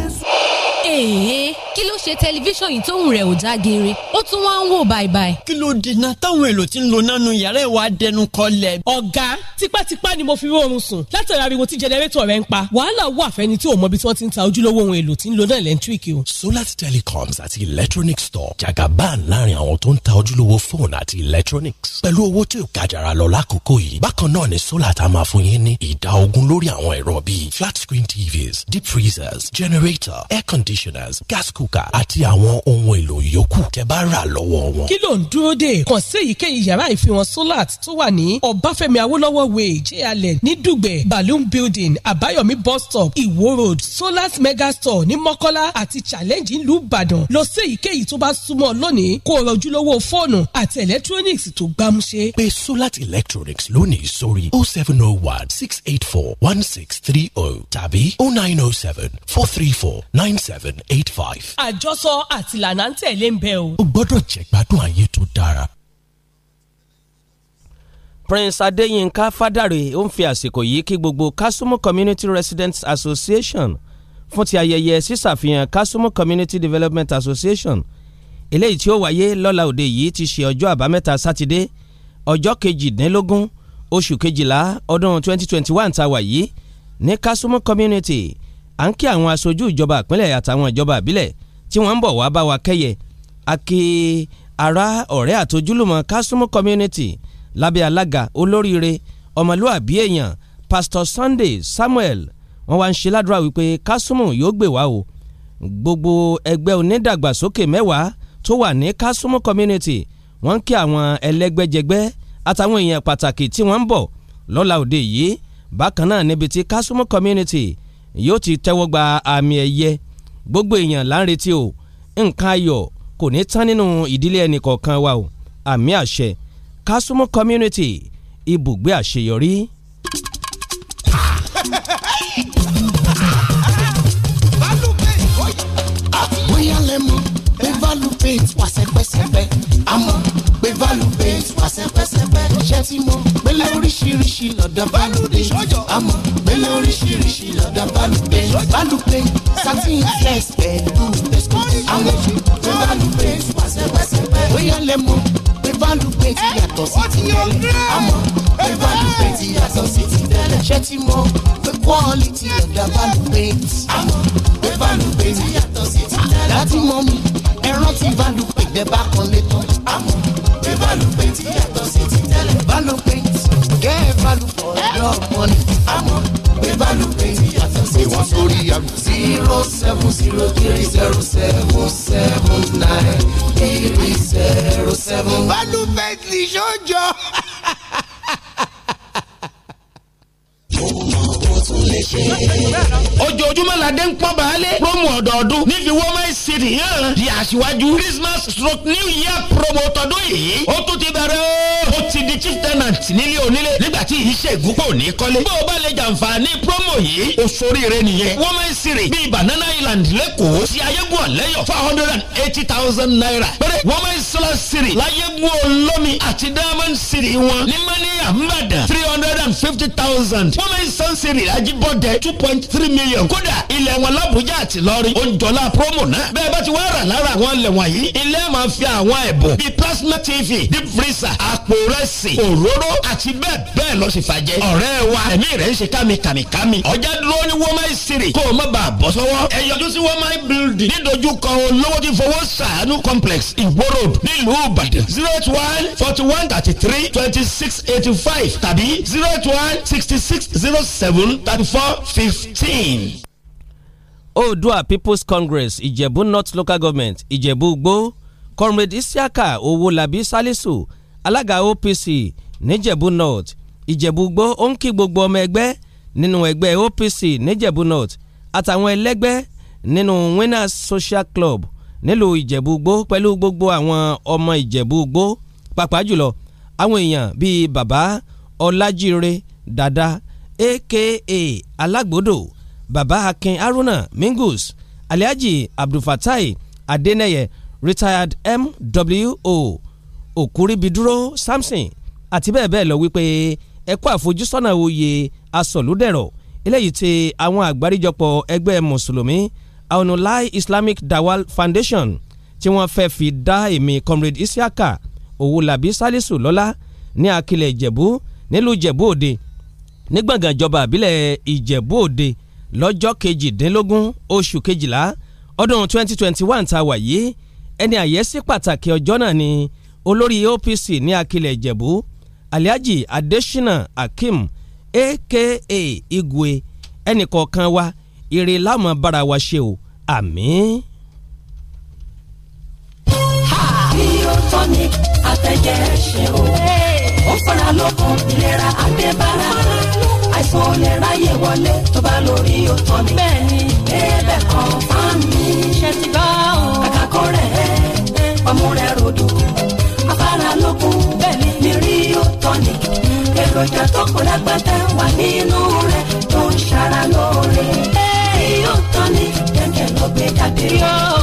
èèyàn kí ló ṣe tẹlifíṣàn yìí tóun rẹ̀ ò dá geere ó tún wá ń wò bàìbàì. kí ló dènà táwọn èlò tí ń lo nánú yàrá ìwà dẹnu kọlẹ̀. ọ̀gá tipátipá ni mo fi rí oorun sùn látàrí ariwo tí jẹnẹrétọ̀ rẹ̀ ń pa wàhálà wà fẹ́ni tí ò mọ ibi tí wọ́n ti ń ta
ojúlówó ohun èlò tí ń lo náà lẹ́ńtíríkì o. solar
telecoms àti electronic store jagaban láàrin àwọn tó ń ta ojúlówó fóònù àti electronics pẹ̀lú owó tí ò gàjàrà lọ lákòókò yìí bákan náà ni solar ta máa fún yín ní ìdá ogún lórí àwọn ẹ̀rọ bíi flat screen tvs deep freezers generator air conditioners gas cooker àti àwọn ohun èlò yòókù tẹ́ bá rà lọ́wọ́ wọn. kí
ló ń dúró dè kàn sí èyíkéyìí yàrá ìfihàn solar tó wà ní ọbáfẹ́mi awólọ́wọ̀ way jalen ní dùgbẹ̀ balloon building àbáyọ̀mí bus stop iwo road solar mega store ní mọ́kọ́lá àti challenge ìlú ìbàdàn lọ sí èyíkéyìí tó bá súnmọ́ lónìí kó o rọjú lówó fóònù àti electronics tó gbámúṣé. pé solar electronics lónìí sórí
oh seven oh one six eight four one six three oh tàbí oh nine oh seven four four three four nine seven eight five. àjọsọ àtìlànà ń tẹ̀lé ń bẹ o. o gbọ́dọ̀ jẹ̀gbádùn ayé tó dára.
Prince Adeyinka Fadare ó ń fi àsìkò yìí kí gbogbo Kasumu Community Residents Association fún ti ayẹyẹ sísàfihàn Kasumu Community Development Association eléyìí tí ó wáyé lọ́la òde yìí ti ṣe ọjọ́ àbámẹ́ta sátidé ọjọ́ kejìdínlógún oṣù kejìlá ọdún 2021 tá a wà yìí ní Kasumu Community à ń kí àwọn aṣojú ìjọba ìpínlẹ̀ àtàwọn ìjọba ìbílẹ̀ tí wọ́n ń bọ̀ wá bá wa kẹ́yẹ àkè ará ọ̀rẹ́ àtojúlùmọ̀ Kasumu community lábẹ́ alága olóríire ọmọlúàbí èèyàn Pastor Sunday Samuel wọ́n wá ń ṣe ládùúrà wípé Kasumu yóò gbè wá o gbogbo ẹgbẹ́ onídàgbàsókè mẹ́wàá tó wà ní Kasumu community wọ́n ń kí àwọn ẹlẹ́gbẹ́jẹgbẹ́ àtàwọn èèyàn pàtàkì tí wọ́n ń bọ̀ lọ́la òde yìí bákan náà níbi tí Kasumu community yóò ti tẹ́wọ́ gba àmì ẹ̀yẹ gbogbo èèyàn là o nǹkan ayọ̀ kò ní tán nínú ìdílé ẹnìkọ̀ọ̀kan wa o àmì àṣẹ Kasumu community ibùgbé àṣeyọrí.
bóyá lẹ́mọ̀ value paint wà sẹ́pẹ́sẹ́pẹ́ àmọ́ pé value paint wà sẹ́pẹ́sẹ́pẹ́ iṣẹ́ tí mo gbélé oríṣiríṣi lọ́dọ̀ value paint àmọ́ gbélé oríṣiríṣi lọ́dọ̀ value paint value paint satin flex pẹ̀lú tesco àwọn pé value paint wà sẹ́pẹ́sẹ́pẹ́ bóyá lẹ mọ̀ pé value paint yàtọ̀ sí ti tẹ́lẹ̀ àmọ́ pé value paint yàtọ̀ sí ti tẹ́lẹ̀ iṣẹ́ tí mo pé quality lọ́dọ̀ value paint àmọ́ pé value paint yàtọ̀ sí ti tẹ́lẹ̀. àdá tí mo mi ẹran tí balùwẹ̀ gbẹ bá kan lé tán. àmọ́ pé balùwẹ̀ ti yàtọ̀ sí ti tẹ́lẹ̀. balùwẹ̀ gẹ́ ẹ balùwẹ̀ ọ̀dọ́ mọ́ni. àmọ́ pé balùwẹ̀ ti yàtọ̀ sí ti tẹ́lẹ̀. ìwọ̀n sórí àgbà. zero seven zero three zero seven seven nine three
zero
seven. balùwẹ̀ ti ṣojo. <laughs>
ojoojúmọ́ la dé ń pọ́n baálé promo ọ̀dọ́ọdún ní fi wọ́n máa ń ṣèdí hàn di àṣìwájú christmas stroke new year promo tọdún yìí ó tún ti bẹ̀rẹ̀ ó ti di chief tenant nílé onílé nígbà tí iṣẹ́ ìgúnpọ̀ ò ní kọ́lé bó o bá lè jàǹfààní promo yìí o ṣoríire nìyẹn wọ́n máa ń ṣèrè bíi banana island lẹ́kọ̀ọ́ sí ayégun ọ̀lẹ́yọ̀ four hundred and eighty thousand naira péré wọ́n máa ń sọ́lá ṣèrè láyégun olómi àti diamond city wọn ní mẹ́níyà náírà ńbàdàn three hundred and fifty thousand women's sanctuary ajibọdẹ two point three million kódà ilẹ̀ wọn làbújá àti lọ́rí òǹjọ́lá promo náà bẹ́ẹ̀ bá ti wá rà lára àwọn ilẹ̀ wọ̀nyí ilé máa fi àwọn ẹ̀bùn bíi plasma tv deep freezer àpò rẹsì òróró àti bẹ́ẹ̀ bẹ́ẹ̀ lọ sí fàjẹ́ ọ̀rẹ́ wa ẹ̀mí rẹ̀ ń ṣe kàmìkàmìkàmì ọjà dúró ní women's city kó o má bàa bọ́ sọ́wọ́ ẹ yọjú sí women's building nídojúkọ olówó ti fowó sàánú complex ìgbó road nílùú ìbàdàn zero eight one forty one thirty three twenty six eighty five tàbí zero eight one sixty six zero seven thirty four fifteen.
Odua People's Congress Ìjẹ̀bú North Local Government Ìjẹ̀bú Gbó Comrade Isiaka Owolabi Salisu alága OPC níjẹ̀bú North Ìjẹ̀bú Gbó ó ń kí gbogbo ọmọ ẹgbẹ́ nínú ẹgbẹ́ OPC níjẹ̀bú North àtàwọn ẹlẹ́gbẹ́ nínú Winners Social Club nílùú Ìjẹ̀bú Gbó pẹ̀lú gbogbo àwọn ọmọ Ìjẹ̀bú Gbó pàápàá jùlọ àwọn èèyàn bíi bàbá ọlájíire dada aka alágbòdo Baba akin haruna mingus alhaji abdulfatai adeneye retired mwo okuribiduro samson àti bẹ́ẹ̀ bẹ́ẹ̀ lọ wípé ẹ̀kọ́ àfojúsọ́nà oyè asọ̀lúdẹ̀rọ̀ eléyìí tí àwọn àgbáríjọpọ̀ ẹgbẹ́ mùsùlùmí aonulai islamic dawal foundation tí wọ́n fẹ́ fi dá èmi comrade isiaka Owólabí Sálísù Lọ́lá ní Akilẹ̀ Ìjẹ̀bú nílùú Ìjẹ̀bú Òde ní gbọ̀ngàn ìjọba àbílẹ̀ Ìjẹ̀bú Òde lọ́jọ́ kejìdínlógún oṣù kejìlá ọdún 2021 tá a wà yìí ẹni àyẹ́sí pàtàkì ọjọ́ náà ni olórí OPC ní Akilẹ̀ Ìjẹ̀bú Alhaji Adesina Akeem aka Igwe ẹnìkọ̀ọ̀kan wa ire láwọn bára wa ṣe o àmín.
tonic àtẹ̀jẹ́ ṣe o. ó fara lókun ìlera àgbẹ̀bára àìsàn ò lè ráyè wọlé tó bá lórí ó tonic. bẹ́ẹ̀ni bẹ́ẹ̀ kan fún mi. ṣe ti gbọ́ o. kàkà kó rẹ̀ ẹ́ ọmú rẹ̀ rodo. afara lókun bẹ́ẹ̀ni ni rio tonic. Mm. èròjà tó kọ́ lágbàtà wà nínú rẹ̀ tó ń ṣara lóore. rio tonic
kẹ̀kẹ́ ló gbé jáde. yóò.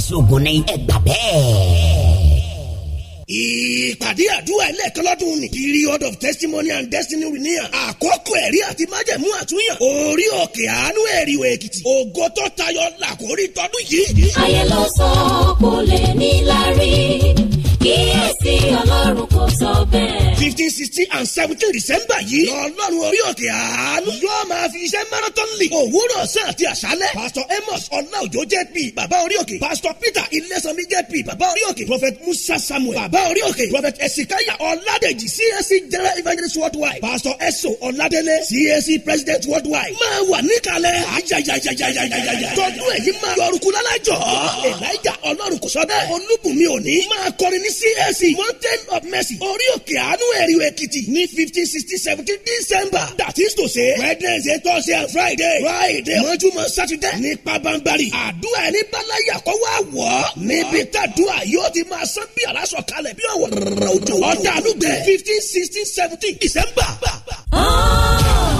ìṣògùn ni ẹ gbà ìpàdé àdúrà ẹlẹ́ẹ̀kan lọ́dún ni period
of testimony and destiny renewal àkókò ẹ̀rí àti májẹ̀mú àtúnyàn orí òkè àánú ẹ̀rìwẹ̀ èkìtì ògo tó tayọ làkórí tọdún yìí. ayẹlọ sọ kò lè ní lárí
kíyèsí ọlọ́run kò sọ bẹ́ẹ̀.
fifteen sixteen and seventeen december yìí ọlọ́run orí òkè àánú yóò máa fi iṣẹ́ marathon league òwúrọ̀ ọ̀sán àti àṣálẹ̀ pastor amos ọláòjó jp bàbá orí òkè pastor peter ilésànmí jp bàbá orí òkè prophet musa samuel bàbá orí òkè prophet esikaya ọládèjì csc general evangelist worldwide pastor eso ọládélé csc president worldwide máa wà níkàlẹ̀ ajajajajajajaja tọdún èyí máa yọrùkú lálàjọ elijah ọlọ́run kò sọ bẹ́ẹ̀ olúbùnmi òní máa kọrin ní CAC e. mountain of mercy orí òkè àánú ẹ̀rìwẹ̀ èkìtì ní fifteen sixteen seventeen december that is to say wednesday thursday and friday friday mọ́júmọ́ saturday ní pabambari àdúrà ẹni bálayà kọ́ wá wọ̀ ọ́ níbi tàdúrà yóò ti máa sán bí aláṣọ kalẹ̀ bí ọ̀wọ̀ rẹ̀ òjò ọ̀dà àlùbẹ̀ fifteen sixteen seventeen december. ah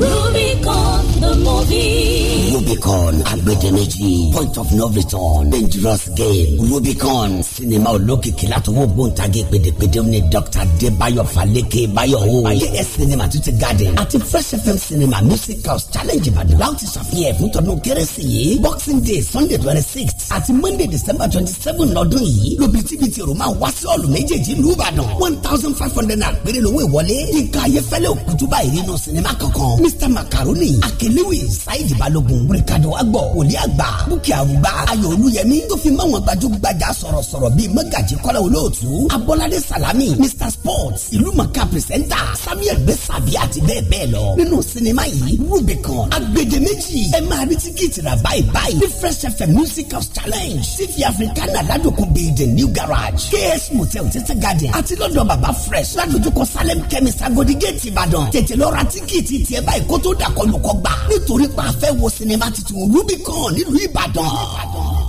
Rubicon the
movie. Rubicon Agbedemeji Point of No Return Dangerous Game Rubicon sinima olókìkí látọwọ́ gbóǹtagì pèdèpèdè ní Dr. Debayo Faleke Bayohu KS Cinema Tutu Garden àti Fresh FM Cinema Music House Challenge Ìbàdàn láti ṣàfihàn fún tọdún kérésì yìí Boxing Day Sunday twenty six àti Monday December twenty seven lọ́dún yìí lóbitibiti rò máa wá sí ọ̀lù méjèèjì ìlú Ìbàdàn one thousand five hundred naira péré lówó ìwọlé Yínká Ayéfẹ́lẹ́ òkútúbà ìrìnnà sinima kankan Mr Macaroni Akelewi Saidi Balogun òun rìkàdọ̀ wá àgbà búkì àrùgbà ayọ̀ olúyẹmí tó fi máwọn gbajúgbajà sọ̀rọ̀sọ̀rọ̀ bíi mọ́gàjì kọ́lá olóòtú abọ́ládé salami mr sports ìlú mọ̀ká pìrìsẹ́ńtà samuel gbèsàbí àti bẹ́ẹ̀ bẹ́ẹ̀ lọ nínú sinimá yìí rubicon agbedeméjì ẹ máa rí tíkìtì rà báyìí báyìí ní fresh fm music house challenge tv africana ládòkú bèèdè new garage ks motel tètè garden àti lọ́dọ̀ baba fresh ládojúkọ salem chemist agodi gate ìbàdàn tètè lọ ra tíkìtì tiẹ̀ báyìí kó tó dàkọlùkọ gbà nítorí pàfẹ́ wo sin sinimá titun Rubicon nílùú Ìbàdàn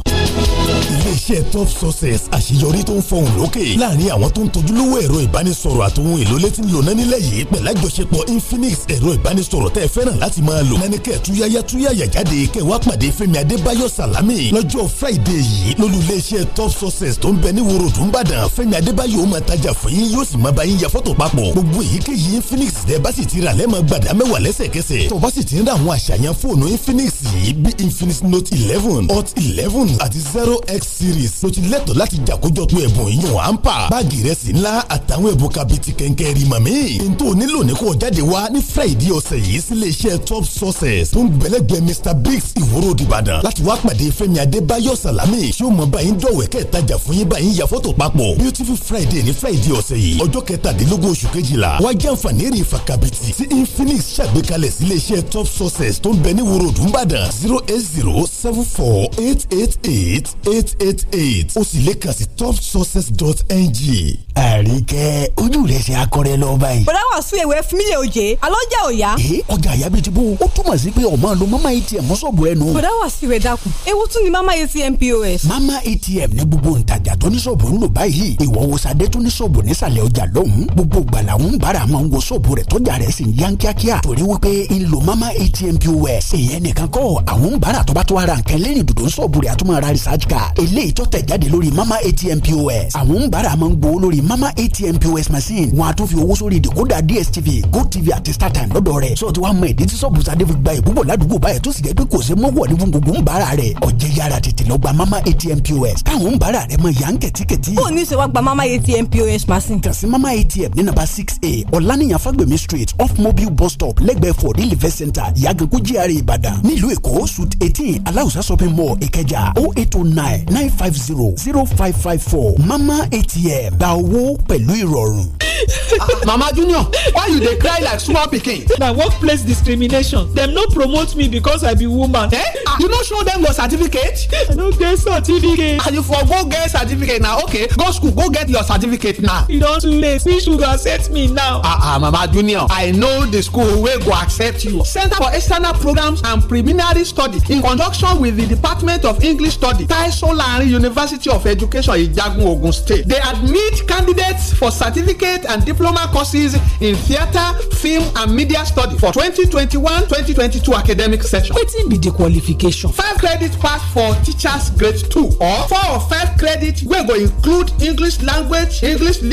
iléeṣẹ́ top
success àṣeyọrí tó ń fọhùn lókè láàrin àwọn tó ń tojúlówó ẹ̀rọ ìbánisọ̀rọ̀ àtòhun èlò létí lónà nílẹ̀ yìí pẹ̀lú àjọṣepọ̀ infinix ẹ̀rọ ìbánisọ̀rọ̀ tẹ́ fẹ́ràn láti máa lò náà ni kẹ́ túyáyá túyáyá jáde kẹ́ wá pàdé Fẹ́mi Adébáyọ̀ Sàlámì lọ́jọ́ friday yìí lólú iléeṣẹ́ top success tó ń bẹ ní woro dùnbàdàn Fẹ́mi Adébáyọ̀ máa tajà fún yín yóò sì máa bá yín ya fọ́tò papọ̀ gbogbo èyíkéyìí infinix tẹ́ bá sì ti rà lẹ́mọ̀ gbàdámẹ́wà lẹ́sẹ̀kẹsẹ̀ tó bá sì ti ń ra àwọn àṣàyàn infinix series yìí bí infinite note eleven hot eleven àti zero x series ló ti lẹ́tọ̀ọ́ láti jàkójọpọ̀ ẹ̀bùn yíyan ampa báàgì rẹ̀ sí ńlá àtàwọn ẹ̀bùn kabiti kẹ̀kẹ́ rí màmí. n tó nílò ní kò jáde wá ní friday ọ̀sẹ̀ yìí sílé iṣẹ́ top sources tó ń bẹ̀lẹ́gbẹ̀ mr biggs ìwòrò ìbàdàn láti wá pàdé fẹ́mi adébáyọ̀ salami tí ó mọ báyìí dọ̀wẹ́ kẹtajà fún yín báyìí ya fọ́tò papọ̀ beautiful friday ní friday ọ̀sẹ̀ yìí ọjọ́ kẹtàdínlógún oṣù kejìlá wá jẹ́ àǹfààní rí ìfakabiti sí infinix ṣàgbékalẹ̀ sílé iṣẹ́ top sources tó ń bẹ ní wòrò dùnb nìbàdàn zero eight zero seven four eight eight eight eight eight eight o sì lè kàn sí topsources.ng. àríkẹ́ ojú rẹ̀ ṣe akọrẹ lọ báyìí.
bọ̀dá wà sún ewé fún oje alọ́jà òya. ee ọjà
àyà bíi ti bó o túmọ̀ sí pé ọmọ lo mama atm mọ́sọ̀bù ẹnu.
bọ̀dá wà sí ìwé dákun ewu tún ni mama atm pos. mama atm ní gbogbo
ntajà tó ní sọ̀bù ń lò báyìí ìwọ wo sadé tó ní sọ̀bù nísàlẹ̀ ọjà lọ́hùn-ún gbogbo gbala ń bára máa ń wo sọ̀bù rẹ̀ tọ́jà rẹ̀ sì ń yán kíákíá torí wípé ńkọ́ àwọn oníbàárà tó bá tó ara nǹkan lẹ́yìn dòdò ń sọ̀bù rẹ̀ àtúmọ̀ ara research card eléyìí tó tẹ̀ jáde lórí mama atm pos àwọn oníbàárà máa ń gbowó lórí mama atm pos machine wọn a tún fi owó sórí decoder dstv gotv àti startime lọ́dọ̀ rẹ̀ sọ ti wá mọ ìdí tí sọ̀bù sadé fi gba ìbúbọ̀ ládùúgbò báyẹn tó sì jẹ́ pé kò sí mọ́wọ́ ní gbogbo oníbàárà rẹ̀ ọ̀jẹ̀ yára tètè lọ gba mama atm pos káwọn oníbàárà rẹ̀ mọ yàn kẹ̀tíkẹ̀tí. ó ní sèwá gba mama atm pos machine. kàn sí mama atm ní six a ọ̀lànìyàn fagbemi street off mobile bus stop lẹ́gbẹ̀ẹ́ for the center yàgànkú gr nílùú èkó suit eighteen aláùsá shopping mall ìkẹjà o oh eight o oh nine nine five zero zero five five four mama atm gba owó pẹ̀lú ìrọ̀rùn. <laughs> mama junior why you dey cry like small pikin. na <laughs> workplace discrimination dem no promote me because i be woman. Eh? Ah, you no show dem your certificate. i no get certificate. as ah, you for go get certificate na okay go school go get your certificate now. e don too late which school go accept me now. ah ah mama junior i know the school wey go accept you. center for external programs and pre Binary Study in conjunction with the Department of English Study Taiso Larin University of Education Ijagun Ogun State. They admit candidates for certificate and diploma courses in theatre, film and media study for 2021-2022 academic session. Wetin be di qualification? Five credit pass for teachers grade two or four or five credit wey go include English language, English